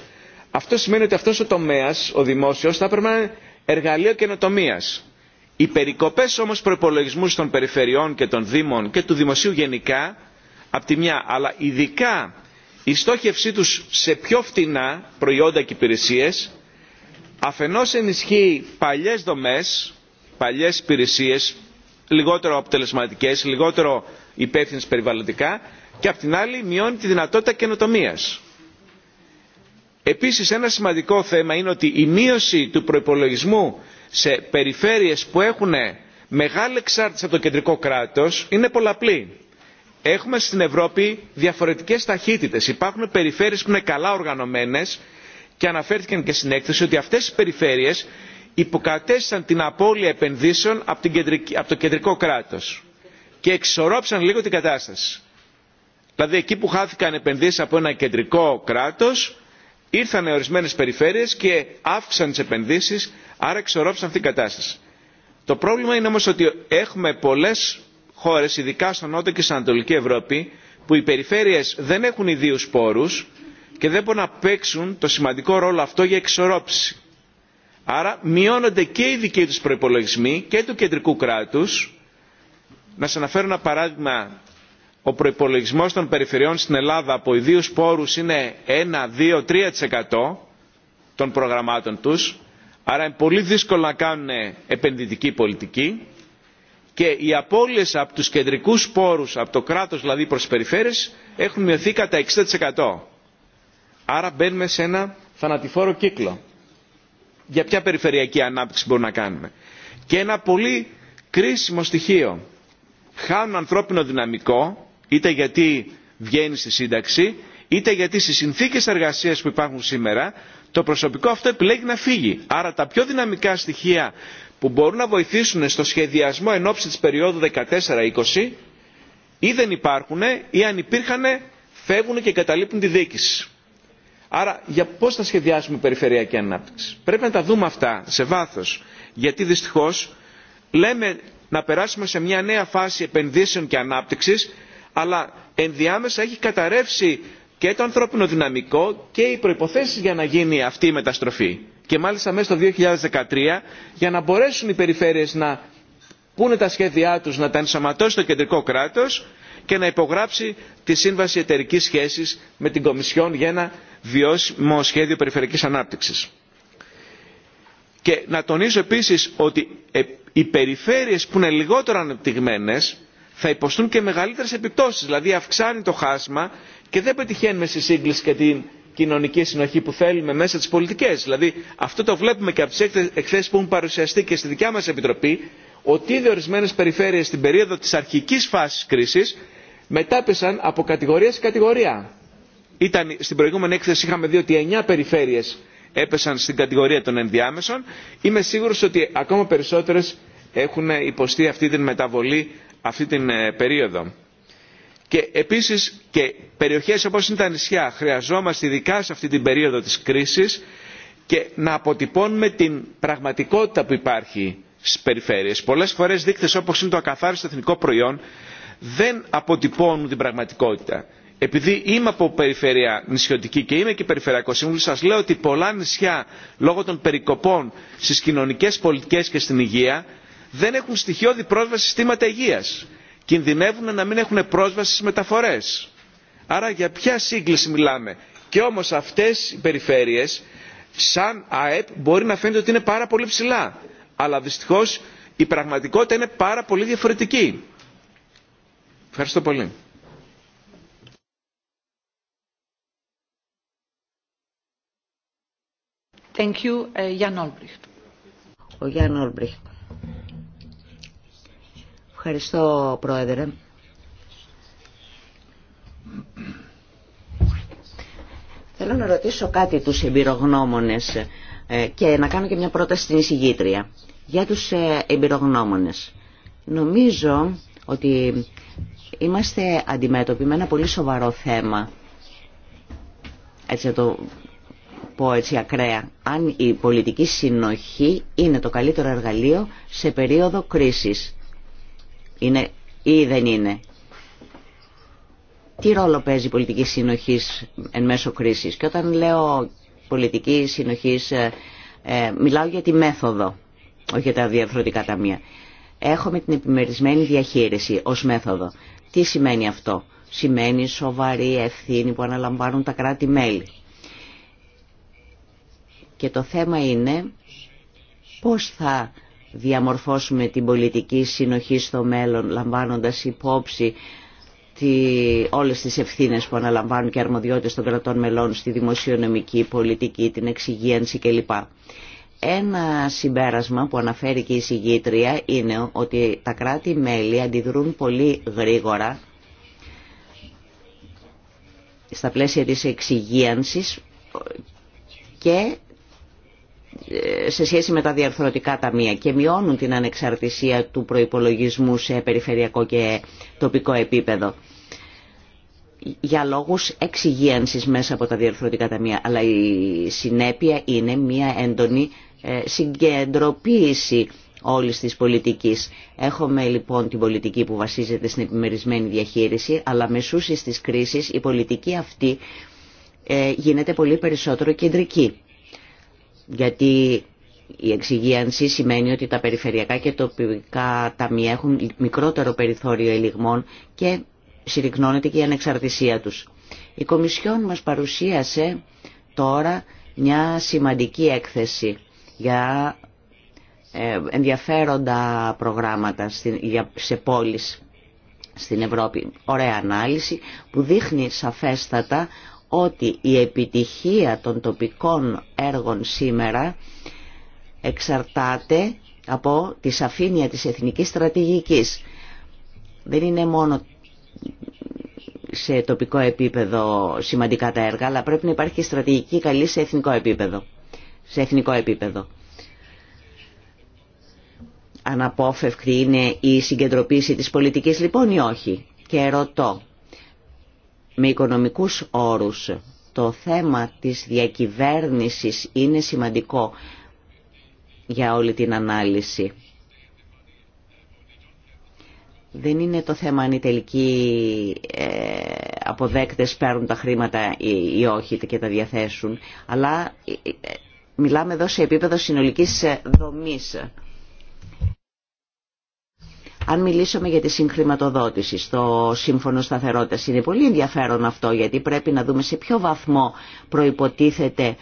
Αυτό σημαίνει ότι αυτός ο τομέας, ο δημόσιος, θα έπρεπε να είναι εργαλείο καινοτομίας οι περικοπές όμως προπολογισμού των περιφερειών και των δήμων και του δημοσίου γενικά από τη μια αλλά ειδικά η στόχευσή τους σε πιο φτηνά προϊόντα και υπηρεσίες αφενός ενισχύει παλιές δομές, παλιές υπηρεσίες λιγότερο αποτελεσματικές, λιγότερο υπεύθυνε περιβαλλοντικά και απ' την άλλη μειώνει τη δυνατότητα καινοτομία. Επίσης ένα σημαντικό θέμα είναι ότι η μείωση του προϋπολογισμού σε περιφέρειες που έχουν μεγάλη εξάρτηση από το κεντρικό κράτος είναι πολλαπλή. Έχουμε στην Ευρώπη διαφορετικές ταχύτητες. Υπάρχουν περιφέρειες που είναι καλά οργανωμένες και αναφέρθηκαν και στην έκθεση ότι αυτές οι περιφέρειες υποκατέστησαν την απώλεια επενδύσεων από, την από το κεντρικό κράτος και εξορόψαν λίγο την κατάσταση. Δηλαδή εκεί που χάθηκαν επενδύσεις από ένα κεντρικό κράτος ήρθαν ορισμένε περιφέρειες και αύξησαν τι επενδύσεις, άρα εξορρόψαν αυτή την κατάσταση. Το πρόβλημα είναι όμως ότι έχουμε πολλές χώρες, ειδικά στο Νότο και στην Ανατολική Ευρώπη, που οι περιφέρειες δεν έχουν ιδίους πόρου και δεν μπορούν να παίξουν το σημαντικό ρόλο αυτό για εξορρόψη. Άρα μειώνονται και οι δικοί του προπολογισμοί και του κεντρικού κράτου Να σα αναφέρω ένα παράδειγμα ο προϋπολογισμός των περιφερειών στην Ελλάδα από ιδίους πόρους είναι 1, 2, 3% των προγραμμάτων τους, άρα είναι πολύ δύσκολο να κάνουν επενδυτική πολιτική και οι απώλειες από τους κεντρικούς πόρους, από το κράτος δηλαδή προς τις περιφέρειες, έχουν μειωθεί κατά 60%. Άρα μπαίνουμε σε ένα θανατηφόρο κύκλο. Για ποια περιφερειακή ανάπτυξη μπορούμε να κάνουμε. Και ένα πολύ κρίσιμο στοιχείο. Χάνουν ανθρώπινο δυναμικό είτε γιατί βγαίνει στη σύνταξη είτε γιατί στις συνθήκες εργασίας που υπάρχουν σήμερα το προσωπικό αυτό επιλέγει να φύγει. Άρα τα πιο δυναμικά στοιχεία που μπορούν να βοηθήσουν στο σχεδιασμό εν ώψη της περίοδου 14-20 ή δεν υπάρχουν ή αν υπήρχαν φεύγουν και καταλείπουν τη διοίκηση. Άρα για πώς θα σχεδιάσουμε περιφερειακή ανάπτυξη. Πρέπει να τα δούμε αυτά σε βάθος. Γιατί δυστυχώς λέμε να περάσουμε σε μια νέα φάση επενδύσεων και ανάπτυξης αλλά ενδιάμεσα έχει καταρρεύσει και το ανθρώπινο δυναμικό και οι προϋποθέσεις για να γίνει αυτή η μεταστροφή. Και μάλιστα μέσα στο 2013 για να μπορέσουν οι περιφέρειες να πούνε τα σχέδιά τους, να τα ενσωματώσει το κεντρικό κράτος και να υπογράψει τη Σύμβαση εταιρική Σχέσης με την Κομισιόν για ένα βιώσιμο σχέδιο περιφερειακής ανάπτυξης. Και να τονίσω επίσης ότι ε, οι περιφέρειες που είναι λιγότερο ανεπτυγμένες θα υποστούν και μεγαλύτερε επιπτώσει. Δηλαδή αυξάνει το χάσμα και δεν πετυχαίνουμε στη σύγκληση και την κοινωνική συνοχή που θέλουμε μέσα στι πολιτικέ. Δηλαδή αυτό το βλέπουμε και από τι εκθέσει που έχουν παρουσιαστεί και στη δικιά μα επιτροπή ότι ήδη ορισμένε περιφέρειε στην περίοδο τη αρχική φάση κρίση μετάπεσαν από κατηγορία σε κατηγορία. Ήταν, στην προηγούμενη έκθεση είχαμε δει ότι 9 περιφέρειε έπεσαν στην κατηγορία των ενδιάμεσων. Είμαι σίγουρο ότι ακόμα περισσότερε έχουν υποστεί αυτή την μεταβολή αυτή την ε, περίοδο. Και επίσης και περιοχές όπως είναι τα νησιά χρειαζόμαστε ειδικά σε αυτή την περίοδο της κρίσης και να αποτυπώνουμε την πραγματικότητα που υπάρχει στις περιφέρειες. Πολλές φορές δείκτες όπως είναι το ακαθάριστο εθνικό προϊόν δεν αποτυπώνουν την πραγματικότητα. Επειδή είμαι από περιφέρεια νησιωτική και είμαι και περιφερειακό σύμβουλο, σα λέω ότι πολλά νησιά λόγω των περικοπών στι κοινωνικέ πολιτικέ και στην υγεία δεν έχουν στοιχειώδη πρόσβαση συστήματα υγείας. Κινδυνεύουν να μην έχουν πρόσβαση στις μεταφορές. Άρα για ποια σύγκληση μιλάμε. Και όμως αυτές οι περιφέρειες σαν ΑΕΠ μπορεί να φαίνεται ότι είναι πάρα πολύ ψηλά. Αλλά δυστυχώς η πραγματικότητα είναι πάρα πολύ διαφορετική. Ευχαριστώ πολύ. Thank you, Jan ε, Ευχαριστώ, Πρόεδρε. Θέλω να ρωτήσω κάτι τους εμπειρογνώμονες ε, και να κάνω και μια πρόταση στην εισηγήτρια για τους ε, εμπειρογνώμονες. Νομίζω ότι είμαστε αντιμέτωποι με ένα πολύ σοβαρό θέμα. Έτσι το πω έτσι ακραία. Αν η πολιτική συνοχή είναι το καλύτερο εργαλείο σε περίοδο κρίσης. Είναι ή δεν είναι. Τι ρόλο παίζει η πολιτική συνοχής εν μέσω κρίση. Και όταν λέω πολιτική συνοχής ε, ε, μιλάω για τη μέθοδο, όχι για τα διαφορετικά ταμεία. Έχουμε την επιμερισμένη διαχείριση ω μέθοδο. Τι σημαίνει αυτό. Σημαίνει σοβαρή ευθύνη που αναλαμβάνουν τα κράτη-μέλη. Και το θέμα είναι πώς θα διαμορφώσουμε την πολιτική συνοχή στο μέλλον λαμβάνοντας υπόψη τη, όλες τις ευθύνες που αναλαμβάνουν και αρμοδιότητες των κρατών μελών στη δημοσιονομική πολιτική, την εξυγίανση κλπ. Ένα συμπέρασμα που αναφέρει και η συγγήτρια είναι ότι τα κράτη-μέλη αντιδρούν πολύ γρήγορα στα πλαίσια της εξυγίανσης και σε σχέση με τα διαρθρωτικά ταμεία και μειώνουν την ανεξαρτησία του προϋπολογισμού σε περιφερειακό και τοπικό επίπεδο για λόγους εξυγίανσης μέσα από τα διαρθρωτικά ταμεία. Αλλά η συνέπεια είναι μια έντονη ε, συγκεντρωποίηση όλης της πολιτικής. Έχουμε λοιπόν την πολιτική που βασίζεται στην επιμερισμένη διαχείριση, αλλά μεσούσης της κρίσης η πολιτική αυτή ε, γίνεται πολύ περισσότερο κεντρική γιατί η εξυγίανση σημαίνει ότι τα περιφερειακά και τοπικά ταμεία έχουν μικρότερο περιθώριο ελιγμών και συρρυκνώνεται και η ανεξαρτησία τους. Η Κομισιόν μας παρουσίασε τώρα μια σημαντική έκθεση για ε, ενδιαφέροντα προγράμματα σε πόλεις στην Ευρώπη. Ωραία ανάλυση που δείχνει σαφέστατα ότι η επιτυχία των τοπικών έργων σήμερα εξαρτάται από τη σαφήνεια της εθνικής στρατηγικής. Δεν είναι μόνο σε τοπικό επίπεδο σημαντικά τα έργα, αλλά πρέπει να υπάρχει στρατηγική καλή σε εθνικό επίπεδο. Σε εθνικό επίπεδο. Αναπόφευκτη είναι η συγκεντροποίηση της πολιτικής λοιπόν ή όχι. Και ρωτώ, με οικονομικούς όρους. Το θέμα της διακυβέρνησης είναι σημαντικό για όλη την ανάλυση. Δεν είναι το θέμα αν οι τελικοί ε, αποδέκτες παίρνουν τα χρήματα ή όχι και τα διαθέσουν, αλλά ε, ε, μιλάμε εδώ σε επίπεδο συνολικής δομής. Αν μιλήσουμε για τη συγχρηματοδότηση στο Σύμφωνο Σταθερότητας, είναι πολύ ενδιαφέρον αυτό γιατί πρέπει να δούμε σε ποιο βαθμό προϋποτίθεται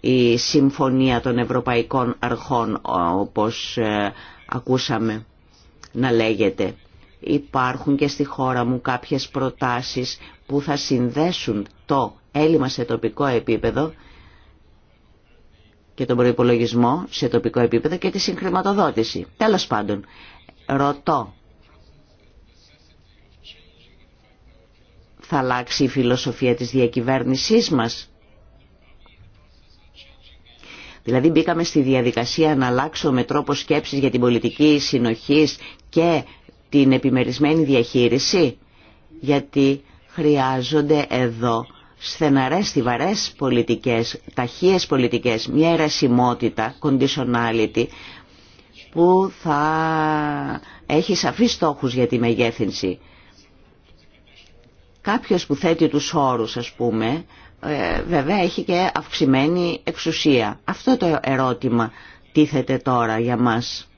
η Συμφωνία των Ευρωπαϊκών Αρχών, όπως ε, ακούσαμε να λέγεται. Υπάρχουν και στη χώρα μου κάποιες προτάσεις που θα συνδέσουν το έλλειμμα σε τοπικό επίπεδο και τον προϋπολογισμό σε τοπικό επίπεδο και τη συγχρηματοδότηση. Τέλος πάντων, Ρωτώ. Θα αλλάξει η φιλοσοφία της διακυβέρνησής μας. Δηλαδή μπήκαμε στη διαδικασία να αλλάξουμε τρόπο σκέψης για την πολιτική συνοχής και την επιμερισμένη διαχείριση. Γιατί χρειάζονται εδώ στεναρές, στιβαρές πολιτικές, ταχείες πολιτικές, μια αιρεσιμότητα, conditionality, που θα έχει σαφείς στόχους για τη μεγέθυνση. Κάποιος που θέτει τους όρους, ας πούμε, ε, βέβαια έχει και αυξημένη εξουσία. Αυτό το ερώτημα τίθεται τώρα για μας.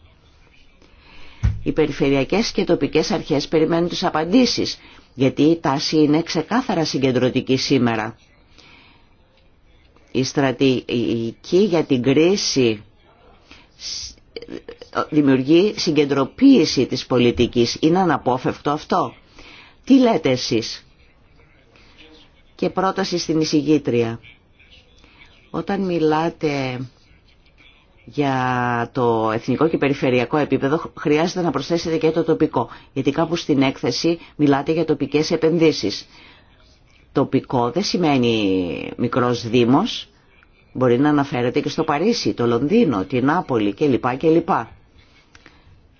Οι περιφερειακές και τοπικές αρχές περιμένουν τις απαντήσεις, γιατί η τάση είναι ξεκάθαρα συγκεντρωτική σήμερα. Η στρατηγική για την κρίση δημιουργεί συγκεντροποίηση της πολιτικής. Είναι αναπόφευκτο αυτό. Τι λέτε εσείς. Και πρόταση στην εισηγήτρια. Όταν μιλάτε για το εθνικό και περιφερειακό επίπεδο χρειάζεται να προσθέσετε και το τοπικό. Γιατί κάπου στην έκθεση μιλάτε για τοπικές επενδύσεις. Τοπικό δεν σημαίνει μικρός δήμος, Μπορεί να αναφέρεται και στο Παρίσι, το Λονδίνο, την Νάπολη κλπ.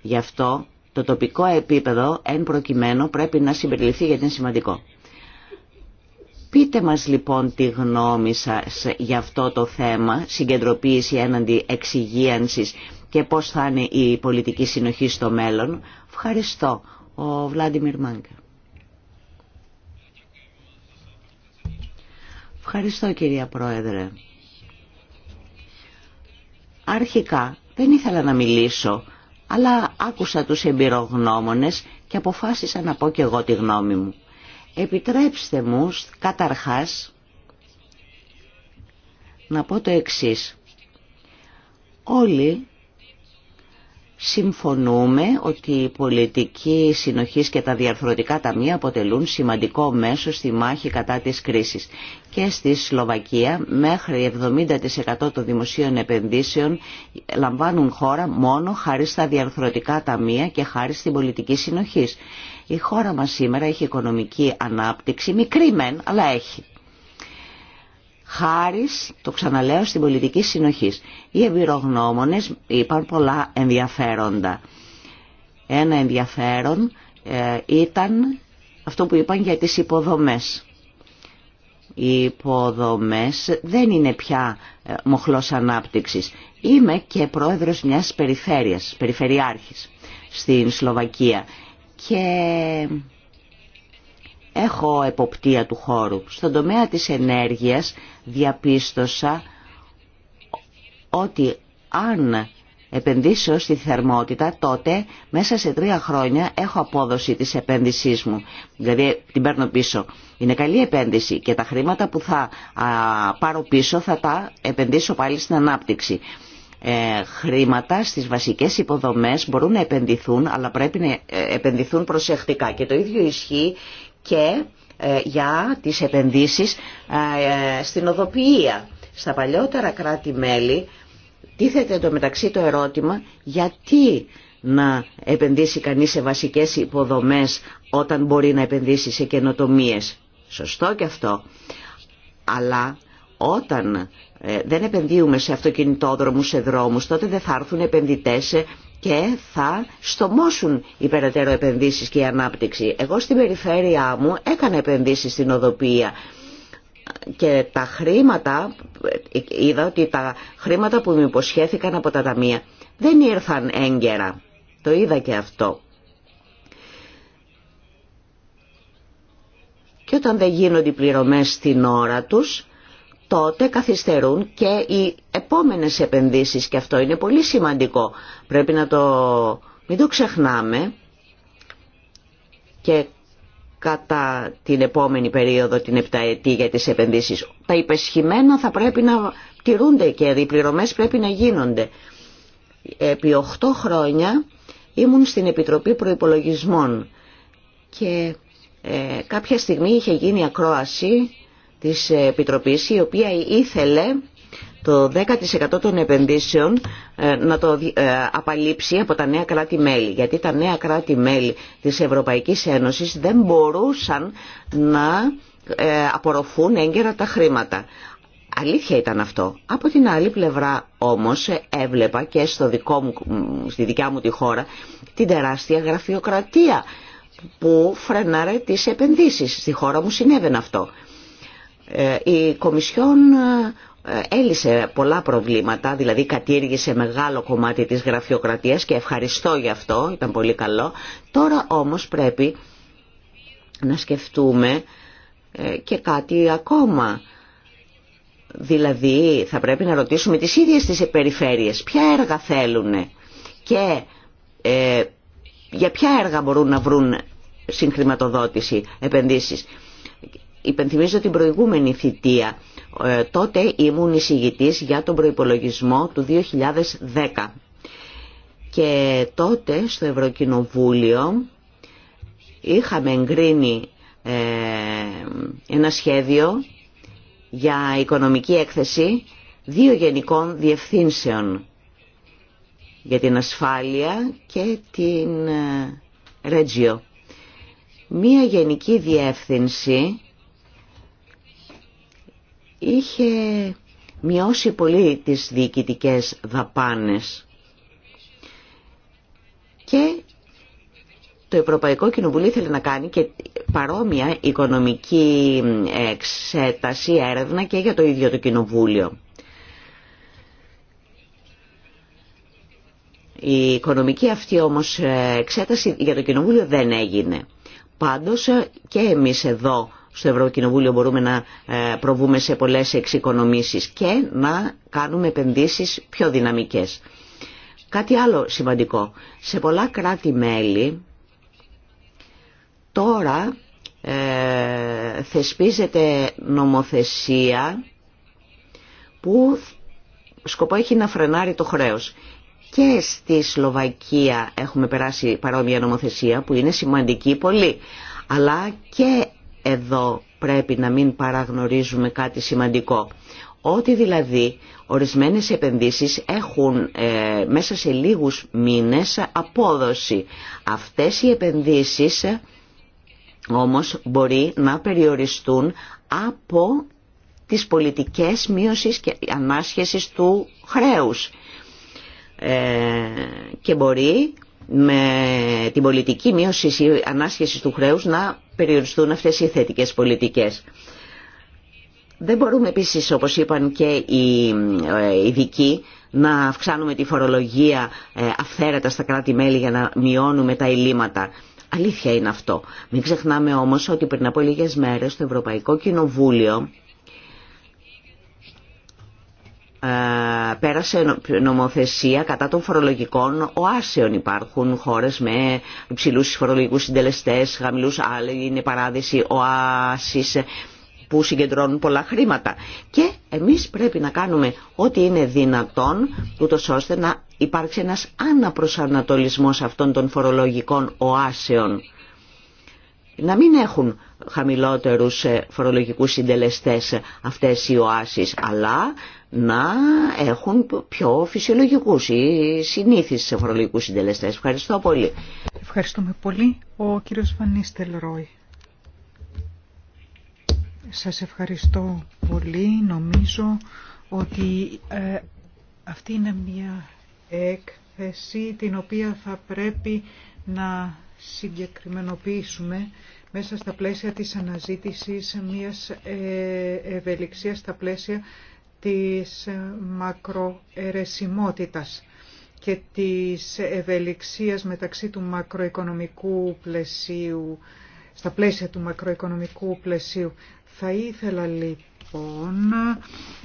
Γι' αυτό το τοπικό επίπεδο εν προκειμένου πρέπει να συμπεριληφθεί γιατί είναι σημαντικό. Πείτε μας λοιπόν τη γνώμη σας για αυτό το θέμα, συγκεντροποίηση έναντι εξυγίανσης και πώς θα είναι η πολιτική συνοχή στο μέλλον. Ευχαριστώ. Ο Βλάντιμιρ Μάγκα. Ευχαριστώ κυρία Πρόεδρε. Αρχικά δεν ήθελα να μιλήσω, αλλά άκουσα τους εμπειρογνώμονες και αποφάσισα να πω και εγώ τη γνώμη μου. Επιτρέψτε μου καταρχάς να πω το εξής. Όλοι Συμφωνούμε ότι η πολιτική συνοχή και τα διαρθρωτικά ταμεία αποτελούν σημαντικό μέσο στη μάχη κατά της κρίσης. Και στη Σλοβακία μέχρι 70% των δημοσίων επενδύσεων λαμβάνουν χώρα μόνο χάρη στα διαρθρωτικά ταμεία και χάρη στην πολιτική συνοχή. Η χώρα μας σήμερα έχει οικονομική ανάπτυξη, μικρή μεν, αλλά έχει χάρη, το ξαναλέω, στην πολιτική συνοχή. Οι εμπειρογνώμονες είπαν πολλά ενδιαφέροντα. Ένα ενδιαφέρον ε, ήταν αυτό που είπαν για τις υποδομές. Οι υποδομές δεν είναι πια ε, μοχλός ανάπτυξης. Είμαι και πρόεδρος μιας περιφέρειας, περιφερειάρχης στην Σλοβακία και έχω εποπτεία του χώρου. Στον τομέα της ενέργειας διαπίστωσα ότι αν επενδύσω στη θερμότητα, τότε μέσα σε τρία χρόνια έχω απόδοση της επένδυσής μου. Δηλαδή την παίρνω πίσω. Είναι καλή επένδυση και τα χρήματα που θα πάρω πίσω θα τα επενδύσω πάλι στην ανάπτυξη. Ε, χρήματα στις βασικές υποδομές μπορούν να επενδυθούν αλλά πρέπει να ε, επενδυθούν προσεκτικά και το ίδιο ισχύει και ε, για τις επενδύσεις ε, στην οδοποιία. Στα παλιότερα κράτη-μέλη τίθεται μεταξύ το ερώτημα γιατί να επενδύσει κανείς σε βασικές υποδομές όταν μπορεί να επενδύσει σε καινοτομίες. Σωστό και αυτό. Αλλά όταν ε, δεν επενδύουμε σε αυτοκινητόδρομους, σε δρόμους, τότε δεν θα έρθουν επενδυτές και θα στομώσουν οι περαιτέρω επενδύσεις και η ανάπτυξη. Εγώ στην περιφέρειά μου έκανα επενδύσεις στην οδοπία και τα χρήματα, είδα ότι τα χρήματα που μου υποσχέθηκαν από τα ταμεία δεν ήρθαν έγκαιρα. Το είδα και αυτό. Και όταν δεν γίνονται οι πληρωμές στην ώρα τους, τότε καθυστερούν και οι επόμενες επενδύσεις και αυτό είναι πολύ σημαντικό. Πρέπει να το... Μην το ξεχνάμε και κατά την επόμενη περίοδο, την επταετή για τις επενδύσεις. Τα υπεσχημένα θα πρέπει να τηρούνται και οι πληρωμές πρέπει να γίνονται. Επί 8 χρόνια ήμουν στην Επιτροπή Προϋπολογισμών και ε, κάποια στιγμή είχε γίνει ακρόαση της Επιτροπής η οποία ήθελε το 10% των επενδύσεων ε, να το ε, απαλείψει από τα νέα κράτη-μέλη. Γιατί τα νέα κράτη-μέλη της Ευρωπαϊκής Ένωσης δεν μπορούσαν να ε, απορροφούν έγκαιρα τα χρήματα. Αλήθεια ήταν αυτό. Από την άλλη πλευρά όμως έβλεπα και στο δικό μου, στη δικιά μου τη χώρα την τεράστια γραφειοκρατία που φρενάρε τις επενδύσεις. Στη χώρα μου συνέβαινε αυτό. Η Κομισιόν ε, έλυσε πολλά προβλήματα, δηλαδή κατήργησε μεγάλο κομμάτι της γραφειοκρατίας και ευχαριστώ γι' αυτό, ήταν πολύ καλό. Τώρα όμως πρέπει να σκεφτούμε ε, και κάτι ακόμα. Δηλαδή θα πρέπει να ρωτήσουμε τις ίδιες τις περιφέρειες ποια έργα θέλουν και ε, για ποια έργα μπορούν να βρουν συγχρηματοδότηση, επενδύσεις. Υπενθυμίζω την προηγούμενη θητεία ε, τότε ήμουν εισηγητής για τον προϋπολογισμό του 2010. Και τότε στο Ευρωκοινοβούλιο είχαμε εγκρίνει ε, ένα σχέδιο για οικονομική έκθεση δύο γενικών διευθύνσεων για την ασφάλεια και την Ρέτζιο. Ε, Μία γενική διεύθυνση είχε μειώσει πολύ τις διοικητικές δαπάνες και το Ευρωπαϊκό Κοινοβουλίο ήθελε να κάνει και παρόμοια οικονομική εξέταση έρευνα και για το ίδιο το Κοινοβούλιο. Η οικονομική αυτή όμως εξέταση για το Κοινοβούλιο δεν έγινε. Πάντως και εμείς εδώ στο Ευρωκοινοβούλιο μπορούμε να ε, προβούμε σε πολλές εξοικονομήσεις και να κάνουμε επενδύσεις πιο δυναμικές. Κάτι άλλο σημαντικό. Σε πολλά κράτη-μέλη τώρα ε, θεσπίζεται νομοθεσία που σκοπό έχει να φρενάρει το χρέος. Και στη Σλοβακία έχουμε περάσει παρόμοια νομοθεσία που είναι σημαντική πολύ. Αλλά και εδώ πρέπει να μην παραγνωρίζουμε κάτι σημαντικό. Ότι δηλαδή ορισμένες επενδύσεις έχουν ε, μέσα σε λίγους μήνες απόδοση. Αυτές οι επενδύσεις ε, όμως μπορεί να περιοριστούν από τις πολιτικές μείωσης και ανάσχεσης του χρέους. Ε, και μπορεί με την πολιτική μείωση ή ανάσχεση του χρέους να περιοριστούν αυτές οι θετικές πολιτικές. Δεν μπορούμε επίσης, όπως είπαν και οι ε, ειδικοί, να αυξάνουμε τη φορολογία ε, αυθαίρετα στα κράτη-μέλη για να μειώνουμε τα ελλείμματα. Αλήθεια είναι αυτό. Μην ξεχνάμε όμως ότι πριν από λίγες μέρες το Ευρωπαϊκό Κοινοβούλιο ε, πέρασε νομοθεσία κατά των φορολογικών οάσεων. Υπάρχουν χώρες με υψηλούς φορολογικούς συντελεστές, χαμηλούς, άλλοι είναι παράδεισοι οάσεις που συγκεντρώνουν πολλά χρήματα. Και εμείς πρέπει να κάνουμε ό,τι είναι δυνατόν, ούτω ώστε να υπάρξει ένας αναπροσανατολισμός αυτών των φορολογικών οάσεων. Να μην έχουν χαμηλότερους ε, φορολογικούς συντελεστές αυτές οι οάσεις, αλλά να έχουν πιο φυσιολογικούς ή σε φορολογικούς συντελεστές. Ευχαριστώ πολύ. Ευχαριστούμε πολύ. Ο κύριος Βανίστελ Ρόι. Σας ευχαριστώ πολύ. Νομίζω ότι ε, αυτή είναι μια έκθεση την οποία θα πρέπει να συγκεκριμενοποιήσουμε μέσα στα πλαίσια της αναζήτησης μιας ε, ευελιξίας στα πλαίσια της μακροαιρεσιμότητας και της ευελιξίας μεταξύ του μακροοικονομικού πλαισίου, στα πλαίσια του μακροοικονομικού πλαισίου. Θα ήθελα λοιπόν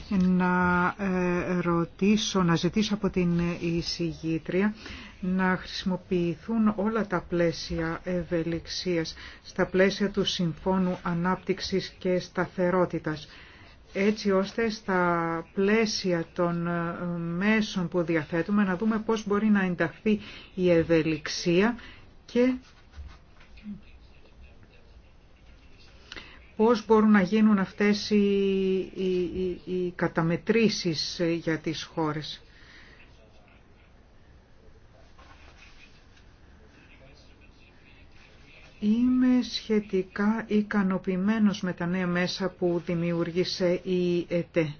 να ε, ρωτήσω, να ζητήσω από την εισηγήτρια να χρησιμοποιηθούν όλα τα πλαίσια ευελιξίας στα πλαίσια του Συμφώνου Ανάπτυξης και Σταθερότητας έτσι ώστε στα πλαίσια των ε, μέσων που διαθέτουμε να δούμε πώς μπορεί να ενταχθεί η ευελιξία και πώς μπορούν να γίνουν αυτές οι, οι, οι, οι καταμετρήσεις για τις χώρες. Είμαι σχετικά ικανοποιημένος με τα νέα μέσα που δημιούργησε η ΕΤΕ.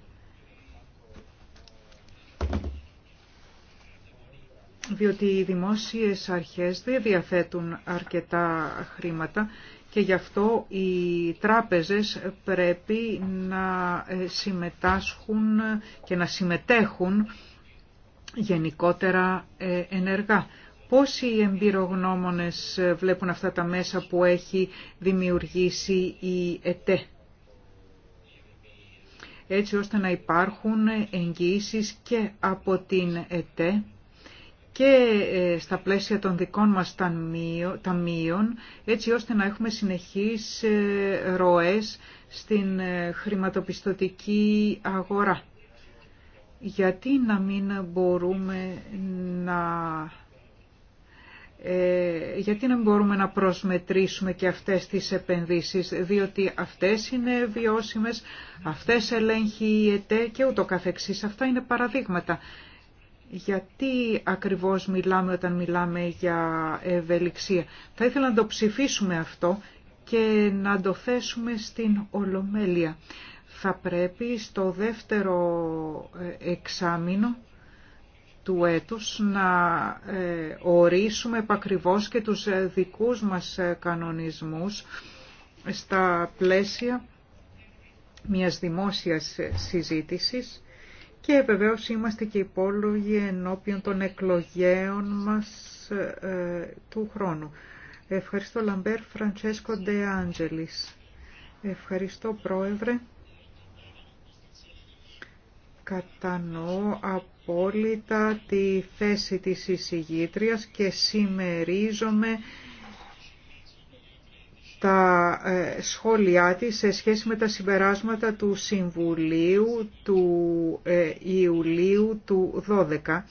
διότι οι δημόσιες αρχές δεν διαθέτουν αρκετά χρήματα και γι' αυτό οι τράπεζες πρέπει να ε, συμμετάσχουν και να συμμετέχουν γενικότερα ε, ενεργά πώς οι εμπειρογνώμονες βλέπουν αυτά τα μέσα που έχει δημιουργήσει η ΕΤΕ έτσι ώστε να υπάρχουν εγγυήσεις και από την ΕΤΕ και ε, στα πλαίσια των δικών μας ταμείων, έτσι ώστε να έχουμε συνεχείς ε, ροές στην ε, χρηματοπιστωτική αγορά. Γιατί να μην μπορούμε να ε, γιατί να μπορούμε να προσμετρήσουμε και αυτές τις επενδύσεις, διότι αυτές είναι βιώσιμες, αυτές ελέγχει η και ούτω καθεξής. Αυτά είναι παραδείγματα. Γιατί ακριβώς μιλάμε όταν μιλάμε για ευελιξία. Θα ήθελα να το ψηφίσουμε αυτό και να το θέσουμε στην Ολομέλεια. Θα πρέπει στο δεύτερο ε, εξάμεινο του έτους να ε, ορίσουμε επακριβώς και τους ε, δικούς μας ε, κανονισμούς στα πλαίσια μιας δημόσιας συζήτησης και βεβαίως είμαστε και υπόλογοι ενώπιον των εκλογέων μας του χρόνου. Ευχαριστώ Λαμπέρ Φραντσέσκο Ντε Ευχαριστώ Πρόεδρε κατανοώ απόλυτα τη θέση της εισηγήτριας και συμμερίζομαι τα ε, σχόλιά της σε σχέση με τα συμπεράσματα του Συμβουλίου του ε, Ιουλίου του 12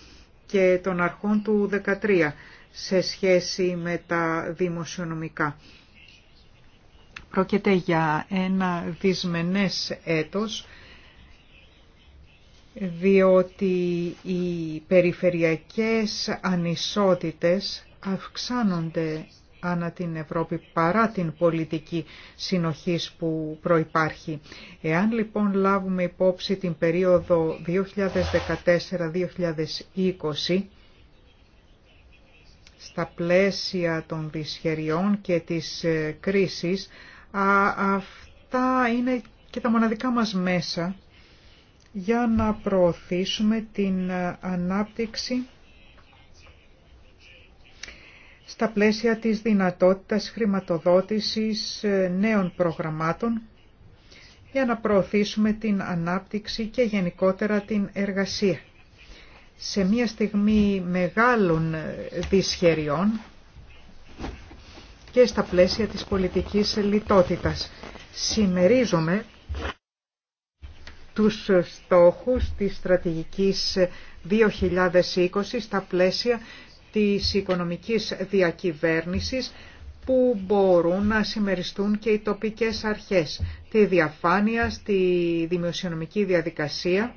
και των αρχών του 13 σε σχέση με τα δημοσιονομικά. Πρόκειται για ένα δυσμενές έτος διότι οι περιφερειακές ανισότητες αυξάνονται ανά την Ευρώπη παρά την πολιτική συνοχής που προϋπάρχει. Εάν λοιπόν λάβουμε υπόψη την περίοδο 2014-2020, στα πλαίσια των δυσχεριών και της ε, κρίσης, αυτά είναι και τα μοναδικά μας μέσα για να προωθήσουμε την ε, ανάπτυξη στα πλαίσια της δυνατότητας χρηματοδότησης ε, νέων προγραμμάτων για να προωθήσουμε την ανάπτυξη και γενικότερα την εργασία. Σε μια στιγμή μεγάλων ε, δυσχεριών και στα πλαίσια της πολιτικής λιτότητας. Σημερίζομαι τους στόχους της στρατηγικής 2020 στα πλαίσια της οικονομικής διακυβέρνησης που μπορούν να συμμεριστούν και οι τοπικές αρχές, τη διαφάνεια στη δημοσιονομική διαδικασία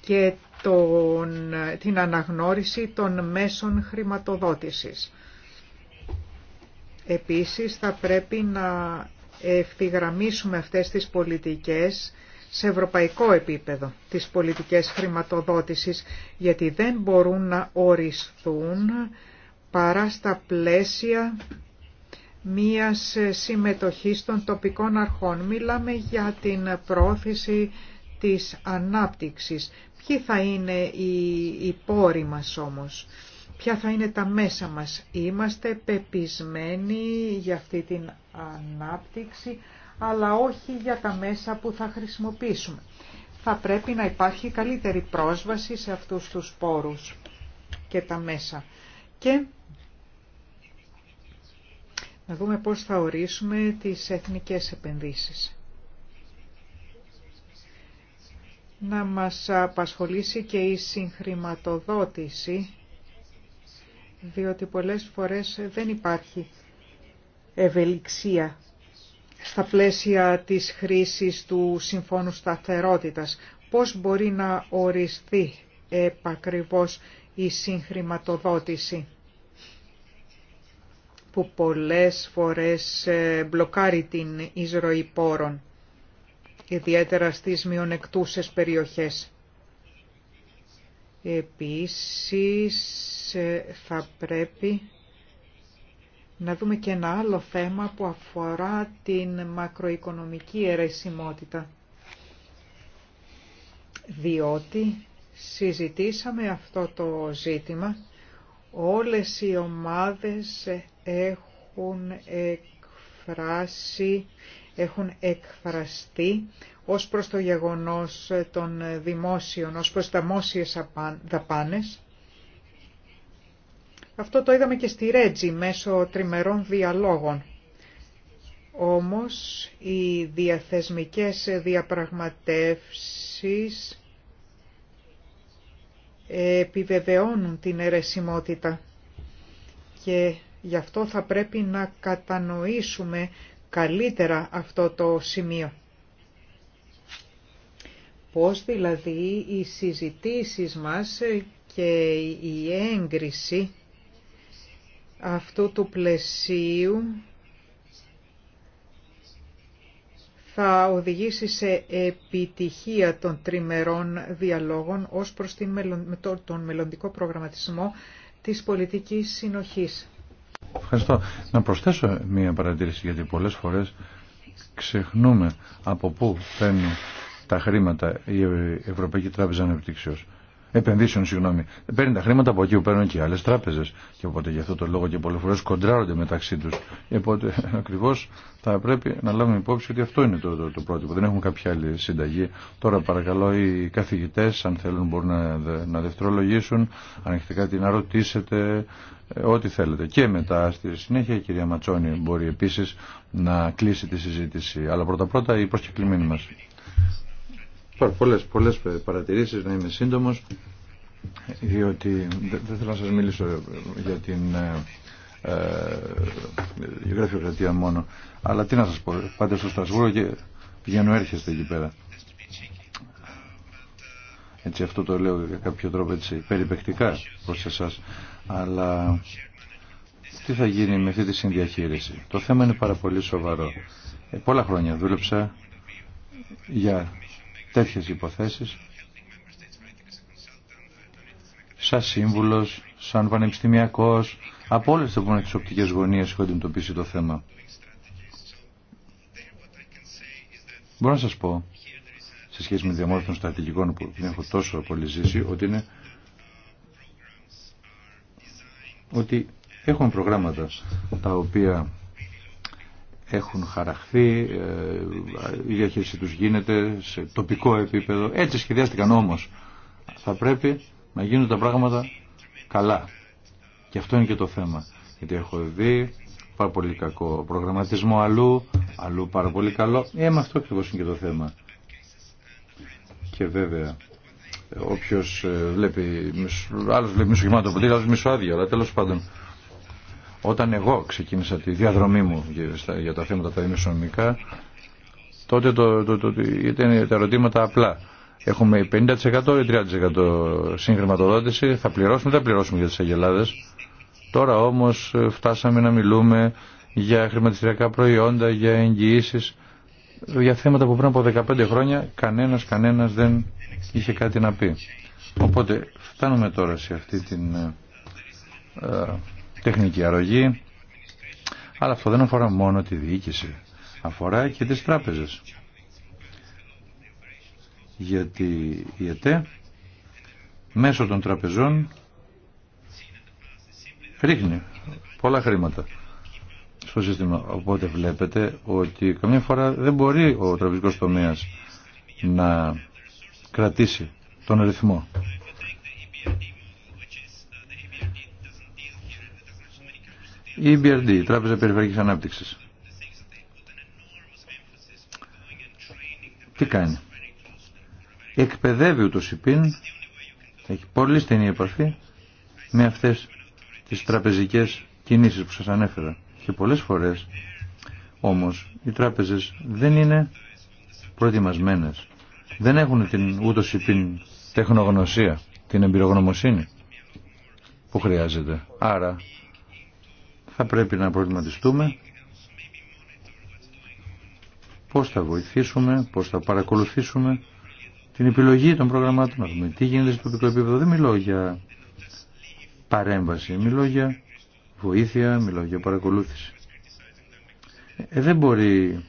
και τον, την αναγνώριση των μέσων χρηματοδότησης. Επίσης θα πρέπει να ευθυγραμμίσουμε αυτές τις πολιτικές σε ευρωπαϊκό επίπεδο, τις πολιτικές χρηματοδότησης, γιατί δεν μπορούν να οριστούν παρά στα πλαίσια μίας συμμετοχής των τοπικών αρχών. Μιλάμε για την πρόθεση της ανάπτυξης. Ποιοι θα είναι οι, οι πόροι μας όμως, ποια θα είναι τα μέσα μας. Είμαστε πεπισμένοι για αυτή την ανάπτυξη, αλλά όχι για τα μέσα που θα χρησιμοποιήσουμε. Θα πρέπει να υπάρχει καλύτερη πρόσβαση σε αυτούς τους πόρους και τα μέσα. Και να δούμε πώς θα ορίσουμε τις εθνικές επενδύσεις. Να μας απασχολήσει και η συγχρηματοδότηση, διότι πολλές φορές δεν υπάρχει ευελιξία στα πλαίσια της χρήσης του Συμφώνου Σταθερότητας. Πώς μπορεί να οριστεί επακριβώς η συγχρηματοδότηση που πολλές φορές ε, μπλοκάρει την εισρωή πόρων, ιδιαίτερα στις μειονεκτούσες περιοχές. Επίσης ε, θα πρέπει να δούμε και ένα άλλο θέμα που αφορά την μακροοικονομική αιρεσιμότητα. Διότι συζητήσαμε αυτό το ζήτημα, όλες οι ομάδες έχουν εκφράσει, έχουν εκφραστεί ως προς το γεγονός των δημόσιων, ως προς τα δαπάνες αυτό το είδαμε και στη Ρέτζη μέσω τριμερών διαλόγων. Όμως οι διαθεσμικές διαπραγματεύσεις επιβεβαιώνουν την αιρεσιμότητα και γι' αυτό θα πρέπει να κατανοήσουμε καλύτερα αυτό το σημείο. Πώς δηλαδή οι συζητήσεις μας και η έγκριση αυτού του πλαισίου θα οδηγήσει σε επιτυχία των τριμερών διαλόγων ως προς τον μελλοντικό προγραμματισμό της πολιτικής συνοχής. Ευχαριστώ. Να προσθέσω μία παρατήρηση γιατί πολλές φορές ξεχνούμε από πού παίρνουν τα χρήματα η Ευρωπαϊκή Τράπεζα Ανεπτύξεως επενδύσεων, συγγνώμη. Παίρνει τα χρήματα από εκεί που παίρνουν και άλλε τράπεζε. Και οπότε γι' αυτό το λόγο και πολλέ φορέ κοντράρονται μεταξύ του. Ε, οπότε ακριβώ θα πρέπει να λάβουμε υπόψη ότι αυτό είναι το, το, το πρότυπο. Δεν έχουν κάποια άλλη συνταγή. Τώρα παρακαλώ οι καθηγητέ, αν θέλουν, μπορούν να, να δευτερολογήσουν. Αν έχετε κάτι να ρωτήσετε, ε, ό,τι θέλετε. Και μετά στη συνέχεια η κυρία Ματσόνη μπορεί επίση να κλείσει τη συζήτηση. Αλλά πρώτα-πρώτα η προσκεκλημένη μα υπάρχουν πολλές, πολλές παρατηρήσεις, να είμαι σύντομος, διότι δεν θέλω να σας μιλήσω για την ε, ε γραφειοκρατία μόνο, αλλά τι να σας πω, πάτε στο Στασβούργο και πηγαίνω έρχεστε εκεί πέρα. Έτσι αυτό το λέω για κάποιο τρόπο έτσι περιπεκτικά προς εσάς, αλλά τι θα γίνει με αυτή τη συνδιαχείριση. Το θέμα είναι πάρα πολύ σοβαρό. Ε, πολλά χρόνια δούλεψα για τέτοιες υποθέσεις σαν σύμβουλος, σαν πανεπιστημιακός, από όλε τι επόμενε οπτικές γωνίες έχω αντιμετωπίσει το θέμα. Μπορώ να σας πω, σε σχέση με τη διαμόρφωση των στρατηγικών που έχω τόσο πολύ ζήσει, ότι είναι ότι έχουμε προγράμματα τα οποία έχουν χαραχθεί, ε, η διαχείριση τους γίνεται σε τοπικό επίπεδο. Έτσι σχεδιάστηκαν όμως. Θα πρέπει να γίνουν τα πράγματα καλά. Και αυτό είναι και το θέμα. Γιατί έχω δει πάρα πολύ κακό προγραμματισμό αλλού, αλλού πάρα πολύ καλό. Ε, με αυτό ακριβώς είναι και το θέμα. Και βέβαια, όποιος ε, βλέπει, άλλος βλέπει μισογεμάτο ποτήρι, άλλος μισοάδιο, αλλά τέλος πάντων όταν εγώ ξεκίνησα τη διαδρομή μου για τα θέματα τα δημοσιονομικά, τότε το, το, το, ήταν τα ερωτήματα απλά. Έχουμε 50% ή 30% συγχρηματοδότηση, θα πληρώσουμε ή θα πληρώσουμε για τις αγελάδες. Τώρα όμως ε, φτάσαμε να μιλούμε για χρηματιστηριακά προϊόντα, για εγγυήσεις, για θέματα που πριν από 15 χρόνια κανένας κανένας δεν είχε κάτι να πει. Οπότε φτάνουμε τώρα σε αυτή την ε, ε, τεχνική αρρωγή. Αλλά αυτό δεν αφορά μόνο τη διοίκηση. Αφορά και τις τράπεζες. Γιατί η ΕΤΕ μέσω των τραπεζών ρίχνει πολλά χρήματα στο σύστημα. Οπότε βλέπετε ότι καμιά φορά δεν μπορεί ο τραπεζικός τομέας να κρατήσει τον ρυθμό. Η EBRD, η Τράπεζα Περιφερειακής Ανάπτυξης. Τι κάνει. Εκπαιδεύει ούτως πίν. έχει πολύ στενή επαφή με αυτές τις τραπεζικές κινήσεις που σας ανέφερα. Και πολλές φορές όμως οι τράπεζες δεν είναι προετοιμασμένες. Δεν έχουν την ούτως πίν τεχνογνωσία, την εμπειρογνωμοσύνη που χρειάζεται. Άρα θα πρέπει να προβληματιστούμε πώς θα βοηθήσουμε, πώς θα παρακολουθήσουμε την επιλογή των προγραμμάτων, να δούμε τι γίνεται στο τοπικό επίπεδο. Δεν μιλώ για παρέμβαση, μιλώ για βοήθεια, μιλώ για παρακολούθηση. Ε, δεν μπορεί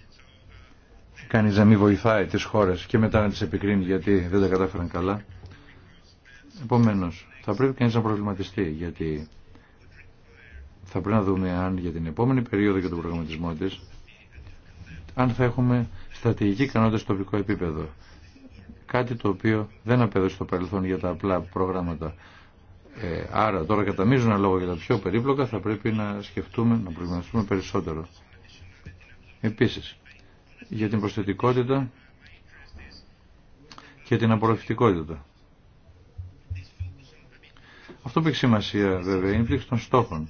κανείς να μην βοηθάει τις χώρες και μετά να τις επικρίνει γιατί δεν τα κατάφεραν καλά. Επομένως, θα πρέπει κανείς να προβληματιστεί γιατί θα πρέπει να δούμε αν για την επόμενη περίοδο και τον προγραμματισμό τη, αν θα έχουμε στρατηγική ικανότητα στο τοπικό επίπεδο. Κάτι το οποίο δεν απέδωσε στο παρελθόν για τα απλά προγράμματα. Ε, άρα τώρα κατά μείζον λόγο για τα πιο περίπλοκα θα πρέπει να σκεφτούμε, να προγραμματιστούμε περισσότερο. Επίση, για την προσθετικότητα και την απορροφητικότητα. Αυτό που έχει σημασία βέβαια είναι η των στόχων.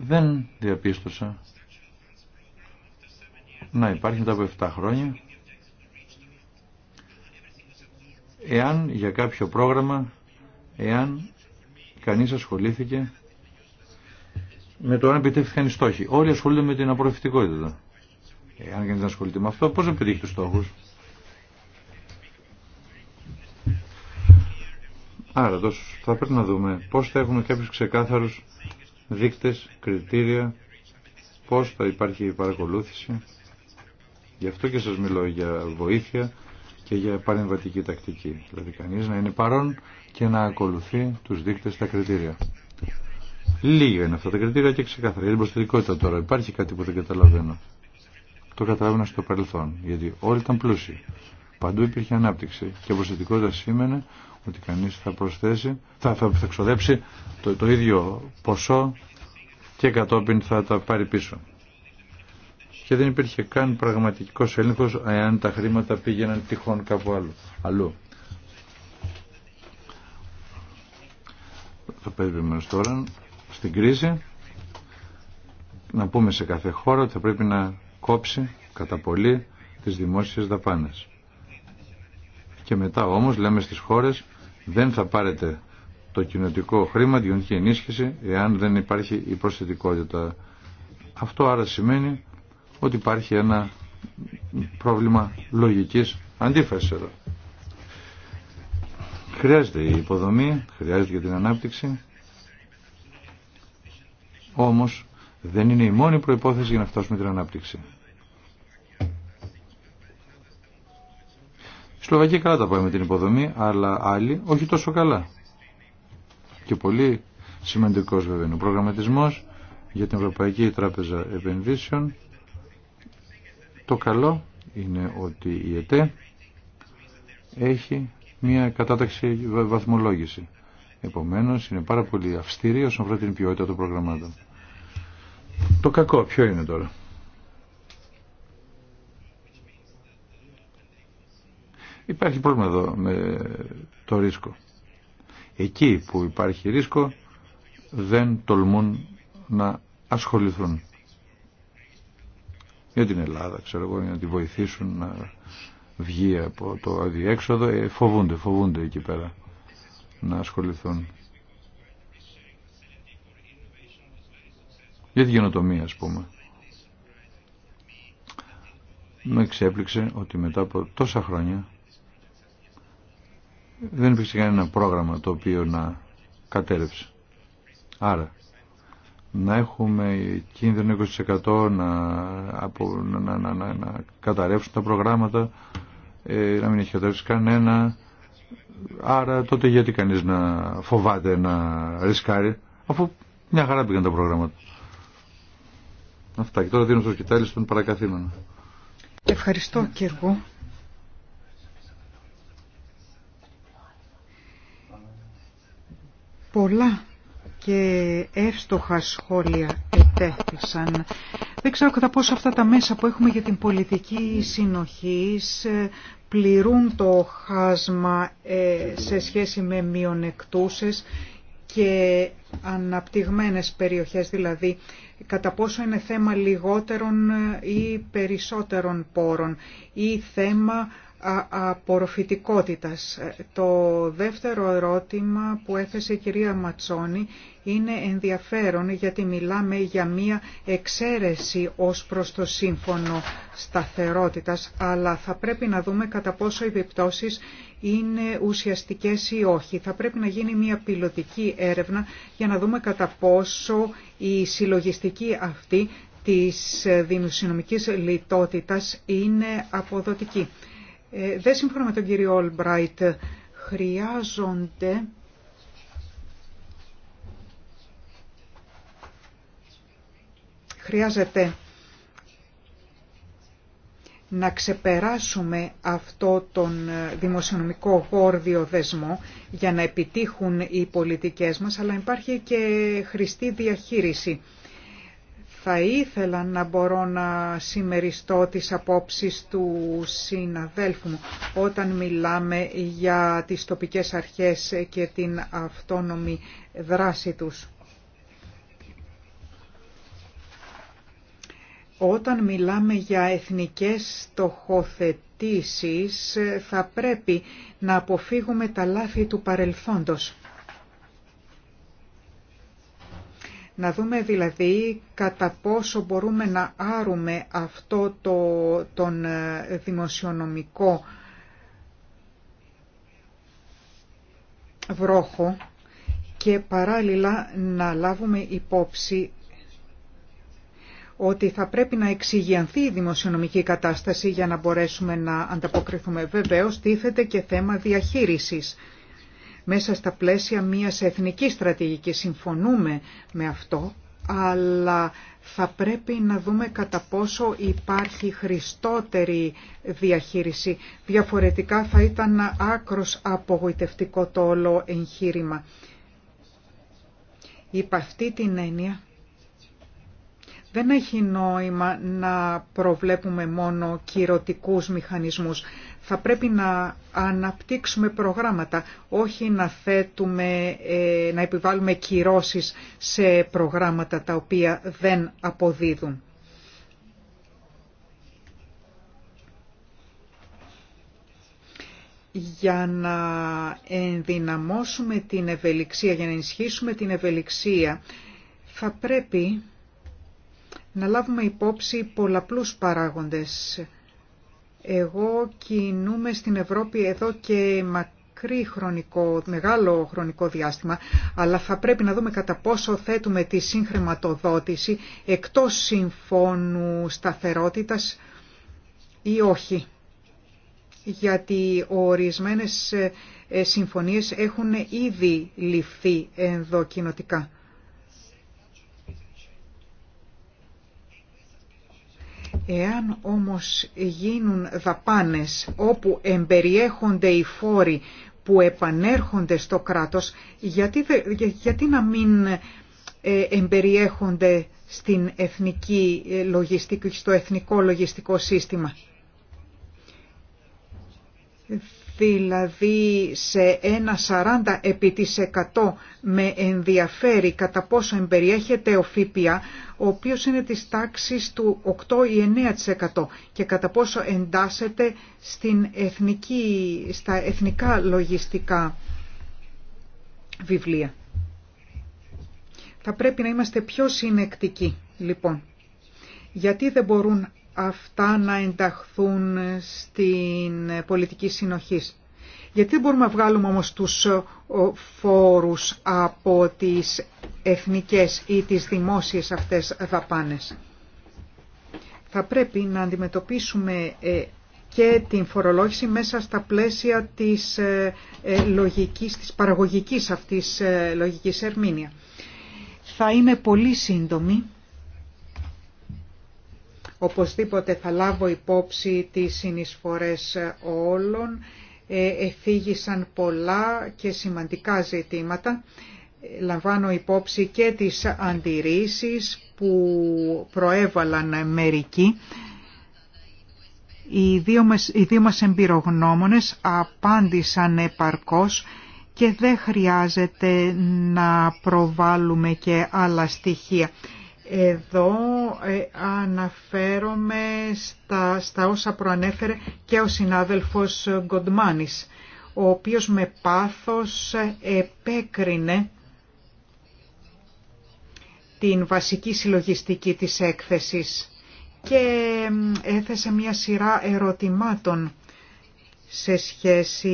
δεν διαπίστωσα να υπάρχει μετά από 7 χρόνια εάν για κάποιο πρόγραμμα εάν κανείς ασχολήθηκε με το αν επιτεύχθηκαν οι στόχοι. Όλοι ασχολούνται με την απορροφητικότητα. Εάν κανείς δεν ασχολείται με αυτό, πώς να πετύχει τους στόχους. Άρα τόσο θα πρέπει να δούμε πώς θα έχουμε κάποιους ξεκάθαρους δείκτες, κριτήρια, πώς θα υπάρχει η παρακολούθηση. Γι' αυτό και σας μιλώ για βοήθεια και για παρεμβατική τακτική. Δηλαδή κανείς να είναι παρόν και να ακολουθεί τους δείκτες τα κριτήρια. Λίγα είναι αυτά τα κριτήρια και ξεκάθαρα. Για την προσθετικότητα τώρα υπάρχει κάτι που δεν καταλαβαίνω. Το καταλάβαινα στο παρελθόν, γιατί όλοι ήταν πλούσιοι. Παντού υπήρχε ανάπτυξη και προσθετικότητα σήμαινε ότι κανείς θα προσθέσει, θα, θα, θα ξοδέψει το, ίδιο ποσό και κατόπιν θα τα πάρει πίσω. Και δεν υπήρχε καν πραγματικός έλεγχος εάν τα χρήματα πήγαιναν τυχόν κάπου άλλο, αλλού. Θα πρέπει τώρα στην κρίση να πούμε σε κάθε χώρα ότι θα πρέπει να κόψει κατά πολύ τις δημόσιες δαπάνες και μετά όμως λέμε στις χώρες δεν θα πάρετε το κοινοτικό χρήμα, την κοινωνική ενίσχυση, εάν δεν υπάρχει η προσθετικότητα. Αυτό άρα σημαίνει ότι υπάρχει ένα πρόβλημα λογικής αντίφασης εδώ. Χρειάζεται η υποδομή, χρειάζεται για την ανάπτυξη, όμως δεν είναι η μόνη προϋπόθεση για να φτάσουμε την ανάπτυξη. Η Σλοβακία καλά τα πάει με την υποδομή, αλλά άλλοι όχι τόσο καλά. Και πολύ σημαντικό βέβαια είναι ο προγραμματισμό για την Ευρωπαϊκή Τράπεζα Επενδύσεων. Το καλό είναι ότι η ΕΤΕ έχει μια κατάταξη βαθμολόγηση. Επομένως είναι πάρα πολύ αυστηρή όσον αφορά την ποιότητα των προγραμμάτων. Το κακό ποιο είναι τώρα. Υπάρχει πρόβλημα εδώ με το ρίσκο. Εκεί που υπάρχει ρίσκο δεν τολμούν να ασχοληθούν. Για την Ελλάδα, ξέρω εγώ, για να τη βοηθήσουν να βγει από το αδιέξοδο. Ε, φοβούνται, φοβούνται εκεί πέρα να ασχοληθούν. Για τη γενοτομία, ας πούμε. Με εξέπληξε ότι μετά από τόσα χρόνια δεν υπήρξε κανένα πρόγραμμα το οποίο να κατέρευσε. Άρα, να έχουμε κίνδυνο 20% να, από, καταρρεύσουν τα προγράμματα, ε, να μην έχει καταρρεύσει κανένα. Άρα τότε γιατί κανείς να φοβάται να ρισκάρει, αφού μια χαρά πήγαν τα προγράμματα. Αυτά και τώρα δίνω στο κοιτάλι στον παρακαθήμενο. Ευχαριστώ και πολλά και εύστοχα σχόλια ετέθησαν. Δεν ξέρω κατά πόσο αυτά τα μέσα που έχουμε για την πολιτική συνοχή ε, πληρούν το χάσμα ε, σε σχέση με μειονεκτούσες και αναπτυγμένες περιοχές, δηλαδή κατά πόσο είναι θέμα λιγότερων ε, ή περισσότερων πόρων ή θέμα απορροφητικότητας. Ε, το δεύτερο ερώτημα που έθεσε η κυρία Ματσόνη είναι ενδιαφέρον γιατί μιλάμε για μία εξαίρεση ως προς το σύμφωνο σταθερότητας, αλλά θα πρέπει να δούμε κατά πόσο οι επιπτώσεις είναι ουσιαστικές ή όχι. Θα πρέπει να γίνει μία πιλωτική έρευνα για να δούμε κατά πόσο η συλλογιστική αυτή της ε, δημοσιονομικής λιτότητας είναι αποδοτική. Ε, δεν συμφωνώ με τον κύριο Όλμπραϊτ. Χρειάζονται χρειάζεται να ξεπεράσουμε αυτό τον δημοσιονομικό γόρδιο δεσμό για να επιτύχουν οι πολιτικές μας, αλλά υπάρχει και χρηστή διαχείριση. Θα ήθελα να μπορώ να συμμεριστώ τις απόψεις του συναδέλφου μου όταν μιλάμε για τις τοπικές αρχές και την αυτόνομη δράση τους. Όταν μιλάμε για εθνικές στοχοθετήσεις θα πρέπει να αποφύγουμε τα λάθη του παρελθόντος. Να δούμε δηλαδή κατά πόσο μπορούμε να άρουμε αυτό το, τον ε, δημοσιονομικό βρόχο και παράλληλα να λάβουμε υπόψη ότι θα πρέπει να εξηγιανθεί η δημοσιονομική κατάσταση για να μπορέσουμε να ανταποκριθούμε. Βεβαίως, τίθεται και θέμα διαχείρισης μέσα στα πλαίσια μιας εθνικής στρατηγικής. Συμφωνούμε με αυτό, αλλά θα πρέπει να δούμε κατά πόσο υπάρχει χρηστότερη διαχείριση. Διαφορετικά θα ήταν άκρος απογοητευτικό το όλο εγχείρημα. Υπ' αυτή την έννοια δεν έχει νόημα να προβλέπουμε μόνο κυρωτικούς μηχανισμούς θα πρέπει να αναπτύξουμε προγράμματα, όχι να θέτουμε, ε, να επιβάλλουμε κυρώσεις σε προγράμματα τα οποία δεν αποδίδουν. για να ενδυναμώσουμε την ευελιξία, για να ενισχύσουμε την ευελιξία, θα πρέπει να λάβουμε υπόψη πολλαπλούς παράγοντες εγώ κινούμαι στην Ευρώπη εδώ και μακρύ χρονικό, μεγάλο χρονικό διάστημα, αλλά θα πρέπει να δούμε κατά πόσο θέτουμε τη συγχρηματοδότηση εκτός συμφώνου σταθερότητας ή όχι. Γιατί ορισμένες ε, συμφωνίες έχουν ήδη ληφθεί ενδοκινοτικά. Εάν όμως γίνουν δαπάνες όπου εμπεριέχονται οι φόροι που επανέρχονται στο κράτος, γιατί, γιατί να μην ε, εμπεριέχονται στην εθνική ε, λογιστική, στο εθνικό λογιστικό σύστημα δηλαδή σε ένα 40 επί με ενδιαφέρει κατά πόσο εμπεριέχεται ο ΦΠΑ, ο οποίος είναι της τάξης του 8 ή 9% και κατά πόσο εντάσσεται στην εθνική, στα εθνικά λογιστικά βιβλία. Θα πρέπει να είμαστε πιο συνεκτικοί, λοιπόν. Γιατί δεν μπορούν αυτά να ενταχθούν στην πολιτική συνοχής. Γιατί δεν μπορούμε να βγάλουμε όμως τους φόρους από τις εθνικές ή τις δημόσιες αυτές δαπάνες. Θα πρέπει να αντιμετωπίσουμε ε, και την φορολόγηση μέσα στα πλαίσια της ε, ε, λογικής, της παραγωγικής αυτής λογικής ερμήνεια. Θα είμαι πολύ σύντομη Οπωσδήποτε θα λάβω υπόψη τις συνεισφορές όλων. Ε, εφήγησαν πολλά και σημαντικά ζητήματα. Λαμβάνω υπόψη και τις αντιρρήσεις που προέβαλαν μερικοί. Οι δύο μας, οι εμπειρογνώμονες απάντησαν επαρκώς και δεν χρειάζεται να προβάλλουμε και άλλα στοιχεία. Εδώ ε, αναφέρομαι στα, όσα προανέφερε και ο συνάδελφος Γκοντμάνης, ο οποίος με πάθος επέκρινε την βασική συλλογιστική της έκθεσης και έθεσε μια σειρά ερωτημάτων σε σχέση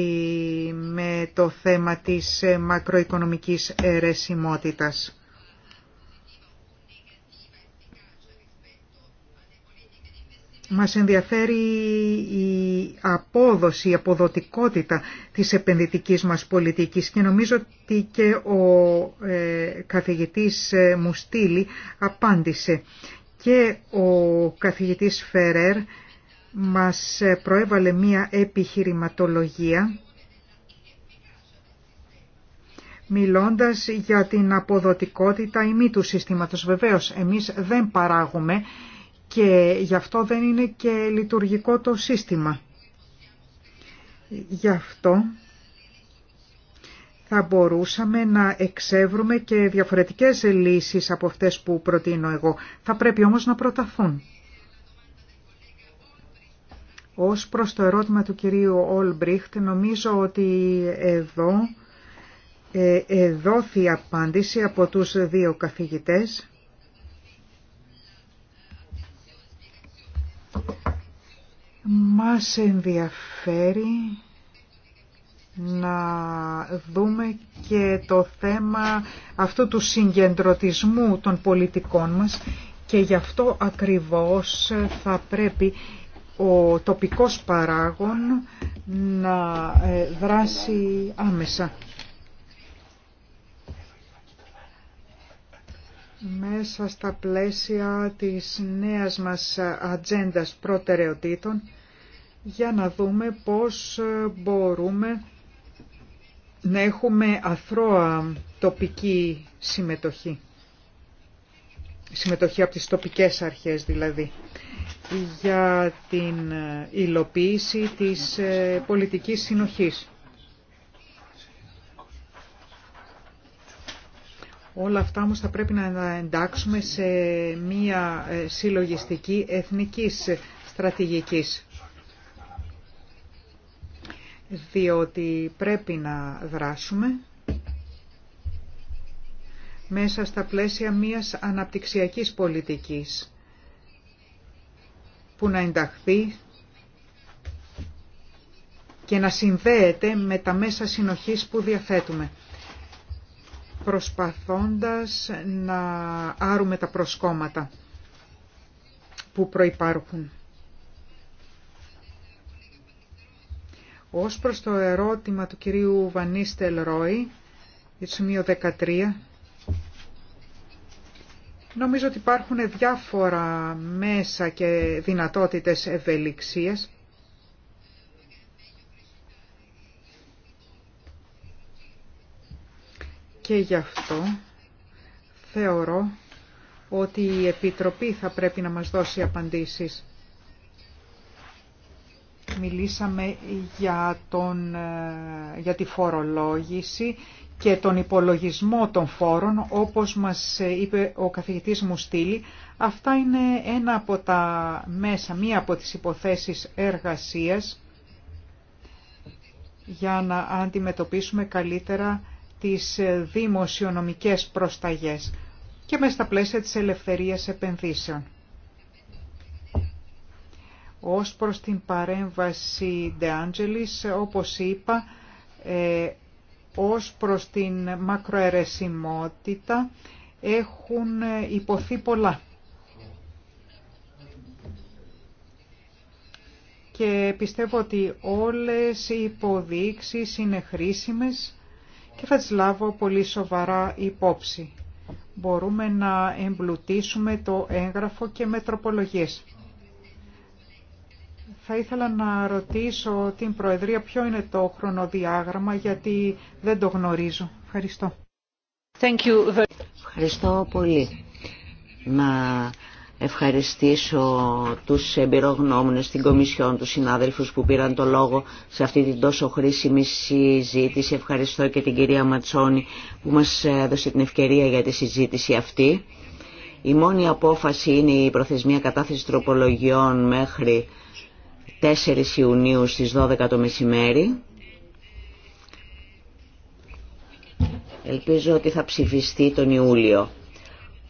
με το θέμα της μακροοικονομικής αιρεσιμότητας. Μας ενδιαφέρει η απόδοση, η αποδοτικότητα της επενδυτικής μας πολιτικής και νομίζω ότι και ο ε, καθηγητής ε, Μουστήλη απάντησε και ο καθηγητής Φερέρ μας ε, προέβαλε μία επιχειρηματολογία μιλώντας για την αποδοτικότητα ή μη του συστήματος. Βεβαίως, εμείς δεν παράγουμε και γι' αυτό δεν είναι και λειτουργικό το σύστημα. Γι' αυτό θα μπορούσαμε να εξεύρουμε και διαφορετικές λύσεις από αυτές που προτείνω εγώ. Θα πρέπει όμως να προταθούν. Ως προς το ερώτημα του κυρίου Όλμπριχτ, νομίζω ότι εδώ ε, δόθη απάντηση από τους δύο καθηγητές Μας ενδιαφέρει να δούμε και το θέμα αυτού του συγκεντρωτισμού των πολιτικών μας και γι' αυτό ακριβώς θα πρέπει ο τοπικός παράγων να ε, δράσει άμεσα. Μέσα στα πλαίσια της νέας μας ατζέντας προτεραιοτήτων για να δούμε πώς ε, μπορούμε να έχουμε αθρώα τοπική συμμετοχή. Συμμετοχή από τις τοπικές αρχές δηλαδή για την ε, υλοποίηση της ε, πολιτικής συνοχής. Όλα αυτά όμως θα πρέπει να εντάξουμε σε μία συλλογιστική εθνικής στρατηγικής διότι πρέπει να δράσουμε μέσα στα πλαίσια μιας αναπτυξιακής πολιτικής που να ενταχθεί και να συνδέεται με τα μέσα συνοχής που διαθέτουμε προσπαθώντας να άρουμε τα προσκόμματα που προϋπάρχουν. Ως προς το ερώτημα του κυρίου Βανίστελ Ρόι, για το σημείο 13, νομίζω ότι υπάρχουν διάφορα μέσα και δυνατότητες ευελιξίας. Και γι' αυτό θεωρώ ότι η Επιτροπή θα πρέπει να μας δώσει απαντήσεις. Μιλήσαμε για, τον, ε, για τη φορολόγηση και τον υπολογισμό των φόρων, όπως μας ε, είπε ο καθηγητής μου Στήλη. Αυτά είναι ένα από τα μέσα, μία από τις υποθέσεις εργασίας για να αντιμετωπίσουμε καλύτερα τις ε, δημοσιονομικές προσταγές και μέσα στα πλαίσια της ελευθερίας επενδύσεων. Ως προς την παρέμβαση De Angelis, όπως είπα, ε, ως προς την μακροαιρεσιμότητα έχουν ε, υποθεί πολλά. Και πιστεύω ότι όλες οι υποδείξεις είναι χρήσιμες και θα τις λάβω πολύ σοβαρά υπόψη. Μπορούμε να εμπλουτίσουμε το έγγραφο και με τροπολογίες. Θα ήθελα να ρωτήσω την Προεδρία ποιο είναι το χρονοδιάγραμμα γιατί δεν το γνωρίζω. Ευχαριστώ. Thank you. Ευχαριστώ πολύ. Να ευχαριστήσω τους εμπειρογνώμονες στην Κομισιόν, τους συνάδελφους που πήραν το λόγο σε αυτή την τόσο χρήσιμη συζήτηση. Ευχαριστώ και την κυρία Ματσόνη που μας έδωσε την ευκαιρία για τη συζήτηση αυτή. Η μόνη απόφαση είναι η προθεσμία κατάθεση τροπολογιών μέχρι 4 Ιουνίου στις 12 το μεσημέρι. Ελπίζω ότι θα ψηφιστεί τον Ιούλιο.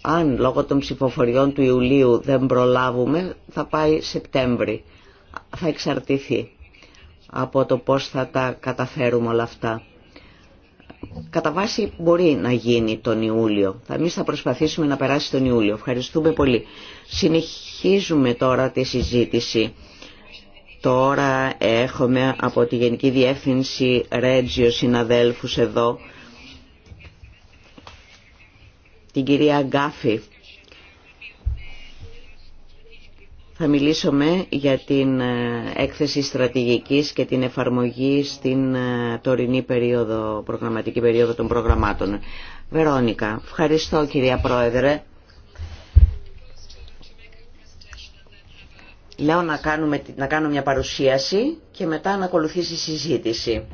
Αν λόγω των ψηφοφοριών του Ιουλίου δεν προλάβουμε, θα πάει Σεπτέμβρη. Θα εξαρτηθεί από το πώς θα τα καταφέρουμε όλα αυτά. Κατά βάση μπορεί να γίνει τον Ιούλιο. Θα εμείς θα προσπαθήσουμε να περάσει τον Ιούλιο. Ευχαριστούμε πολύ. Συνεχίζουμε τώρα τη συζήτηση. Τώρα έχουμε από τη Γενική Διεύθυνση Ρέτζιο συναδέλφους εδώ, την κυρία Γκάφη. Θα μιλήσουμε για την ε, έκθεση στρατηγικής και την εφαρμογή στην ε, τωρινή περίοδο, προγραμματική περίοδο των προγραμμάτων. Βερόνικα, ευχαριστώ κυρία Πρόεδρε. Λέω να, κάνουμε, να κάνω μια παρουσίαση και μετά να ακολουθήσει η συζήτηση.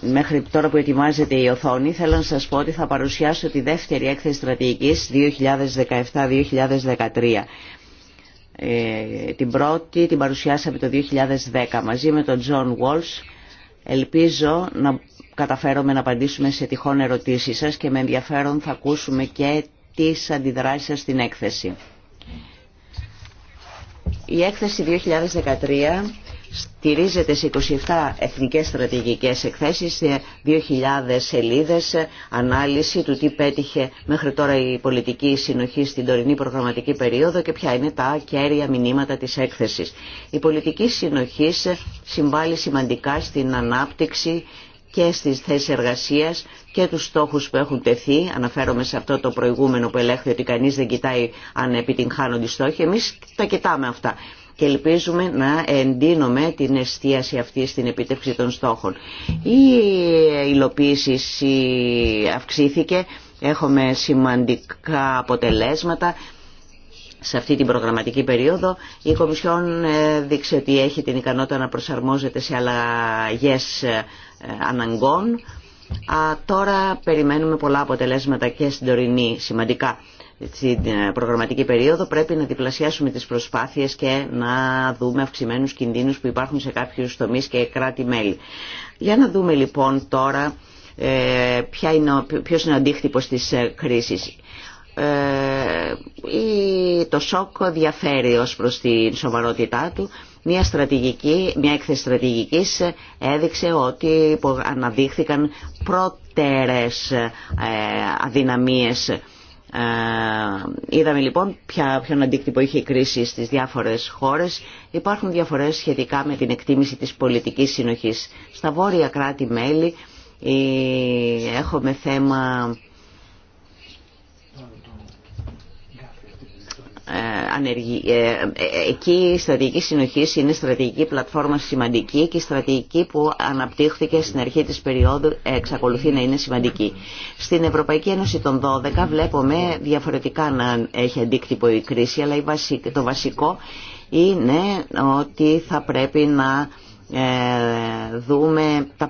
Μέχρι τώρα που ετοιμάζεται η οθόνη θέλω να σας πω ότι θα παρουσιάσω τη δεύτερη έκθεση στρατηγικής 2017-2013. Ε, την πρώτη την παρουσιάσαμε το 2010 μαζί με τον Τζον Walsh Ελπίζω να καταφέρομαι να απαντήσουμε σε τυχόν ερωτήσεις σας και με ενδιαφέρον θα ακούσουμε και τις αντιδράσεις σας στην έκθεση. Η έκθεση 2013 στηρίζεται σε 27 εθνικές στρατηγικές εκθέσεις σε 2.000 σελίδες ανάλυση του τι πέτυχε μέχρι τώρα η πολιτική συνοχή στην τωρινή προγραμματική περίοδο και ποια είναι τα κέρια μηνύματα της έκθεσης. Η πολιτική συνοχή συμβάλλει σημαντικά στην ανάπτυξη και στις θέσεις εργασίας και τους στόχους που έχουν τεθεί. Αναφέρομαι σε αυτό το προηγούμενο που ελέγχθη ότι κανείς δεν κοιτάει αν επιτυγχάνονται οι στόχοι. Εμείς τα κοιτάμε αυτά και ελπίζουμε να εντείνουμε την εστίαση αυτή στην επίτευξη των στόχων. Η υλοποίηση αυξήθηκε, έχουμε σημαντικά αποτελέσματα σε αυτή την προγραμματική περίοδο. Η Κομισιόν ε, δείξε ότι έχει την ικανότητα να προσαρμόζεται σε αλλαγέ ε, αναγκών. Τώρα περιμένουμε πολλά αποτελέσματα και στην τωρινή σημαντικά στην ε, προγραμματική περίοδο πρέπει να διπλασιάσουμε τις προσπάθειες και να δούμε αυξημένους κινδύνους που υπάρχουν σε κάποιους τομείς και κράτη-μέλη. Για να δούμε λοιπόν τώρα ε, ποια είναι ποιος είναι ο αντίκτυπος της ε, κρίσης. το σοκ διαφέρει ως προς την σοβαρότητά του. Μια, στρατηγική, μια έκθεση στρατηγικής έδειξε ότι αναδείχθηκαν προτέρες αδυναμίες ε, είδαμε λοιπόν ποια, ποιον αντίκτυπο είχε η κρίση στις διάφορες χώρες. Υπάρχουν διαφορές σχετικά με την εκτίμηση της πολιτικής συνοχής. Στα βόρεια κράτη-μέλη ε, έχουμε θέμα Ε, ε, εκεί η στρατηγική συνοχή είναι στρατηγική πλατφόρμα σημαντική και η στρατηγική που αναπτύχθηκε στην αρχή της περίοδου ε, εξακολουθεί να είναι σημαντική. Στην Ευρωπαϊκή Ένωση των 12 βλέπουμε διαφορετικά να έχει αντίκτυπο η κρίση αλλά το βασικό είναι ότι θα πρέπει να δούμε τα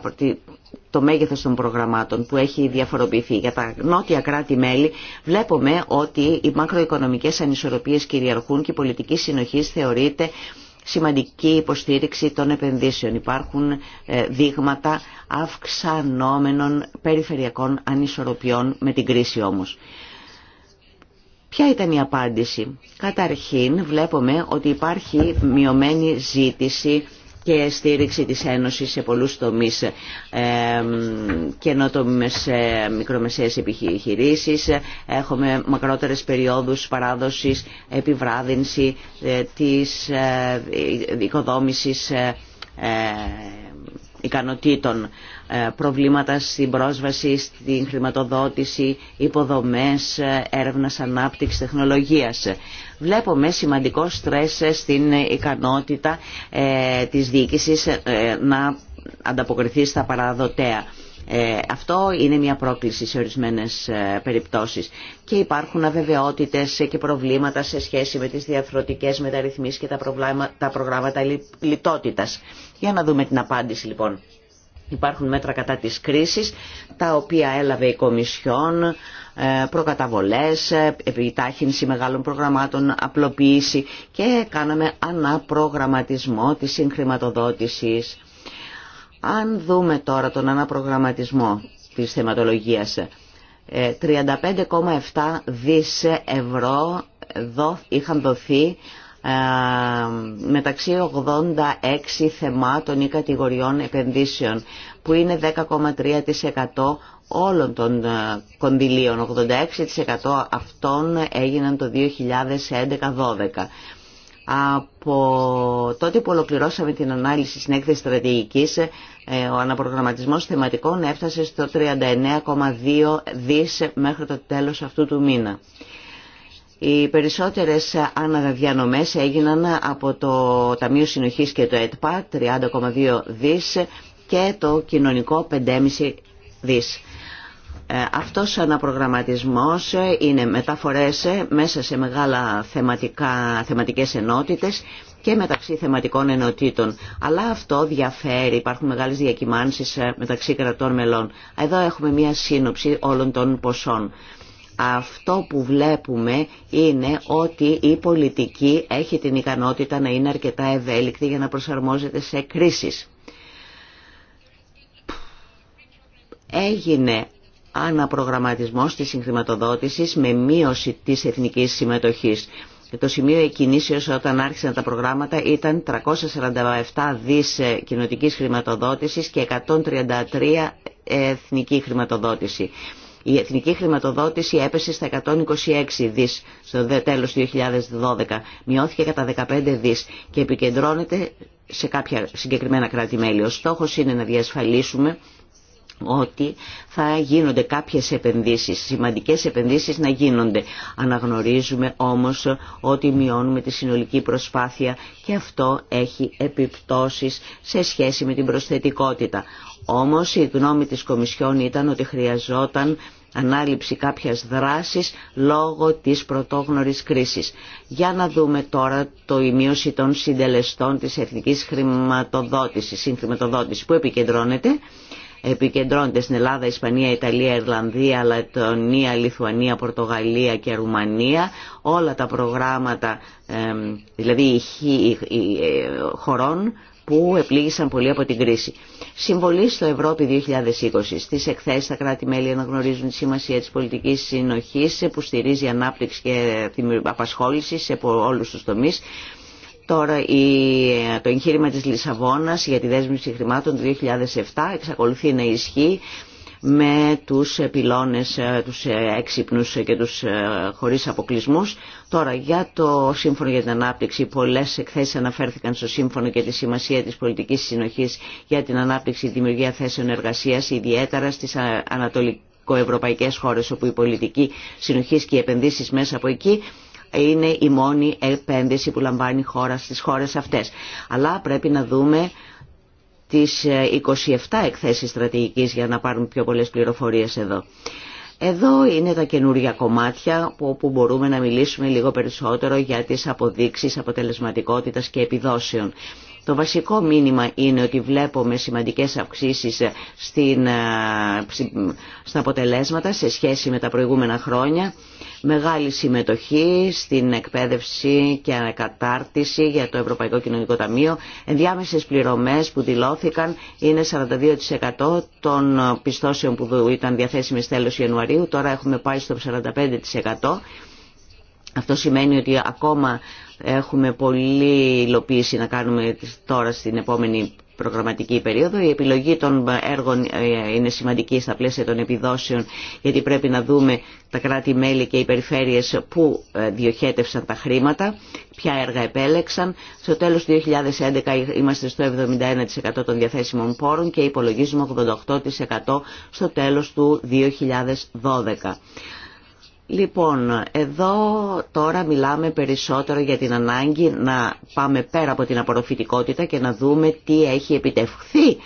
το μέγεθος των προγραμμάτων που έχει διαφοροποιηθεί. Για τα νότια κράτη-μέλη βλέπουμε ότι οι μακροοικονομικές ανισορροπίες κυριαρχούν και η πολιτική συνοχή θεωρείται σημαντική υποστήριξη των επενδύσεων. Υπάρχουν ε, δείγματα αυξανόμενων περιφερειακών ανισορροπιών με την κρίση όμως. Ποια ήταν η απάντηση. Καταρχήν βλέπουμε ότι υπάρχει μειωμένη ζήτηση και στήριξη της Ένωσης σε πολλούς τομείς ε, καινοτομίες ε, μικρομεσαίες επιχειρήσεις. Έχουμε μακρότερες περιόδους παράδοσης, επιβράδυνση ε, της ε, ε, ε ικανοτήτων ε, προβλήματα στην πρόσβαση, στην χρηματοδότηση, υποδομές, ε, έρευνας, ανάπτυξης, τεχνολογίας. Βλέπουμε σημαντικό στρες στην ικανότητα ε, της διοίκησης να ανταποκριθεί στα παραδοτέα. αυτό είναι μια πρόκληση σε ορισμένες ε, περιπτώσεις. Και υπάρχουν αβεβαιότητες και προβλήματα σε σχέση με τις διαθροτικές μεταρρυθμίσεις και τα, τα προγράμματα λιτότητας. Για να δούμε την απάντηση λοιπόν. Υπάρχουν μέτρα κατά της κρίσης, τα οποία έλαβε η Κομισιόν, ε, προκαταβολές, ε, επιτάχυνση μεγάλων προγραμμάτων, απλοποίηση και κάναμε αναπρογραμματισμό της συγχρηματοδότησης. Αν δούμε τώρα τον αναπρογραμματισμό της θεματολογίας, 35,7 ε, δις ευρώ είχαν δοθεί ε, μεταξύ 86 θεμάτων ή κατηγοριών επενδύσεων που είναι 10,3% όλων των ε, κονδυλίων. 86% αυτών έγιναν το 2011-12. Από τότε που ολοκληρώσαμε την ανάλυση στην έκθεση στρατηγικής, ε, ο αναπρογραμματισμός θεματικών έφτασε στο 39,2 δις μέχρι το τέλος αυτού του μήνα. Οι περισσότερες αναδιανομές έγιναν από το Ταμείο Συνοχής και το ΕΤΠΑ 30,2 δις και το κοινωνικό 5,5 δις. Ε, αυτός ο αναπρογραμματισμός είναι μεταφορές μέσα σε μεγάλα θεματικά, θεματικές ενότητες και μεταξύ θεματικών ενότητων. Αλλά αυτό διαφέρει, υπάρχουν μεγάλες διακυμάνσεις μεταξύ κρατών μελών. Εδώ έχουμε μία σύνοψη όλων των ποσών αυτό που βλέπουμε είναι ότι η πολιτική έχει την ικανότητα να είναι αρκετά ευέλικτη για να προσαρμόζεται σε κρίσεις. Έγινε αναπρογραμματισμός της συγχρηματοδότησης με μείωση της εθνικής συμμετοχής. Το σημείο εκκινήσεως όταν άρχισαν τα προγράμματα ήταν 347 δις ε, κοινοτικής χρηματοδότησης και 133 εθνική χρηματοδότηση. Η εθνική χρηματοδότηση έπεσε στα 126 δις στο τέλος του 2012, μειώθηκε κατά 15 δις και επικεντρώνεται σε κάποια συγκεκριμένα κράτη-μέλη. Ο στόχος είναι να διασφαλίσουμε ότι θα γίνονται κάποιες επενδύσεις, σημαντικές επενδύσεις να γίνονται. Αναγνωρίζουμε όμως ότι μειώνουμε τη συνολική προσπάθεια και αυτό έχει επιπτώσεις σε σχέση με την προσθετικότητα. Όμως η γνώμη της Κομισιόν ήταν ότι χρειαζόταν ανάληψη κάποιας δράσης λόγω της πρωτόγνωρης κρίσης. Για να δούμε τώρα το ημείωση των συντελεστών της εθνικής χρηματοδότησης, συγχρηματοδότησης που επικεντρώνεται. Επικεντρώνεται στην Ελλάδα, Ισπανία, Ιταλία, Ιρλανδία, Λατωνία, Λιθουανία, Πορτογαλία και Ρουμανία. Όλα τα προγράμματα, δηλαδή ε, χωρών που επλήγησαν πολύ από την κρίση συμβολή στο Ευρώπη 2020. Στις εκθέσεις τα κράτη-μέλη αναγνωρίζουν τη σημασία της πολιτικής συνοχής που στηρίζει ανάπτυξη και την απασχόληση σε όλους τους τομείς. Τώρα το εγχείρημα της Λισαβόνας για τη δέσμευση χρημάτων του 2007 εξακολουθεί να ισχύει με τους πυλώνες, ε, τους ε, έξυπνους και τους ε, χωρίς αποκλεισμούς. Τώρα για το Σύμφωνο για την Ανάπτυξη, πολλές εκθέσεις αναφέρθηκαν στο Σύμφωνο και τη σημασία της πολιτικής συνοχής για την ανάπτυξη και δημιουργία θέσεων εργασίας, ιδιαίτερα στις ανατολικοευρωπαϊκές χώρες όπου η πολιτική συνοχής και οι επενδύσεις μέσα από εκεί είναι η μόνη επένδυση που λαμβάνει η χώρα στις χώρες αυτές. Αλλά πρέπει να δούμε τις 27 ε, εκθέσεις στρατηγικής για να πάρουν πιο πολλές πληροφορίες εδώ. Εδώ είναι τα καινούργια κομμάτια όπου μπορούμε να μιλήσουμε λίγο περισσότερο για τις αποδείξεις αποτελεσματικότητας και επιδόσεων. Το βασικό μήνυμα είναι ότι βλέπουμε σημαντικές αυξήσεις ε, στην, ε, στα αποτελέσματα σε σχέση με τα προηγούμενα χρόνια μεγάλη συμμετοχή στην εκπαίδευση και ανακατάρτιση για το Ευρωπαϊκό Κοινωνικό Ταμείο. Ενδιάμεσες πληρωμές που δηλώθηκαν είναι 42% των πιστώσεων που ήταν διαθέσιμες τέλος Ιανουαρίου. Τώρα έχουμε πάει στο 45%. Αυτό σημαίνει ότι ακόμα έχουμε πολλή υλοποίηση να κάνουμε τώρα στην επόμενη προγραμματική περίοδο. Η επιλογή των έργων ε, είναι σημαντική στα πλαίσια των επιδόσεων γιατί πρέπει να δούμε τα κράτη-μέλη και οι περιφέρειες που ε, διοχέτευσαν τα χρήματα, ποια έργα επέλεξαν. Στο τέλος του 2011 είμαστε στο 71% των διαθέσιμων πόρων και υπολογίζουμε 88% στο τέλος του 2012. Λοιπόν, εδώ τώρα μιλάμε περισσότερο για την ανάγκη να πάμε πέρα από την απορροφητικότητα και να δούμε τι έχει επιτευχθεί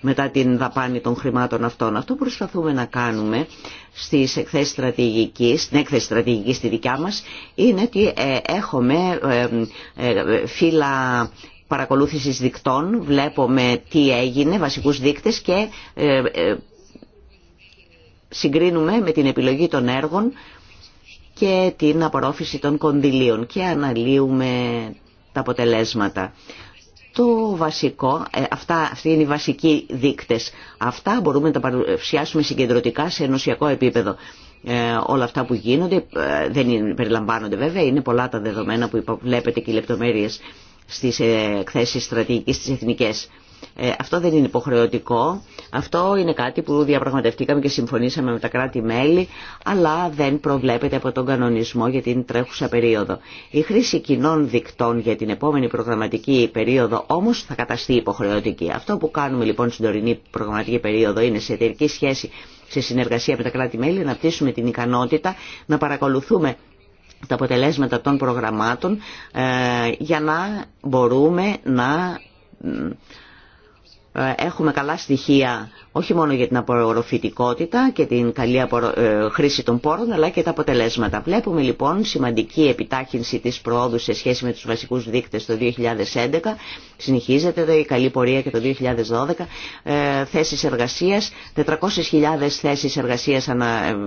μετά την δαπάνη των χρημάτων αυτών. Αυτό που προσπαθούμε να κάνουμε στις εκθέσεις στρατηγικής, στην έκθεση στρατηγική στη δικιά μας είναι ότι ε, έχουμε ε, ε, φύλλα παρακολούθησης δικτών, βλέπουμε τι έγινε, βασικούς δείκτες και συγκρίνουμε με την επιλογή των έργων και την απορρόφηση των κονδυλίων και αναλύουμε τα αποτελέσματα. Το βασικό, ε, αυτά, αυτοί είναι οι βασικοί δείκτες. Αυτά μπορούμε να τα παρουσιάσουμε συγκεντρωτικά σε ενωσιακό επίπεδο. Ε, όλα αυτά που γίνονται ε, δεν είναι, περιλαμβάνονται βέβαια, είναι πολλά τα δεδομένα που βλέπετε και οι λεπτομέρειες στις εκθέσεις στρατηγικής, στις εθνικές. Ε, αυτό δεν είναι υποχρεωτικό. Αυτό είναι κάτι που διαπραγματευτήκαμε και συμφωνήσαμε με τα κράτη-μέλη, αλλά δεν προβλέπεται από τον κανονισμό για την τρέχουσα περίοδο. Η χρήση κοινών δικτών για την επόμενη προγραμματική περίοδο όμω θα καταστεί υποχρεωτική. Αυτό που κάνουμε λοιπόν στην τωρινή προγραμματική περίοδο είναι σε εταιρική σχέση, σε συνεργασία με τα κράτη-μέλη, να πτήσουμε την ικανότητα να παρακολουθούμε τα αποτελέσματα των προγραμμάτων ε, για να μπορούμε να ε, έχουμε καλά στοιχεία όχι μόνο για την απορροφητικότητα και την καλή ε, χρήση των πόρων αλλά και τα αποτελέσματα. Βλέπουμε λοιπόν σημαντική επιτάχυνση της προόδου σε σχέση με τους βασικούς δείκτες το 2011. Συνεχίζεται η καλή πορεία και το 2012. Ε, θέσεις εργασίας, 400.000 θέσεις εργασίας ε,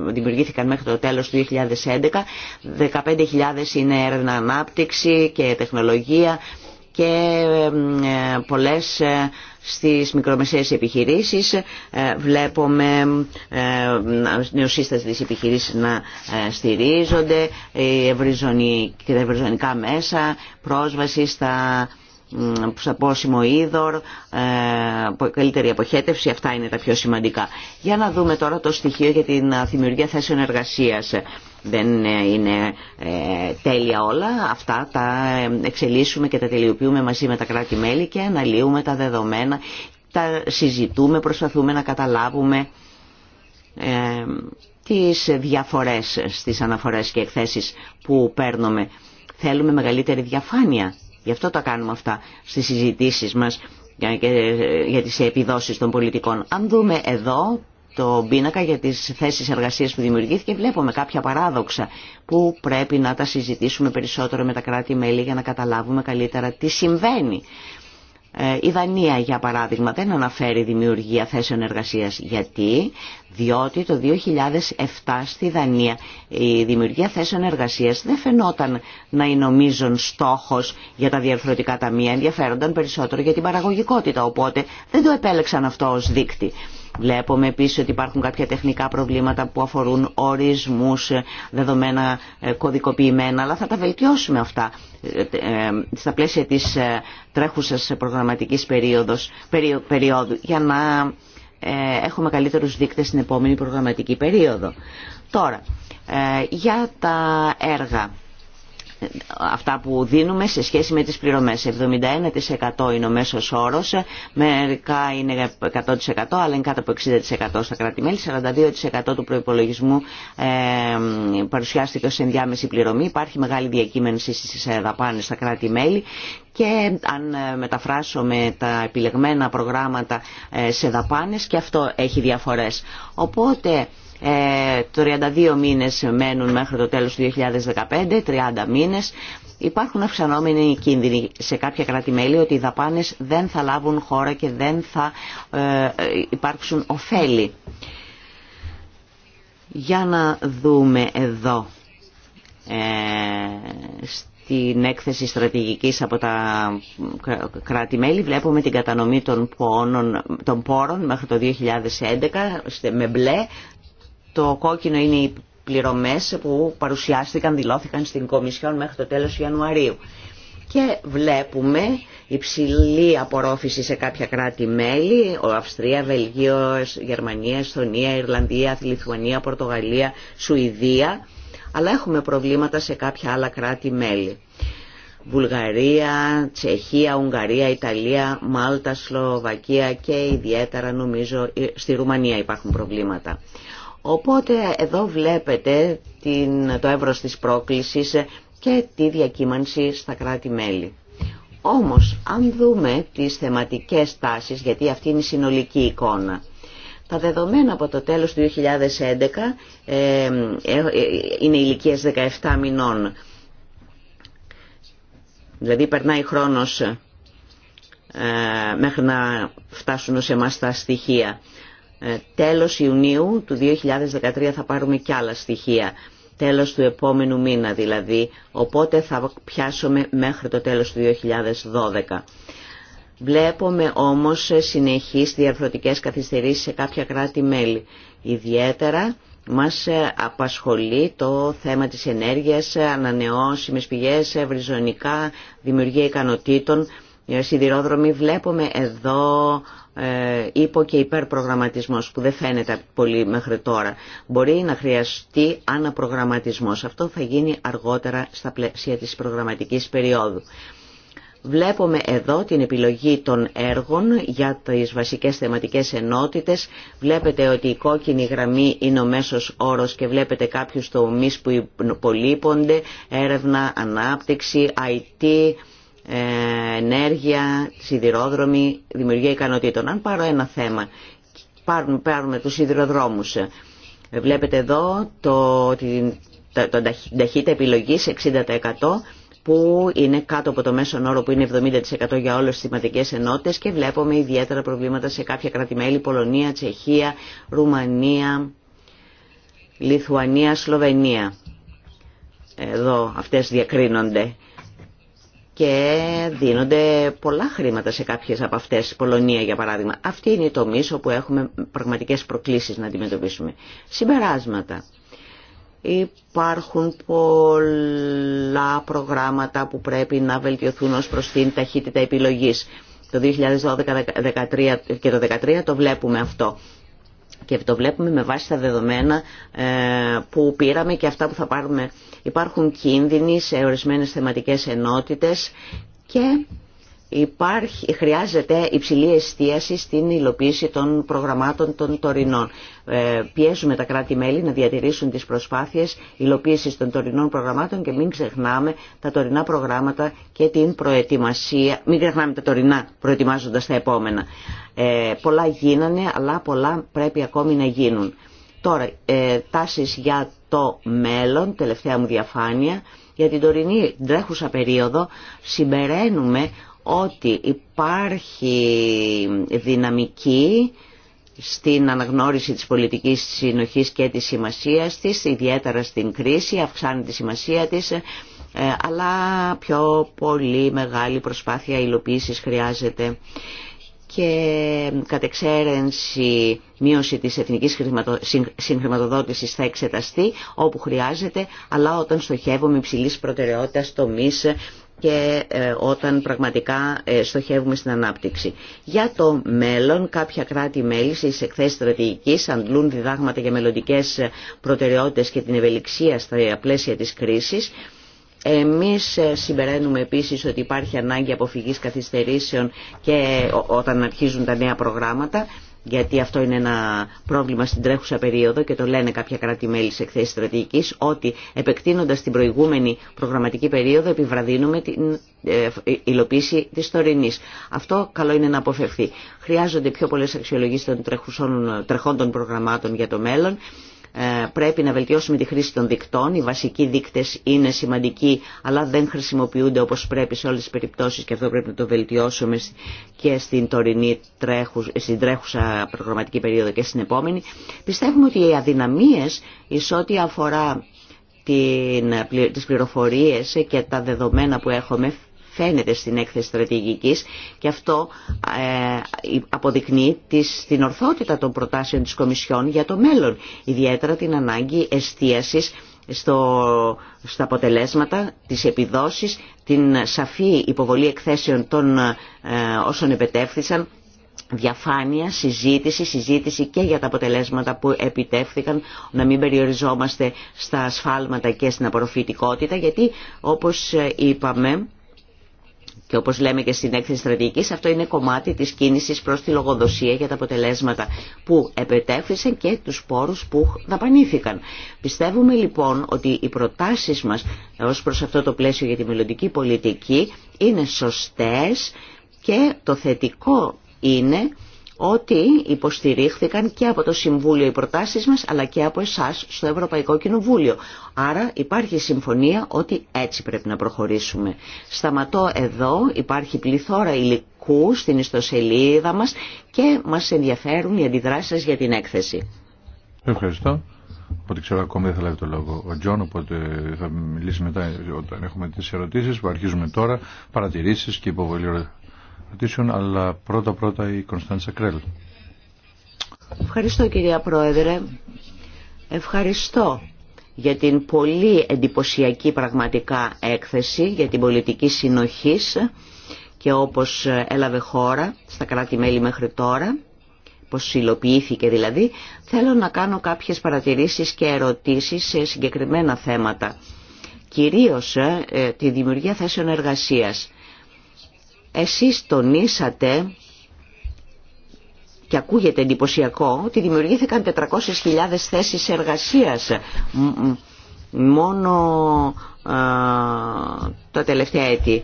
δημιουργήθηκαν μέχρι το τέλος του 2011. 15.000 είναι έρευνα ανάπτυξη και τεχνολογία και πολλές στις μικρομεσαίες επιχειρήσεις ε, βλέπουμε ε, νεοσύστατες επιχειρήσεις να ε, στηρίζονται τα ευρυζωνικά μέσα πρόσβαση στα στα πόσιμο είδωρ, καλύτερη αποχέτευση, αυτά είναι τα πιο σημαντικά. Για να δούμε τώρα το στοιχείο για την δημιουργία θέσεων εργασίας. Δεν ε, είναι ε, τέλεια όλα. Αυτά τα ε, εξελίσσουμε και τα τελειοποιούμε μαζί με τα κράτη-μέλη και αναλύουμε τα δεδομένα, τα συζητούμε, προσπαθούμε να καταλάβουμε τις διαφορές στις αναφορές και εκθέσεις που παίρνουμε. Θέλουμε μεγαλύτερη διαφάνεια. Γι' αυτό τα κάνουμε αυτά στις συζητήσεις μας για τις επιδόσεις των πολιτικών. Αν δούμε εδώ το πίνακα για τις θέσεις εργασίας που δημιουργήθηκε βλέπουμε κάποια παράδοξα που πρέπει να τα συζητήσουμε περισσότερο με τα κράτη-μέλη για να καταλάβουμε καλύτερα τι συμβαίνει. Ε, η Δανία, για παράδειγμα, δεν αναφέρει δημιουργία θέσεων εργασίας. Γιατί? Διότι το 2007 στη Δανία η δημιουργία θέσεων εργασίας δεν φαινόταν να είναι νομίζων στόχος για τα διαρθρωτικά ταμεία. Ενδιαφέρονταν περισσότερο για την παραγωγικότητα, οπότε δεν το επέλεξαν αυτό ως δείκτη. Βλέπουμε επίσης ότι υπάρχουν κάποια τεχνικά προβλήματα που αφορούν ορισμούς, δεδομένα ε, κωδικοποιημένα, αλλά θα τα βελτιώσουμε αυτά ε, ε, στα πλαίσια της τρέχουσας προγραμματικής περίοδος, περίοδου για να έχουμε καλύτερους δείκτες στην επόμενη προγραμματική περίοδο. Τώρα, για τα έργα αυτά που δίνουμε σε σχέση με τις πληρωμές. 71% είναι ο μέσος όρος, μερικά είναι 100% αλλά είναι κάτω από 60% στα κρατη 42% του προϋπολογισμού ε, παρουσιάστηκε ως ενδιάμεση πληρωμή. Υπάρχει μεγάλη διακείμενση στις δαπάνες στα κράτη-μέλη και αν ε, μεταφράσουμε τα επιλεγμένα προγράμματα ε, σε δαπάνες και αυτό έχει διαφορές. Οπότε 32 ε, μήνες μένουν μέχρι το τέλος του 2015, 30 μήνες. Υπάρχουν αυξανόμενοι κίνδυνοι σε κάποια ότι οι δαπάνες δεν θα λάβουν χώρα και δεν θα ε, υπάρξουν ωφέλη. Για να δούμε εδώ ε, στην έκθεση στρατηγικής από τα κράτη-μέλη βλέπουμε την κατανομή των, των πόρων μέχρι το 2011 με μπλε το κόκκινο είναι οι πληρωμές που παρουσιάστηκαν, δηλώθηκαν στην Κομισιόν μέχρι το τέλος Ιανουαρίου. Και βλέπουμε υψηλή απορρόφηση σε κάποια κράτη-μέλη, Αυστρία, Βελγίο, Γερμανία, Εσθονία, Ιρλανδία, Λιθουανία, Πορτογαλία, Σουηδία, αλλά έχουμε προβλήματα σε κάποια άλλα κράτη-μέλη. Βουλγαρία, Τσεχία, Ουγγαρία, Ιταλία, Μάλτα, Σλοβακία και ιδιαίτερα νομίζω ε, στη Ρουμανία υπάρχουν προβλήματα. Οπότε εδώ βλέπετε το εύρος της πρόκλησης και τη διακύμανση στα κράτη-μέλη. Όμως, αν δούμε τις θεματικές τάσεις, γιατί αυτή είναι η συνολική εικόνα, τα δεδομένα από το τέλος του 2011 ε, ε, ε, είναι ηλικίες 17 μηνών. Δηλαδή περνάει χρόνος ε, μέχρι να φτάσουν σε εμάς τα στοιχεία. Ε, τέλος Ιουνίου του 2013 θα πάρουμε κι άλλα στοιχεία. Τέλος του επόμενου μήνα δηλαδή, οπότε θα πιάσουμε μέχρι το τέλος του 2012. Βλέπουμε όμως συνεχείς διαρθρωτικές καθυστερήσεις σε κάποια κράτη-μέλη. Ιδιαίτερα μας απασχολεί το θέμα της ενέργειας, ανανεώσιμες πηγές, ευρυζωνικά, δημιουργία ικανοτήτων ε, σιδηρόδρομοι βλέπουμε εδώ ε, υπό και υπερπρογραμματισμός που δεν φαίνεται πολύ μέχρι τώρα. Μπορεί να χρειαστεί αναπρογραμματισμός. Αυτό θα γίνει αργότερα στα πλαίσια της προγραμματικής περίοδου. Βλέπουμε εδώ την επιλογή των έργων για τις βασικές θεματικές ενότητες. Βλέπετε ότι η κόκκινη γραμμή είναι ο μέσος όρος και βλέπετε κάποιους τομείς που υπολείπονται, έρευνα, ανάπτυξη, IT, ε, ενέργεια, σιδηρόδρομοι, δημιουργία ικανοτήτων. Αν πάρω ένα θέμα, πάρουμε, πάρουμε τους σιδηροδρόμους. Ε, βλέπετε εδώ το, την, το, ταχύτητα επιλογής 60% που είναι κάτω από το μέσον όρο που είναι 70% για όλες τις θεματικές ενότητες και βλέπουμε ιδιαίτερα προβλήματα σε κάποια κρατημέλη, Πολωνία, Τσεχία, Ρουμανία, Λιθουανία, Σλοβενία. Εδώ αυτές διακρίνονται και δίνονται πολλά χρήματα σε κάποιες από αυτές, Πολωνία για παράδειγμα. Αυτή είναι η τομή όπου έχουμε πραγματικές προκλήσεις να αντιμετωπίσουμε. Συμπεράσματα. Υπάρχουν πολλά προγράμματα που πρέπει να βελτιωθούν ως προς την ταχύτητα επιλογής. Το 2012 και το 2013 το βλέπουμε αυτό. Και το βλέπουμε με βάση τα δεδομένα ε, που πήραμε και αυτά που θα πάρουμε Υπάρχουν κίνδυνοι σε ορισμένες θεματικές ενότητες και υπάρχει, χρειάζεται υψηλή εστίαση στην υλοποίηση των προγραμμάτων των τωρινών. Ε, πιέζουμε τα κράτη-μέλη να διατηρήσουν τις προσπάθειες υλοποίησης των τωρινών προγραμμάτων και μην ξεχνάμε τα τωρινά προγράμματα και την προετοιμασία, μην ξεχνάμε τα τωρινά προετοιμάζοντας τα επόμενα. Ε, πολλά γίνανε, αλλά πολλά πρέπει ακόμη να γίνουν. Τώρα, ε, τάσεις για το μέλλον, τελευταία μου διαφάνεια, για την τωρινή τρέχουσα περίοδο συμπεραίνουμε ότι υπάρχει δυναμική στην αναγνώριση της πολιτικής συνοχής και της σημασίας της, ιδιαίτερα στην κρίση, αυξάνει τη σημασία της, ε, αλλά πιο πολύ μεγάλη προσπάθεια υλοποίησης χρειάζεται και εξαίρενση μείωση της εθνικής συγχρηματοδότησης θα εξεταστεί όπου χρειάζεται, αλλά όταν στοχεύουμε υψηλής προτεραιότητας μίς και ε, όταν πραγματικά ε, στοχεύουμε στην ανάπτυξη. Για το μέλλον, κάποια κράτη-μέλη στις εκθέσεις στρατηγικής αντλούν διδάγματα για μελλοντικές προτεραιότητες και την ευελιξία στα πλαίσια της κρίσης. Εμείς ε, συμπεραίνουμε επίσης ότι υπάρχει ανάγκη αποφυγής καθυστερήσεων και ε, όταν αρχίζουν τα νέα προγράμματα γιατί αυτό είναι ένα πρόβλημα στην τρέχουσα περίοδο και το λένε κάποια κράτη-μέλη σε εκθέσεις στρατηγικής, ότι επεκτείνοντας την προηγούμενη προγραμματική περίοδο επιβραδύνουμε την ε, υλοποίηση της τωρινής. Αυτό καλό είναι να αποφευθεί. Χρειάζονται πιο πολλές αξιολογήσεις των τρεχών των προγραμμάτων για το μέλλον ε, πρέπει να βελτιώσουμε τη χρήση των δικτών. Οι βασικοί δείκτες είναι σημαντικοί, αλλά δεν χρησιμοποιούνται όπως πρέπει σε όλες τις περιπτώσεις και αυτό πρέπει να το βελτιώσουμε και στην, τωρινή, στην τρέχουσα προγραμματική περίοδο και στην επόμενη. Πιστεύουμε ότι οι αδυναμίες, εις ό,τι αφορά την, τις πληροφορίες και τα δεδομένα που έχουμε φαίνεται στην έκθεση στρατηγικής και αυτό ε, αποδεικνύει την ορθότητα των προτάσεων της Κομισιόν για το μέλλον, ιδιαίτερα την ανάγκη εστίασης στο, στα αποτελέσματα, τις επιδόσεις, την σαφή υποβολή εκθέσεων των ε, όσων επετεύθησαν, διαφάνεια, συζήτηση, συζήτηση και για τα αποτελέσματα που επιτεύθηκαν, να μην περιοριζόμαστε στα ασφάλματα και στην απορροφητικότητα, γιατί όπως ε, είπαμε, και όπως λέμε και στην έκθεση στρατηγικής, αυτό είναι κομμάτι της κίνησης προς τη λογοδοσία για τα αποτελέσματα που επετέφθησαν και τους πόρους που δαπανήθηκαν. Πιστεύουμε λοιπόν ότι οι προτάσεις μας ως προς αυτό το πλαίσιο για τη μελλοντική πολιτική είναι σωστές και το θετικό είναι ότι υποστηρίχθηκαν και από το Συμβούλιο οι προτάσεις μας αλλά και από εσάς στο Ευρωπαϊκό Κοινοβούλιο. Άρα υπάρχει συμφωνία ότι έτσι πρέπει να προχωρήσουμε. Σταματώ εδώ, υπάρχει πληθώρα υλικού στην ιστοσελίδα μας και μας ενδιαφέρουν οι αντιδράσεις για την έκθεση. Ευχαριστώ. Από ό,τι ξέρω ακόμη δεν θα λάβει το λόγο ο Τζον, οπότε θα μιλήσει μετά όταν έχουμε τις ερωτήσεις που αρχίζουμε τώρα, παρατηρήσεις και υποβολή αλλα αλλά πρώτα-πρώτα η Κωνσταντσα Κρέλ. Ευχαριστώ κυρία Πρόεδρε. Ευχαριστώ για την πολύ εντυπωσιακή πραγματικά έκθεση για την πολιτική συνοχής και όπως έλαβε χώρα στα κράτη-μέλη μέχρι τώρα, πως υλοποιήθηκε δηλαδή, θέλω να κάνω κάποιες παρατηρήσεις και ερωτήσεις σε συγκεκριμένα θέματα. Κυρίως ε, τη δημιουργία θέσεων εργασίας. Εσείς τονίσατε και ακούγεται εντυπωσιακό ότι δημιουργήθηκαν 400.000 θέσεις εργασίας μόνο τα τελευταία έτη.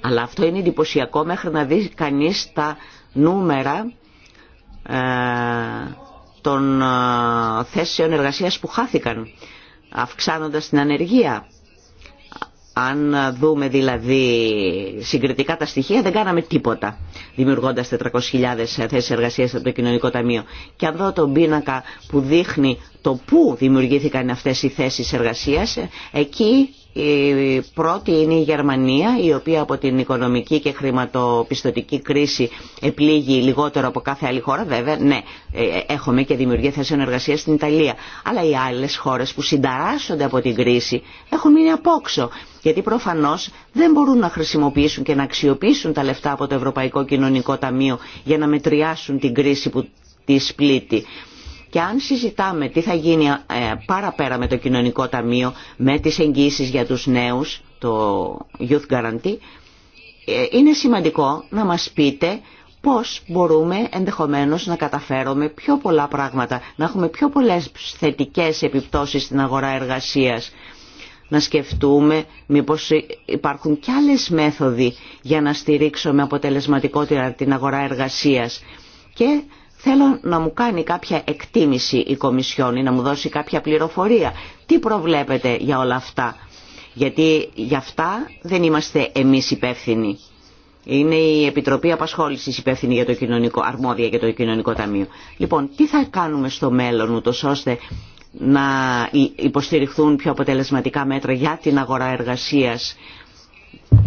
Αλλά αυτό είναι εντυπωσιακό μέχρι να δει κανείς τα νούμερα ε, των θέσεων εργασίας που χάθηκαν αυξάνοντας την ανεργία αν δούμε δηλαδή συγκριτικά τα στοιχεία δεν κάναμε τίποτα δημιουργώντα 400.000 θέσει εργασία από το Κοινωνικό Ταμείο. Και αν δω τον πίνακα που δείχνει το πού δημιουργήθηκαν αυτέ οι θέσεις εργασία, εκεί η πρώτη είναι η Γερμανία, η οποία από την οικονομική και χρηματοπιστωτική κρίση επλήγει λιγότερο από κάθε άλλη χώρα. Βέβαια, ναι, ε, έχουμε και δημιουργία θέσεων εργασία στην Ιταλία. Αλλά οι άλλες χώρες που συνταράσσονται από την κρίση έχουν μείνει απόξω. Γιατί προφανώς δεν μπορούν να χρησιμοποιήσουν και να αξιοποιήσουν τα λεφτά από το Ευρωπαϊκό Κοινωνικό Ταμείο για να μετριάσουν την κρίση που τη πλήττει. Και αν συζητάμε τι θα γίνει ε, παραπέρα με το κοινωνικό ταμείο, με τις εγγύσεις για τους νέους, το Youth Guarantee, ε, είναι σημαντικό να μας πείτε πώς μπορούμε ενδεχομένως να καταφέρουμε πιο πολλά πράγματα, να έχουμε πιο πολλές θετικές επιπτώσεις στην αγορά εργασίας. Να σκεφτούμε μήπως υπάρχουν κι άλλες μέθοδοι για να στηρίξουμε αποτελεσματικότερα την αγορά εργασίας και Θέλω να μου κάνει κάποια εκτίμηση η Κομισιόν ή να μου δώσει κάποια πληροφορία. Τι προβλέπετε για όλα αυτά. Γιατί για αυτά δεν είμαστε εμείς υπεύθυνοι. Είναι η Επιτροπή Απασχόλησης υπεύθυνη για το κοινωνικό, αρμόδια για το κοινωνικό ταμείο. Λοιπόν, τι θα κάνουμε στο μέλλον ούτως ώστε να υποστηριχθούν πιο αποτελεσματικά μέτρα για την αγορά εργασίας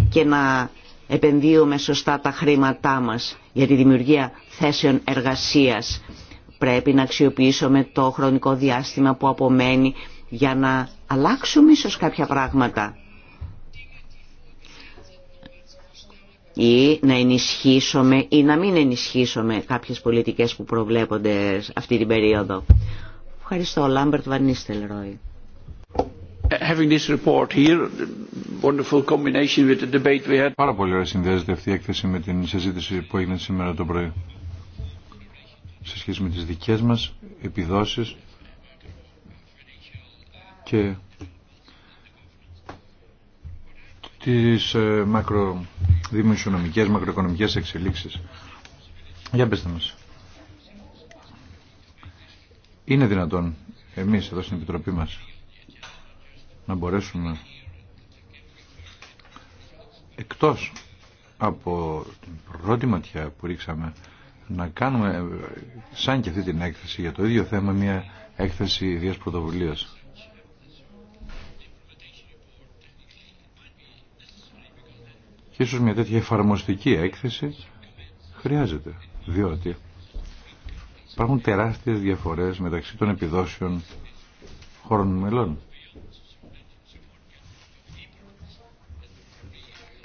και να επενδύουμε σωστά τα χρήματά μας για τη δημιουργία θέσεων εργασίας. Πρέπει να αξιοποιήσουμε το χρονικό διάστημα που απομένει για να αλλάξουμε ίσως κάποια πράγματα. ή να ενισχύσουμε ή να μην ενισχύσουμε κάποιες πολιτικές που προβλέπονται αυτή την περίοδο. Ευχαριστώ, Λάμπερτ Βανίστελ Ρόι. Having this report here, wonderful combination with the debate we had. Πάρα πολύ ωραία συνδέεται αυτή η έκθεση με την συζήτηση που έγινε σήμερα το πρωί. Σε σχέση με τις δικές μας επιδόσεις και τις ε, μακροδημοσιονομικές, μακροοικονομικές εξελίξεις. Για πέστε μας. Είναι δυνατόν εμείς εδώ στην Επιτροπή μας να μπορέσουμε εκτός από την πρώτη ματιά που ρίξαμε να κάνουμε ε, σαν και αυτή την έκθεση για το ίδιο θέμα μια έκθεση ιδίας πρωτοβουλίας. Και ίσως μια τέτοια εφαρμοστική έκθεση χρειάζεται, διότι υπάρχουν τεράστιες διαφορές μεταξύ των επιδόσεων χώρων μελών.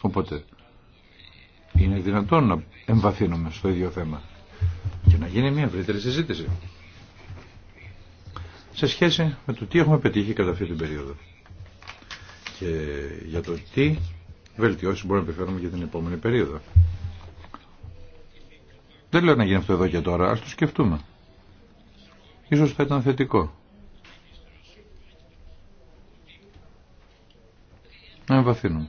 Οπότε είναι δυνατόν να εμβαθύνουμε στο ίδιο θέμα και να γίνει μια ευρύτερη συζήτηση σε σχέση με το τι έχουμε πετύχει κατά αυτή την περίοδο και για το τι βελτιώσει μπορούμε να επιφέρουμε για την επόμενη περίοδο. Δεν λέω να γίνει αυτό εδώ και τώρα, ας το σκεφτούμε. Ίσως θα ήταν θετικό. Να εμβαθύνουμε.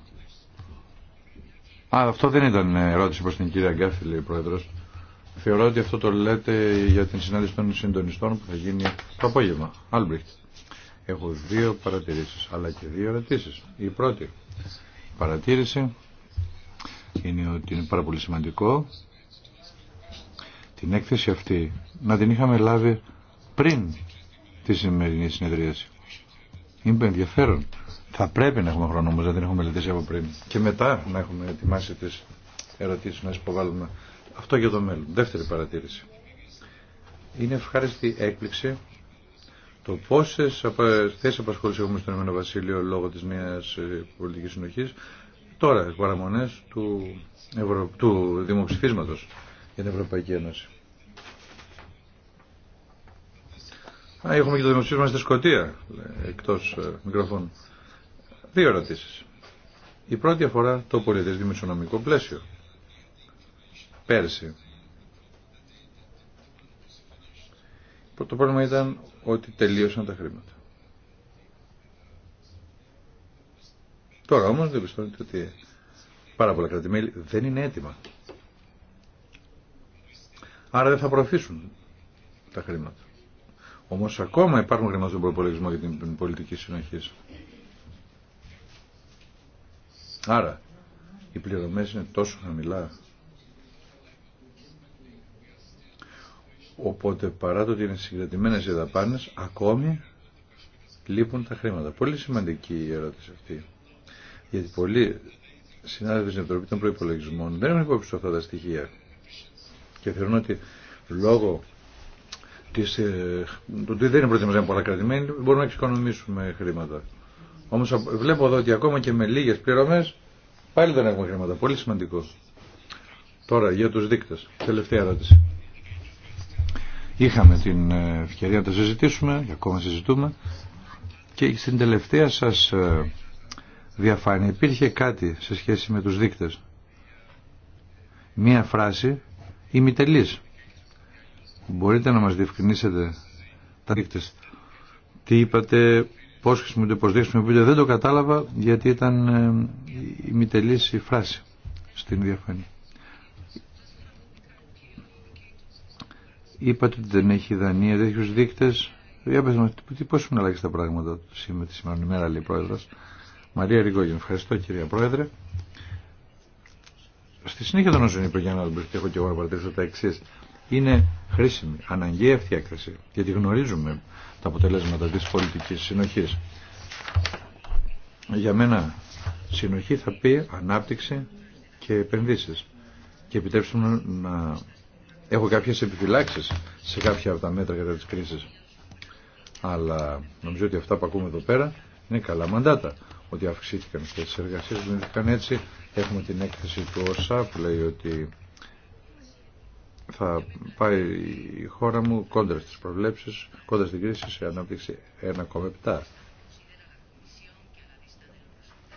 Α, αυτό δεν ήταν ερώτηση προς την κυρία Γκάφη, λέει Πρόεδρος. Θεωρώ ότι αυτό το λέτε για την συνάντηση των συντονιστών που θα γίνει το απόγευμα. Άλμπριχτ. Έχω δύο παρατηρήσεις, αλλά και δύο ερωτήσεις. Η πρώτη παρατήρηση είναι ότι είναι πάρα πολύ σημαντικό την έκθεση αυτή να την είχαμε λάβει πριν τη σημερινή συνεδρίαση. Είναι ενδιαφέρον θα πρέπει να έχουμε χρόνο όμω δεν έχουμε μελετήσει από πριν. Και μετά να έχουμε ετοιμάσει τι ερωτήσει να τι υποβάλουμε. Αυτό για το μέλλον. Δεύτερη παρατήρηση. Είναι ευχάριστη έκπληξη το πόσε θέσει απασχόληση έχουμε στον Ηνωμένο Βασίλειο λόγω τη νέα ε, πολιτική συνοχή. Τώρα, οι παραμονέ του, Ευρω... του δημοψηφίσματο για την Ευρωπαϊκή Ένωση. Α, έχουμε και το δημοψήφισμα στη Σκοτία, εκτό ε, μικροφώνου. Δύο ερωτήσει. Η πρώτη αφορά το πολιτισμικό δημοσιονομικό πλαίσιο. Πέρσι. Το πρόβλημα ήταν ότι τελείωσαν τα χρήματα. Τώρα όμως δεν πιστώνεται ότι πάρα πολλά κρατημέλη δεν είναι έτοιμα. Άρα δεν θα προωθήσουν τα χρήματα. Όμως ακόμα υπάρχουν χρήματα στον προπολογισμό για την πολιτική συνοχή. Άρα, οι πληρωμές είναι τόσο χαμηλά. Οπότε παρά το ότι είναι συγκρατημένες οι δαπάνες, ακόμη λείπουν τα χρήματα. Πολύ σημαντική η ερώτηση αυτή. Γιατί πολλοί συνάδελφοι στην Επιτροπή των Προϋπολογισμών δεν έχουν υπόψη αυτά τα στοιχεία. Και θεωρούν ότι λόγω της, ε, το ότι δεν είναι προετοιμασμένοι πολλά κρατημένοι μπορούμε να εξοικονομήσουμε χρήματα. Όμω βλέπω εδώ ότι ακόμα και με λίγες πλήρωμέ πάλι δεν έχουμε χρήματα. Πολύ σημαντικό. Τώρα για τους δίκτες. Τελευταία ερώτηση. Είχαμε την ε, ευκαιρία να τα συζητήσουμε και ακόμα συζητούμε και στην τελευταία σας ε, διαφάνεια υπήρχε κάτι σε σχέση με τους δείκτες. Μία φράση ημιτελής. Μπορείτε να μας διευκρινίσετε τα δείκτες. Τι είπατε, πώς χρησιμοποιείται, πώς χρησιμοποιείται. Δεν το κατάλαβα γιατί ήταν ε, η μητελής φράση στην διαφάνεια. Είπατε ότι δεν έχει δεν τέτοιου δείκτε. Για πώ έχουν αλλάξει τα πράγματα σήμερα τη σημερινή μέρα, λέει η πρόεδρο. Μαρία Ριγκόγεν, ευχαριστώ κυρία Πρόεδρε. Στη συνέχεια των όσων είπε ο Γιάννα Αλμπριχτή, έχω και εγώ να παρατηρήσω τα εξή. Είναι χρήσιμη, αναγκαία αυτή η έκθεση, γιατί γνωρίζουμε τα αποτελέσματα της πολιτικής συνοχής. Για μένα συνοχή θα πει ανάπτυξη και επενδύσεις. Και επιτρέψτε να έχω κάποιες επιφυλάξεις σε κάποια από τα μέτρα κατά της κρίσης. Αλλά νομίζω ότι αυτά που ακούμε εδώ πέρα είναι καλά μαντάτα. Ότι αυξήθηκαν και τις εργασίες, δημιουργήθηκαν έτσι. Έχουμε την έκθεση του ΩΣΑ που λέει ότι θα πάει η χώρα μου κόντρα στις προβλέψεις, κόντρα στην κρίση σε ανάπτυξη 1,7.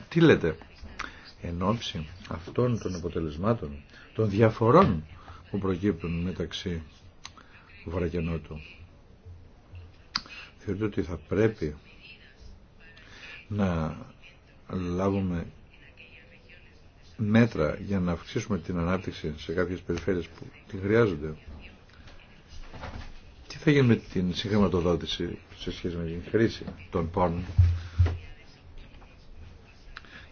Τι λέτε, εν ώψη αυτών των αποτελεσμάτων, των διαφορών που προκύπτουν μεταξύ του. Θεωρείτε ότι θα πρέπει να λάβουμε μέτρα για να αυξήσουμε την ανάπτυξη σε κάποιες περιφέρειες που την χρειάζονται. Τι θα γίνει με την συγχρηματοδότηση σε σχέση με την χρήση των πόρων.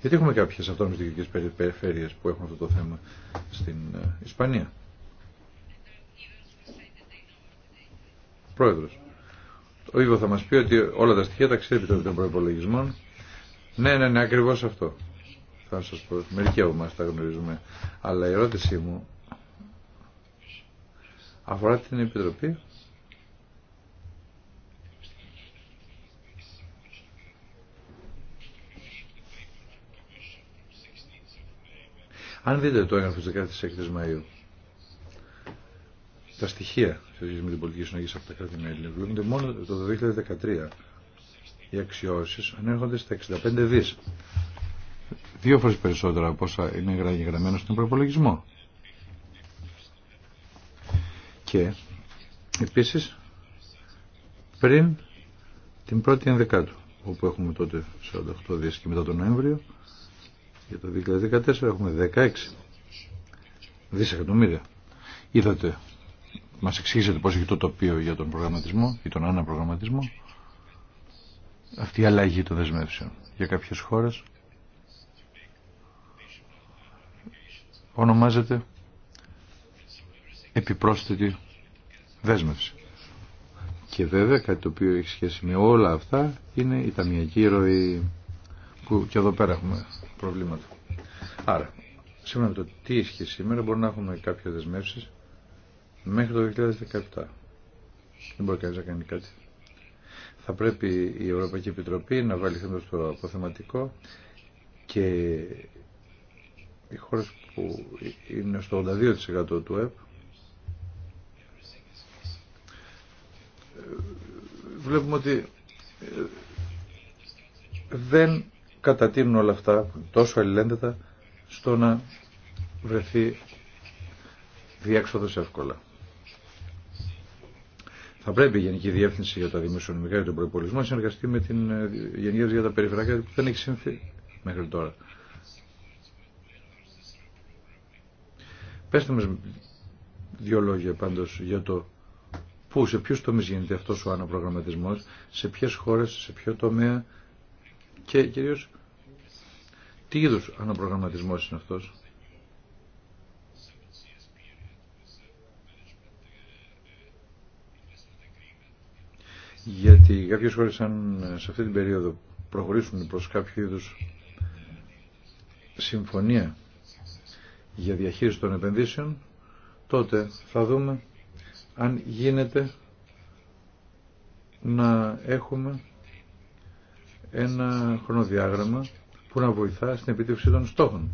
Γιατί έχουμε κάποιες αυτόνομες δικαιωτικές περιφέρειες που έχουν αυτό το θέμα στην ε, Ισπανία. Πρόεδρος. Ο Ήβο θα μας πει ότι όλα τα στοιχεία τα ξέρει των προϋπολογισμών. Ναι, ναι, ναι, ακριβώς αυτό θα σας πω. Μερικοί από εμάς τα γνωρίζουμε. Αλλά η ερώτησή μου αφορά την Επιτροπή. Αν δείτε το έγγραφο της 16ης Μαΐου, τα στοιχεία σε σχέση με την πολιτική συνολική από τα κράτη-μέλη βλέπετε μόνο το 2013 οι αξιώσει ανέρχονται στα 65 δις δύο φορές περισσότερα από όσα είναι γραμμένο στον προπολογισμό. Και επίσης πριν την πρώτη ενδεκάτου όπου έχουμε τότε 48 δις και μετά τον Νοέμβριο για το 2014 έχουμε 16 δισεκατομμύρια. Είδατε, μας εξήγησετε πώς έχει το τοπίο για τον προγραμματισμό ή τον αναπρογραμματισμό αυτή η αλλαγή των δεσμεύσεων για κάποιες χώρες ονομάζεται επιπρόσθετη δέσμευση. Και βέβαια κάτι το οποίο έχει σχέση με όλα αυτά είναι η ταμιακή ροή που και εδώ πέρα έχουμε προβλήματα. Άρα, σήμερα με το τι ισχύει σήμερα μπορεί να έχουμε κάποιες δεσμεύσεις μέχρι το 2017. Δεν μπορεί κανείς να κάνει κάτι. Θα πρέπει η Ευρωπαϊκή Επιτροπή να βάλει θέμα στο αποθεματικό και οι χώρες που είναι στο 82% του ΕΠ ε, βλέπουμε ότι ε, δεν κατατείνουν όλα αυτά τόσο αλληλένδετα στο να βρεθεί διέξοδος εύκολα. Θα πρέπει η Γενική Διεύθυνση για τα Δημοσιονομικά και τον Προπολισμό να συνεργαστεί με την ε, Γενική για τα Περιφερειακά που δεν έχει συνθεί μέχρι τώρα. Πεςτε μας δύο λόγια πάντως για το πού, σε ποιους τομείς γίνεται αυτός ο αναπρογραμματισμός, σε ποιες χώρες, σε ποιο τομέα και κυρίως τι είδους αναπρογραμματισμός είναι αυτός. Γιατί κάποιες χώρες αν σε αυτή την περίοδο προχωρήσουν προς κάποιο είδους συμφωνία για διαχείριση των επενδύσεων, τότε θα δούμε αν γίνεται να έχουμε ένα χρονοδιάγραμμα που να βοηθά στην επίτευξη των στόχων.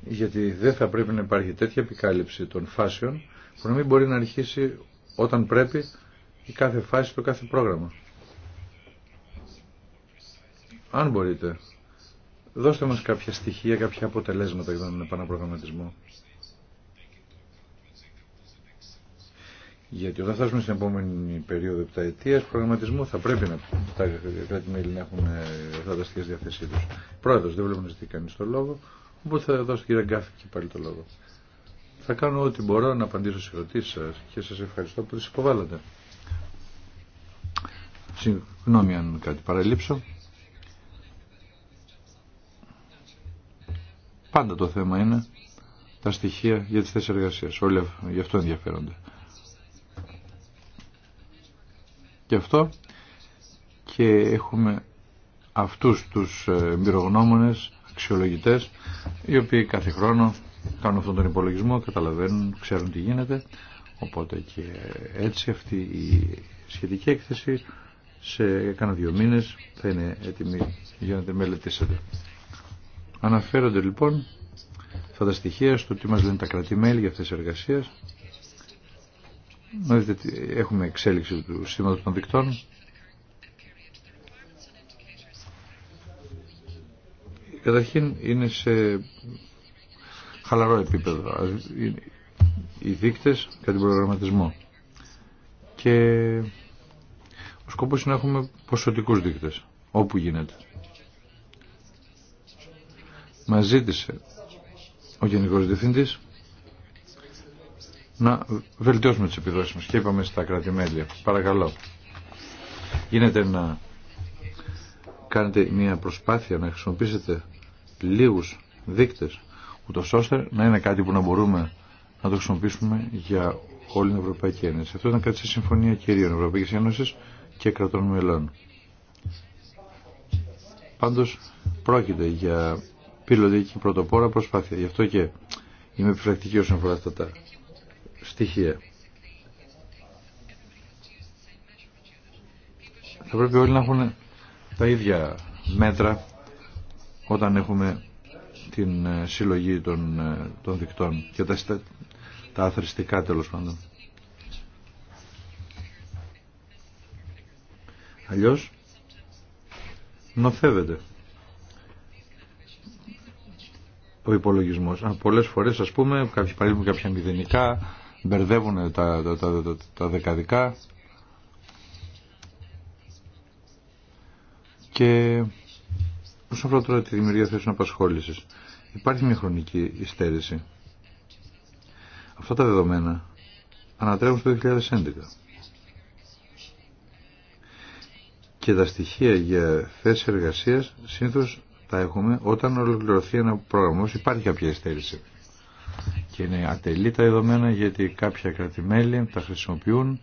Γιατί δεν θα πρέπει να υπάρχει τέτοια επικάλυψη των φάσεων που να μην μπορεί να αρχίσει όταν πρέπει η κάθε φάση το κάθε πρόγραμμα. Αν μπορείτε Δώστε μας κάποια στοιχεία, κάποια αποτελέσματα για τον επαναπρογραμματισμό. Γιατί όταν φτάσουμε στην επόμενη περίοδο επταετίας προγραμματισμού θα πρέπει να τα κράτη-μέλη να έχουν ε, αυτά τα στοιχεία διάθεσή τους. Πρόεδρος, δεν βλέπουμε να ζητεί κανείς το λόγο, οπότε θα δώσω κύριε Γκάφη και πάλι το λόγο. Θα κάνω ό,τι μπορώ να απαντήσω σε ερωτήσεις σας και σας ευχαριστώ που τις υποβάλλατε. Συγγνώμη αν κάτι παραλείψω. Πάντα το θέμα είναι τα στοιχεία για τις θέσεις εργασίας. Όλοι γι' αυτό ενδιαφέρονται. Και αυτό και έχουμε αυτούς τους ε, εμπειρογνώμονες, αξιολογητές, οι οποίοι κάθε χρόνο κάνουν αυτόν τον υπολογισμό, καταλαβαίνουν, ξέρουν τι γίνεται. Οπότε και έτσι αυτή η σχετική έκθεση σε κάνα δύο μήνες θα είναι έτοιμη για να τη μελετήσετε. Αναφέρονται λοιπόν αυτά τα στοιχεία στο τι μας λένε τα κρατημέλη για αυτές τις εργασίες. Να δείτε ότι έχουμε εξέλιξη του σύστηματος των δικτών. Καταρχήν είναι σε χαλαρό επίπεδο οι δείκτες κατά την προγραμματισμό. Και ο σκόπος είναι να έχουμε ποσοτικούς δείκτες, όπου γίνεται μας ζήτησε ο Γενικός Διευθυντής να βελτιώσουμε τις επιδόσεις μας και είπαμε στα κρατημέλια παρακαλώ γίνεται να κάνετε μια προσπάθεια να χρησιμοποιήσετε λίγους δείκτες ούτως ώστε να είναι κάτι που να μπορούμε να το χρησιμοποιήσουμε για όλη την Ευρωπαϊκή Ένωση. Αυτό ήταν κάτι σε συμφωνία κυρίων Ευρωπαϊκής Ένωσης και κρατών μελών. Πάντως πρόκειται για πιλωτική πρωτοπόρα προσπάθεια. Γι' αυτό και είμαι επιφυλακτική όσον αφορά αυτά τα στοιχεία. Θα πρέπει όλοι να έχουν τα ίδια μέτρα όταν έχουμε την ε, συλλογή των, ε, των δικτών και τα, τα αθρηστικά τέλος πάντων. Αλλιώς νοθεύεται. ο υπολογισμό. Πολλέ φορέ, α πούμε κάποιοι παλιούν κάποια μηδενικά, μπερδεύουν τα, τα, τα, δεκαδικά και όσον αφορά τώρα τη δημιουργία θέσεων απασχόληση, υπάρχει μια χρονική υστέρηση. Αυτά τα δεδομένα ανατρέχουν στο 2011. Και τα στοιχεία για θέσει εργασία συνήθω τα έχουμε όταν ολοκληρωθεί ένα πρόγραμμα. υπάρχει κάποια Και είναι ατελή τα δεδομένα γιατί κάποια κρατημέλη τα χρησιμοποιούν,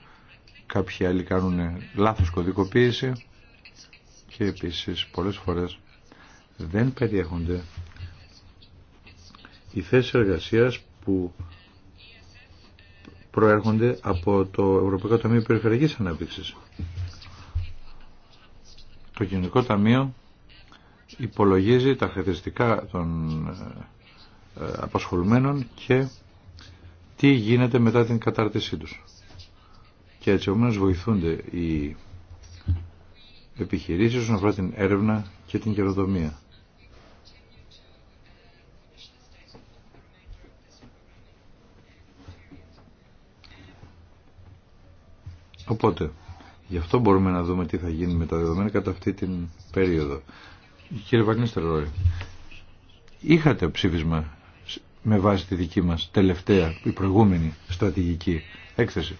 κάποιοι άλλοι κάνουν λάθος κωδικοποίηση και επίσης πολλές φορές δεν περιέχονται οι θέσεις εργασίας που προέρχονται από το Ευρωπαϊκό Ταμείο Περιφερειακής Ανάπτυξης. Το Κοινωνικό Ταμείο υπολογίζει τα χαρακτηριστικά των ε, ε, απασχολουμένων και τι γίνεται μετά την κατάρτισή τους. Και έτσι όμως βοηθούνται οι επιχειρήσεις όσον αφορά την έρευνα και την καιροδομία. Οπότε, γι' αυτό μπορούμε να δούμε τι θα γίνει με τα δεδομένα κατά αυτή την περίοδο. Κύριε Βαγνίστερ είχατε ψήφισμα με βάση τη δική μας τελευταία, η προηγούμενη στρατηγική έκθεση.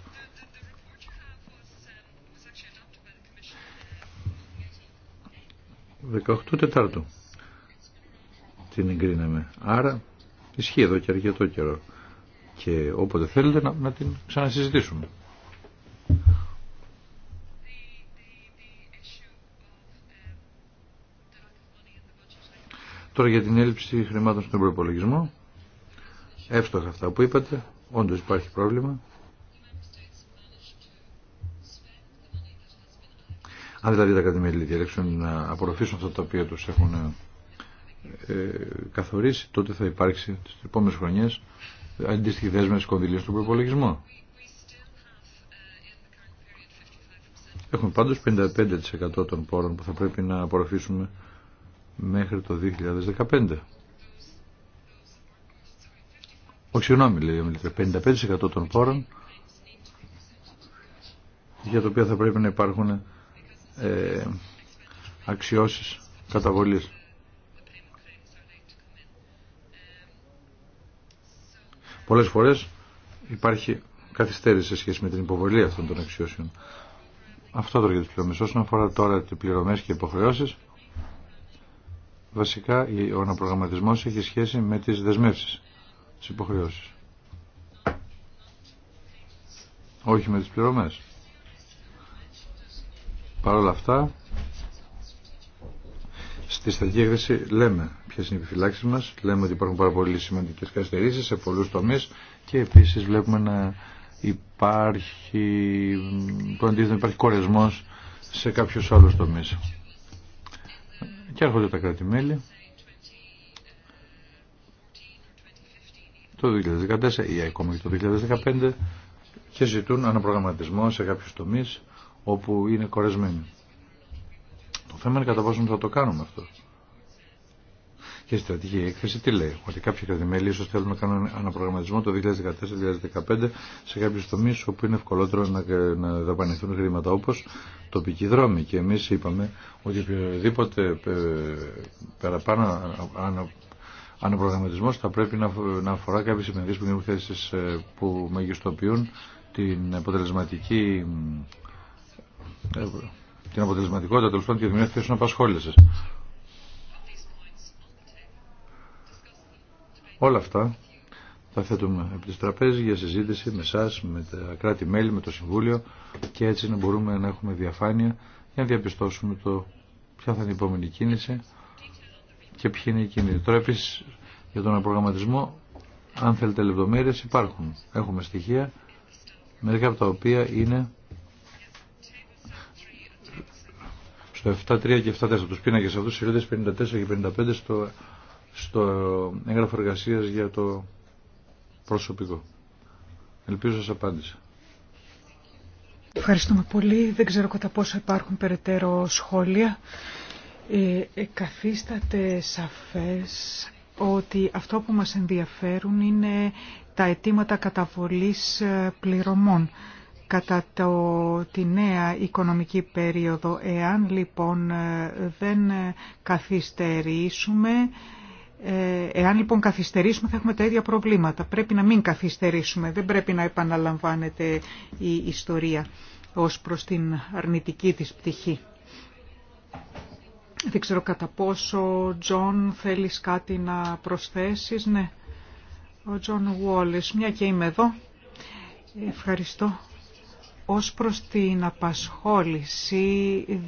...18 Τετάρτου την εγκρίναμε. Άρα ισχύει εδώ και αρκετό καιρό. Και όποτε θέλετε να, να την ξανασυζητήσουμε. Τώρα για την έλλειψη χρημάτων στον προπολογισμό. Εύστοχα αυτά που είπατε. Όντως υπάρχει πρόβλημα. Αν δηλαδή τα κατημερινή διαλέξουν να απορροφήσουν αυτά τα οποία τους έχουν ε, καθορίσει, τότε θα υπάρξει τις επόμενες χρονιές αντίστοιχη δέσμευση κονδυλίων στον προπολογισμό. Έχουμε πάντως 55% των πόρων που θα πρέπει να απορροφήσουμε μέχρι το 2015. Όχι, συγγνώμη, λέει ο 55% των πόρων για το οποίο θα πρέπει να υπάρχουν ε, αξιώσεις καταβολής. Πολλές φορές υπάρχει καθυστέρηση σε σχέση με την υποβολή αυτών των αξιώσεων. Αυτό τώρα για τις πληρωμές. Όσον αφορά τώρα τις πληρωμές και υποχρεώσεις, βασικά ο αναπρογραμματισμός έχει σχέση με τις δεσμεύσεις, τις υποχρεώσεις. Όχι με τις πληρωμές. Παρ' όλα αυτά, στη στατική έκθεση λέμε ποιε είναι οι επιφυλάξεις μα, λέμε ότι υπάρχουν πάρα πολύ σημαντικές καθυστερήσει σε πολλούς τομείς και επίσης βλέπουμε να υπάρχει, το υπάρχει σε κάποιους άλλους τομείς. Και έρχονται τα κράτη-μέλη. Το 2014 ή ακόμα και το 2015 και ζητούν αναπρογραμματισμό σε κάποιους τομείς όπου είναι κορεσμένοι. Το θέμα είναι κατά πόσο θα το κάνουμε αυτό. Και η στρατηγική έκθεση τι λέει, ότι κάποιοι κρατημέλοι ίσω θέλουν να κάνουν αναπρογραμματισμό το 2014-2015 σε κάποιου τομεί όπου είναι ευκολότερο να, να δαπανηθούν χρήματα όπω τοπικοί δρόμοι. Και εμεί είπαμε ότι οποιοδήποτε ε, παραπάνω αναπρογραμματισμό θα πρέπει να αφορά κάποιε επενδύσει που είναι ε, που μεγιστοποιούν την ε, την αποτελεσματικότητα των πάντων και δημιουργία θέσεων απασχόληση. Όλα αυτά θα θέτουμε επί της τραπέζης για συζήτηση με εσά, με τα κράτη-μέλη, με το Συμβούλιο και έτσι να μπορούμε να έχουμε διαφάνεια για να διαπιστώσουμε το ποια θα είναι η επόμενη κίνηση και ποιοι είναι οι κίνηση. Τώρα επίσης για τον προγραμματισμό, αν θέλετε λεπτομέρειες υπάρχουν. Έχουμε στοιχεία, μερικά από τα οποία είναι στο 7.3 και 7.4, τους πίνακες αυτούς, σελίδες 54 και 55 στο στο έγγραφο εργασία για το προσωπικό. Ελπίζω σας απάντησα. Ευχαριστούμε πολύ. Δεν ξέρω κατά πόσο υπάρχουν περαιτέρω σχόλια. Ε, καθίσταται σαφές ότι αυτό που μας ενδιαφέρουν είναι τα αιτήματα καταβολής ε, πληρωμών κατά το, τη νέα οικονομική περίοδο. Εάν λοιπόν ε, δεν ε, καθυστερήσουμε ε, εάν λοιπόν καθυστερήσουμε θα έχουμε τα ίδια προβλήματα. Πρέπει να μην καθυστερήσουμε, δεν πρέπει να επαναλαμβάνεται η ιστορία ως προς την αρνητική της πτυχή. Δεν ξέρω κατά πόσο, Τζον, θέλεις κάτι να προσθέσεις, ναι. Ο Τζον Βόλες, μια και είμαι εδώ. Ευχαριστώ. Ως προς την απασχόληση,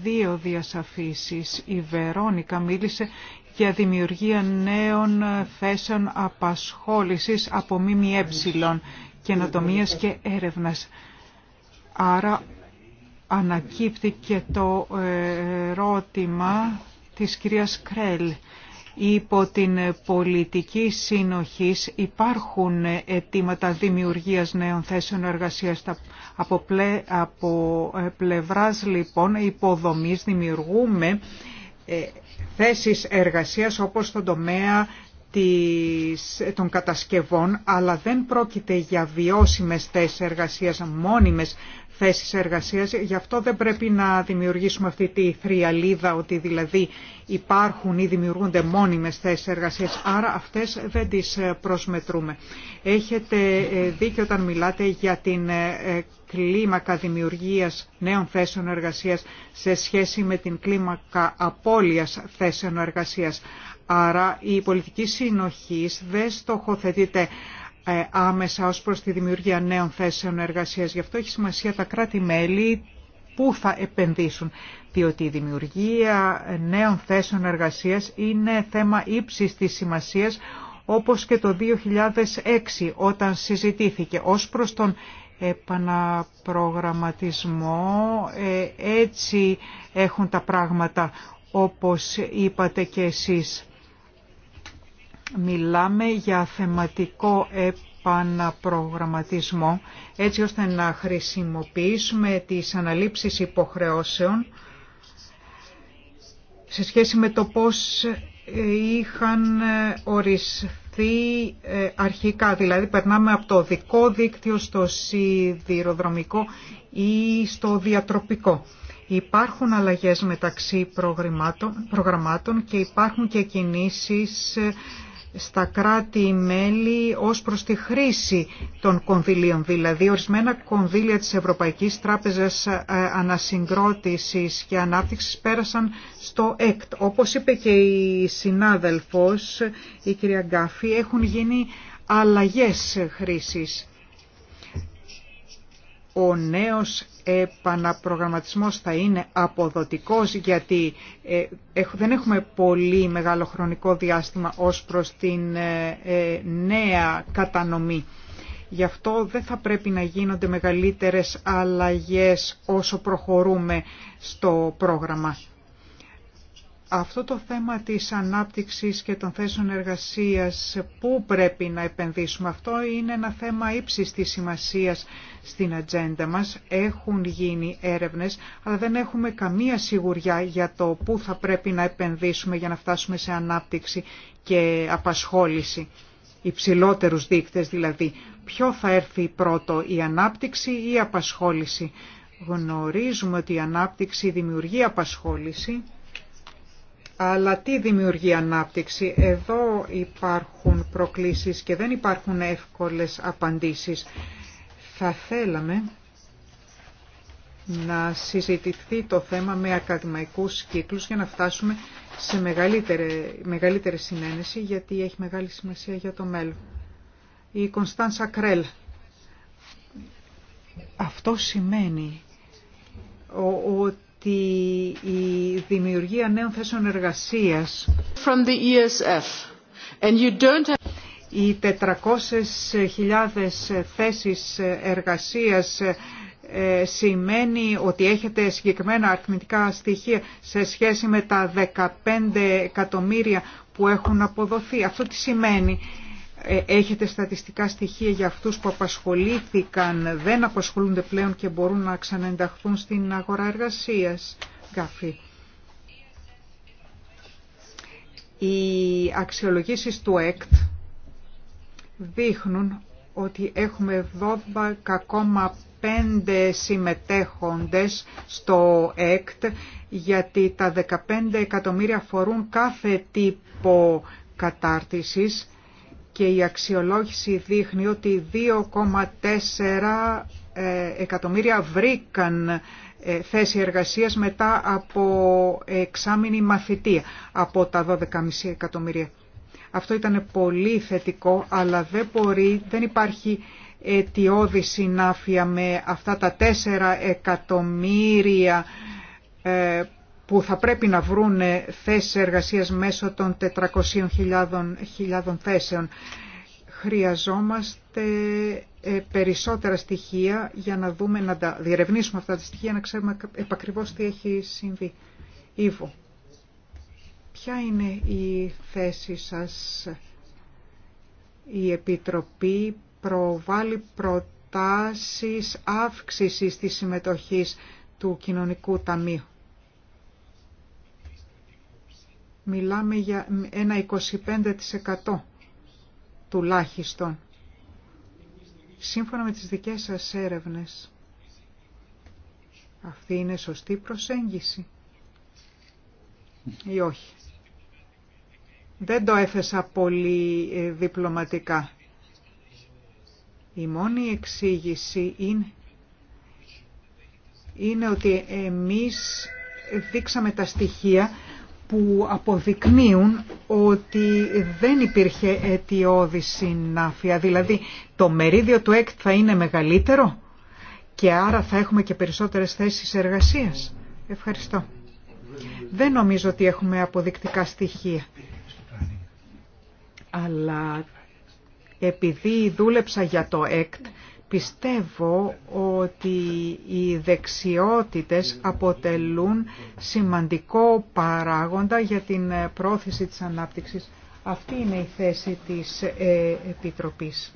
δύο διασαφήσεις. Η Βερόνικα μίλησε για δημιουργία νέων θέσεων απασχόλησης από ΜΜΕ, καινοτομίας και έρευνας. Άρα ανακύπτει και το ερώτημα της κυρίας Κρέλ. Υπό την πολιτική συνοχής υπάρχουν αιτήματα δημιουργίας νέων θέσεων εργασίας. Από, πλε, από πλευράς λοιπόν υποδομής δημιουργούμε ε, θέσεις εργασίας όπως στον τομέα των κατασκευών, αλλά δεν πρόκειται για βιώσιμες θέσεις εργασίας, μόνιμες θέσεις εργασίας. Γι' αυτό δεν πρέπει να δημιουργήσουμε αυτή τη θριαλίδα ότι δηλαδή υπάρχουν ή δημιουργούνται μόνιμες θέσεις εργασίας, άρα αυτές δεν τις ε, προσμετρούμε. Έχετε ε, δίκιο όταν μιλάτε για την ε, κλίμακα δημιουργίας νέων θέσεων εργασίας σε σχέση με την κλίμακα απώλειας θέσεων εργασίας. Άρα η πολιτική συνοχής δεν στοχοθετείται ε, άμεσα ως προς τη δημιουργία νέων θέσεων εργασίας. Γι' αυτό έχει σημασία τα κράτη-μέλη πού θα επενδύσουν, διότι η δημιουργία νέων θέσεων εργασίας είναι θέμα ύψης της σημασίας όπως και το 2006 όταν συζητήθηκε ως προς τον επαναπρογραμματισμό. Ε, έτσι έχουν τα πράγματα όπως είπατε και εσείς. Μιλάμε για θεματικό επαναπρογραμματισμό έτσι ώστε να χρησιμοποιήσουμε τις αναλήψεις υποχρεώσεων σε σχέση με το πώς είχαν ε, οριστεί ε, αρχικά, δηλαδή περνάμε από το δικό δίκτυο στο σιδηροδρομικό ή στο διατροπικό. Υπάρχουν αλλαγές μεταξύ προγραμμάτων και υπάρχουν και κινήσεις ε, στα κράτη-μέλη ως προς τη χρήση των κονδυλίων. Δηλαδή, ορισμένα κονδύλια της Ευρωπαϊκής Τράπεζας ε, Ανασυγκρότησης και Ανάπτυξης πέρασαν στο ΕΚΤ. Όπως είπε και η συνάδελφος, η κυρία Γκάφη, έχουν γίνει αλλαγές χρήσης ο νέος επαναπρογραμματισμός θα είναι αποδοτικός γιατί ε, δεν έχουμε πολύ μεγάλο χρονικό διάστημα ως προς την ε, ε, νέα κατανομή. Γι' αυτό δεν θα πρέπει να γίνονται μεγαλύτερες αλλαγές όσο προχωρούμε στο πρόγραμμα αυτό το θέμα της ανάπτυξης και των θέσεων εργασίας, πού πρέπει να επενδύσουμε, αυτό είναι ένα θέμα ύψης της σημασίας στην ατζέντα μας. Έχουν γίνει έρευνες, αλλά δεν έχουμε καμία σιγουριά για το πού θα πρέπει να επενδύσουμε για να φτάσουμε σε ανάπτυξη και απασχόληση. Υψηλότερους δείκτες δηλαδή. Ποιο θα έρθει πρώτο, η ανάπτυξη ή η απασχόληση. Γνωρίζουμε ότι η ανάπτυξη δημιουργεί απασχόληση αλλά τι δημιουργεί ανάπτυξη. Εδώ υπάρχουν προκλήσεις και δεν υπάρχουν εύκολες απαντήσεις. Θα θέλαμε να συζητηθεί το θέμα με ακαδημαϊκούς κύκλους για να φτάσουμε σε μεγαλύτερη, μεγαλύτερη συνένεση γιατί έχει μεγάλη σημασία για το μέλλον. Η Κωνσταντσα Κρέλ. Αυτό σημαίνει ότι τη η δημιουργία νέων θέσεων εργασίας. From the ESF. And you don't have... Οι 400.000 θέσεις εργασίας ε, σημαίνει ότι έχετε συγκεκριμένα αριθμητικά στοιχεία σε σχέση με τα 15 εκατομμύρια που έχουν αποδοθεί. Αυτό τι σημαίνει. Ε, έχετε στατιστικά στοιχεία για αυτούς που απασχολήθηκαν, δεν απασχολούνται πλέον και μπορούν να ξαναενταχθούν στην αγορά εργασίας. Γκάφη. Οι αξιολογήσεις του ΕΚΤ δείχνουν ότι έχουμε 12,5 συμμετέχοντες στο ΕΚΤ γιατί τα 15 εκατομμύρια φορούν κάθε τύπο κατάρτισης και η αξιολόγηση δείχνει ότι 2,4 ε, εκατομμύρια βρήκαν ε, θέση εργασίας μετά από εξάμηνη μαθητεία από τα 12,5 εκατομμύρια. Αυτό ήταν πολύ θετικό, αλλά δεν, μπορεί, δεν υπάρχει αιτιώδη συνάφεια με αυτά τα 4 εκατομμύρια ε, που θα πρέπει να βρουν θέσεις εργασίας μέσω των 400.000 θέσεων. Χρειαζόμαστε ε, περισσότερα στοιχεία για να δούμε, να τα διερευνήσουμε αυτά τα στοιχεία, να ξέρουμε επακριβώς τι έχει συμβεί. Ήβο, ποια είναι η θέση σας, η Επιτροπή προβάλλει προτάσεις αύξησης της συμμετοχής του Κοινωνικού Ταμείου Μιλάμε για ένα 25% τουλάχιστον. Σύμφωνα με τις δικές σας έρευνες, αυτή είναι σωστή προσέγγιση ή όχι. Δεν το έθεσα πολύ ε, διπλωματικά. Η μόνη εξήγηση είναι, είναι ότι εμείς δείξαμε τα στοιχεία που αποδεικνύουν ότι δεν υπήρχε αιτιώδη συνάφεια. Δηλαδή το μερίδιο του ΕΚΤ θα είναι μεγαλύτερο και άρα θα έχουμε και περισσότερες θέσεις εργασίας. Ευχαριστώ. Δεν νομίζω ότι έχουμε αποδεικτικά στοιχεία. Αλλά επειδή δούλεψα για το ΕΚΤ Πιστεύω ότι οι δεξιότητες αποτελούν σημαντικό παράγοντα για την ε, πρόθεση της ανάπτυξης. Αυτή είναι η θέση της ε, Επιτροπής.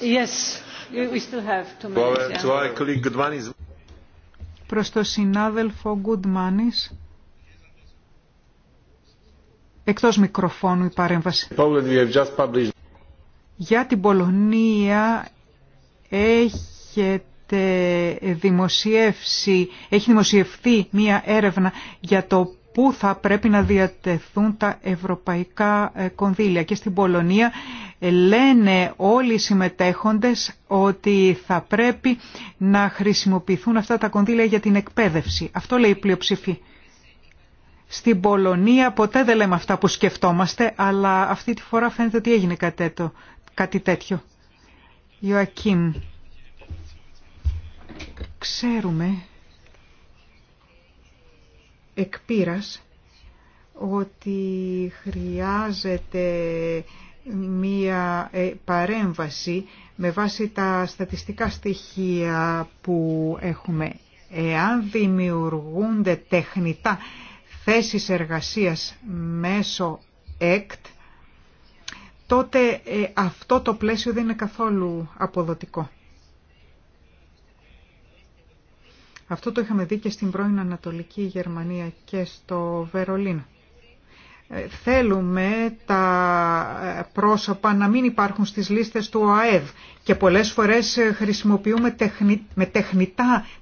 Yes, we Προς το συνάδελφο Γκουντμάνης Εκτός μικροφώνου η παρέμβαση. Για την Πολωνία έχετε δημοσιεύσει, έχει δημοσιευθεί μία έρευνα για το πού θα πρέπει να διατεθούν τα ευρωπαϊκά ε, κονδύλια. Και στην Πολωνία ε, λένε όλοι οι συμμετέχοντες ότι θα πρέπει να χρησιμοποιηθούν αυτά τα κονδύλια για την εκπαίδευση. Αυτό λέει η πλειοψηφία. Στην Πολωνία ποτέ δεν λέμε αυτά που σκεφτόμαστε, αλλά αυτή τη φορά φαίνεται ότι έγινε κάτι τέτοιο. Ιωακίμ, ξέρουμε εκ πείρας ότι χρειάζεται μία ε, παρέμβαση με βάση τα στατιστικά στοιχεία που έχουμε. Εάν δημιουργούνται τεχνητά θέσεις εργασίας μέσω ΕΚΤ, τότε ε, αυτό το πλαίσιο δεν είναι καθόλου αποδοτικό. Αυτό το είχαμε δει και στην πρώην Ανατολική Γερμανία και στο Βερολίνο. Ε, θέλουμε τα ε, πρόσωπα να μην υπάρχουν στις λίστες του ΟΑΕΔ και πολλές φορές ε, χρησιμοποιούμε με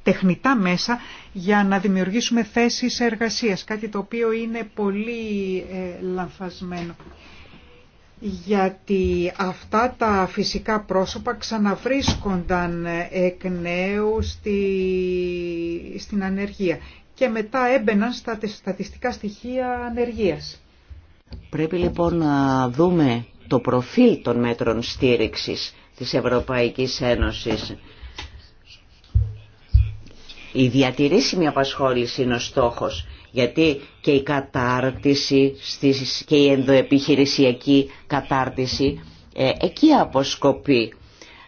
τεχνητά, μέσα για να δημιουργήσουμε θέσεις εργασίας, κάτι το οποίο είναι πολύ ε, λανθασμένο. Γιατί αυτά τα φυσικά πρόσωπα ξαναβρίσκονταν εκ νέου στη, στην ανεργία και μετά έμπαιναν στα στατιστικά στοιχεία ανεργίας. Πρέπει λοιπόν να δούμε το προφίλ των μέτρων στήριξης της Ευρωπαϊκής Ένωσης. Η διατηρήσιμη απασχόληση είναι ο στόχος, γιατί και η κατάρτιση και η ενδοεπιχειρησιακή κατάρτιση ε, εκεί αποσκοπεί.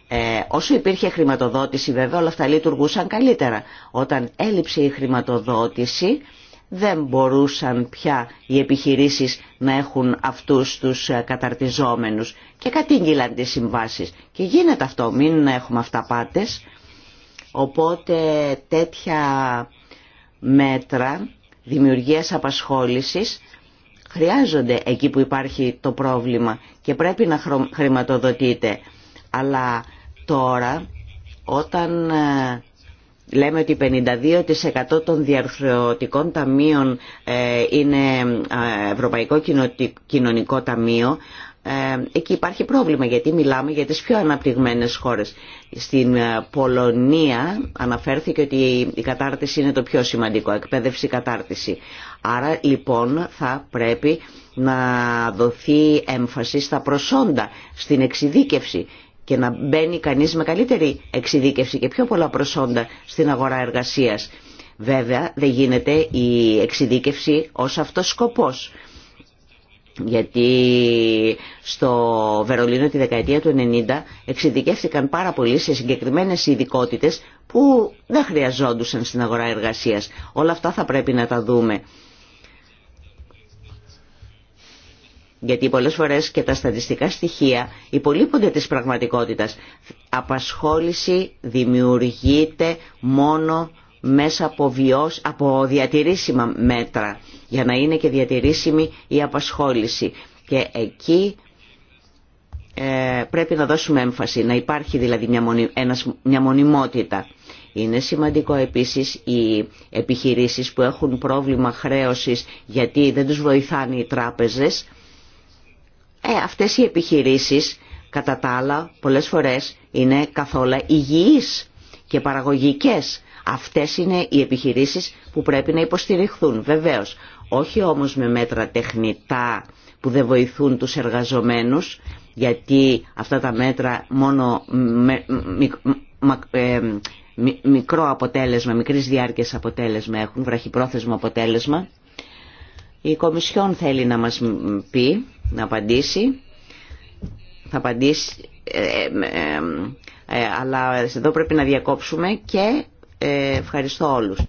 Ε, όσο υπήρχε χρηματοδότηση βέβαια όλα αυτά λειτουργούσαν καλύτερα. Όταν έλειψε η χρηματοδότηση δεν μπορούσαν πια οι επιχειρήσεις να έχουν αυτούς τους ε, καταρτιζόμενους και κατήγγυλαν τις συμβάσεις. Και γίνεται αυτό, μην έχουμε αυταπάτες. Οπότε τέτοια μέτρα δημιουργίας απασχόλησης χρειάζονται εκεί που υπάρχει το πρόβλημα και πρέπει να χρηματοδοτείτε. Αλλά τώρα όταν ε, Λέμε ότι 52% των διαρθρωτικών ταμείων ε, είναι ε, Ευρωπαϊκό Κοινωνικό Ταμείο. Ε, εκεί υπάρχει πρόβλημα γιατί μιλάμε για τις πιο αναπτυγμένες χώρες. Στην Πολωνία αναφέρθηκε ότι η κατάρτιση είναι το πιο σημαντικό, εκπαίδευση-κατάρτιση. Άρα λοιπόν θα πρέπει να δοθεί έμφαση στα προσόντα, στην εξειδίκευση και να μπαίνει κανείς με καλύτερη εξειδίκευση και πιο πολλά προσόντα στην αγορά εργασίας. Βέβαια δεν γίνεται η εξειδίκευση ως αυτός σκοπός. Γιατί στο Βερολίνο τη δεκαετία του 90 εξειδικεύτηκαν πάρα πολύ σε συγκεκριμένες ειδικότητε που δεν χρειαζόντουσαν στην αγορά εργασίας. Όλα αυτά θα πρέπει να τα δούμε. γιατί πολλές φορές και τα στατιστικά στοιχεία υπολείπονται της πραγματικότητας. Απασχόληση δημιουργείται μόνο μέσα από, βιώσ, από διατηρήσιμα μέτρα για να είναι και διατηρήσιμη η απασχόληση. Και εκεί ε, πρέπει να δώσουμε έμφαση, να υπάρχει δηλαδή μια, μονι, μια μονιμότητα. Είναι σημαντικό επίσης οι επιχειρήσεις που έχουν πρόβλημα χρέωσης γιατί δεν τους βοηθάνε οι τράπεζες ε, αυτές οι επιχειρήσεις, κατά τα άλλα, πολλές φορές είναι καθόλου υγιείς και παραγωγικές. Αυτές είναι οι επιχειρήσεις που πρέπει να υποστηριχθούν, βεβαίως. Όχι όμως με μέτρα τεχνητά που δεν βοηθούν τους εργαζομένους, γιατί αυτά τα μέτρα μόνο ε, μικρό αποτέλεσμα, μικρής διάρκειας αποτέλεσμα έχουν, βραχυπρόθεσμο αποτέλεσμα. Η Κομισιόν θέλει να μας πει, να απαντήσει. Θα απαντήσει, ε, ε, ε, αλλά εδώ πρέπει να διακόψουμε και ευχαριστώ όλους.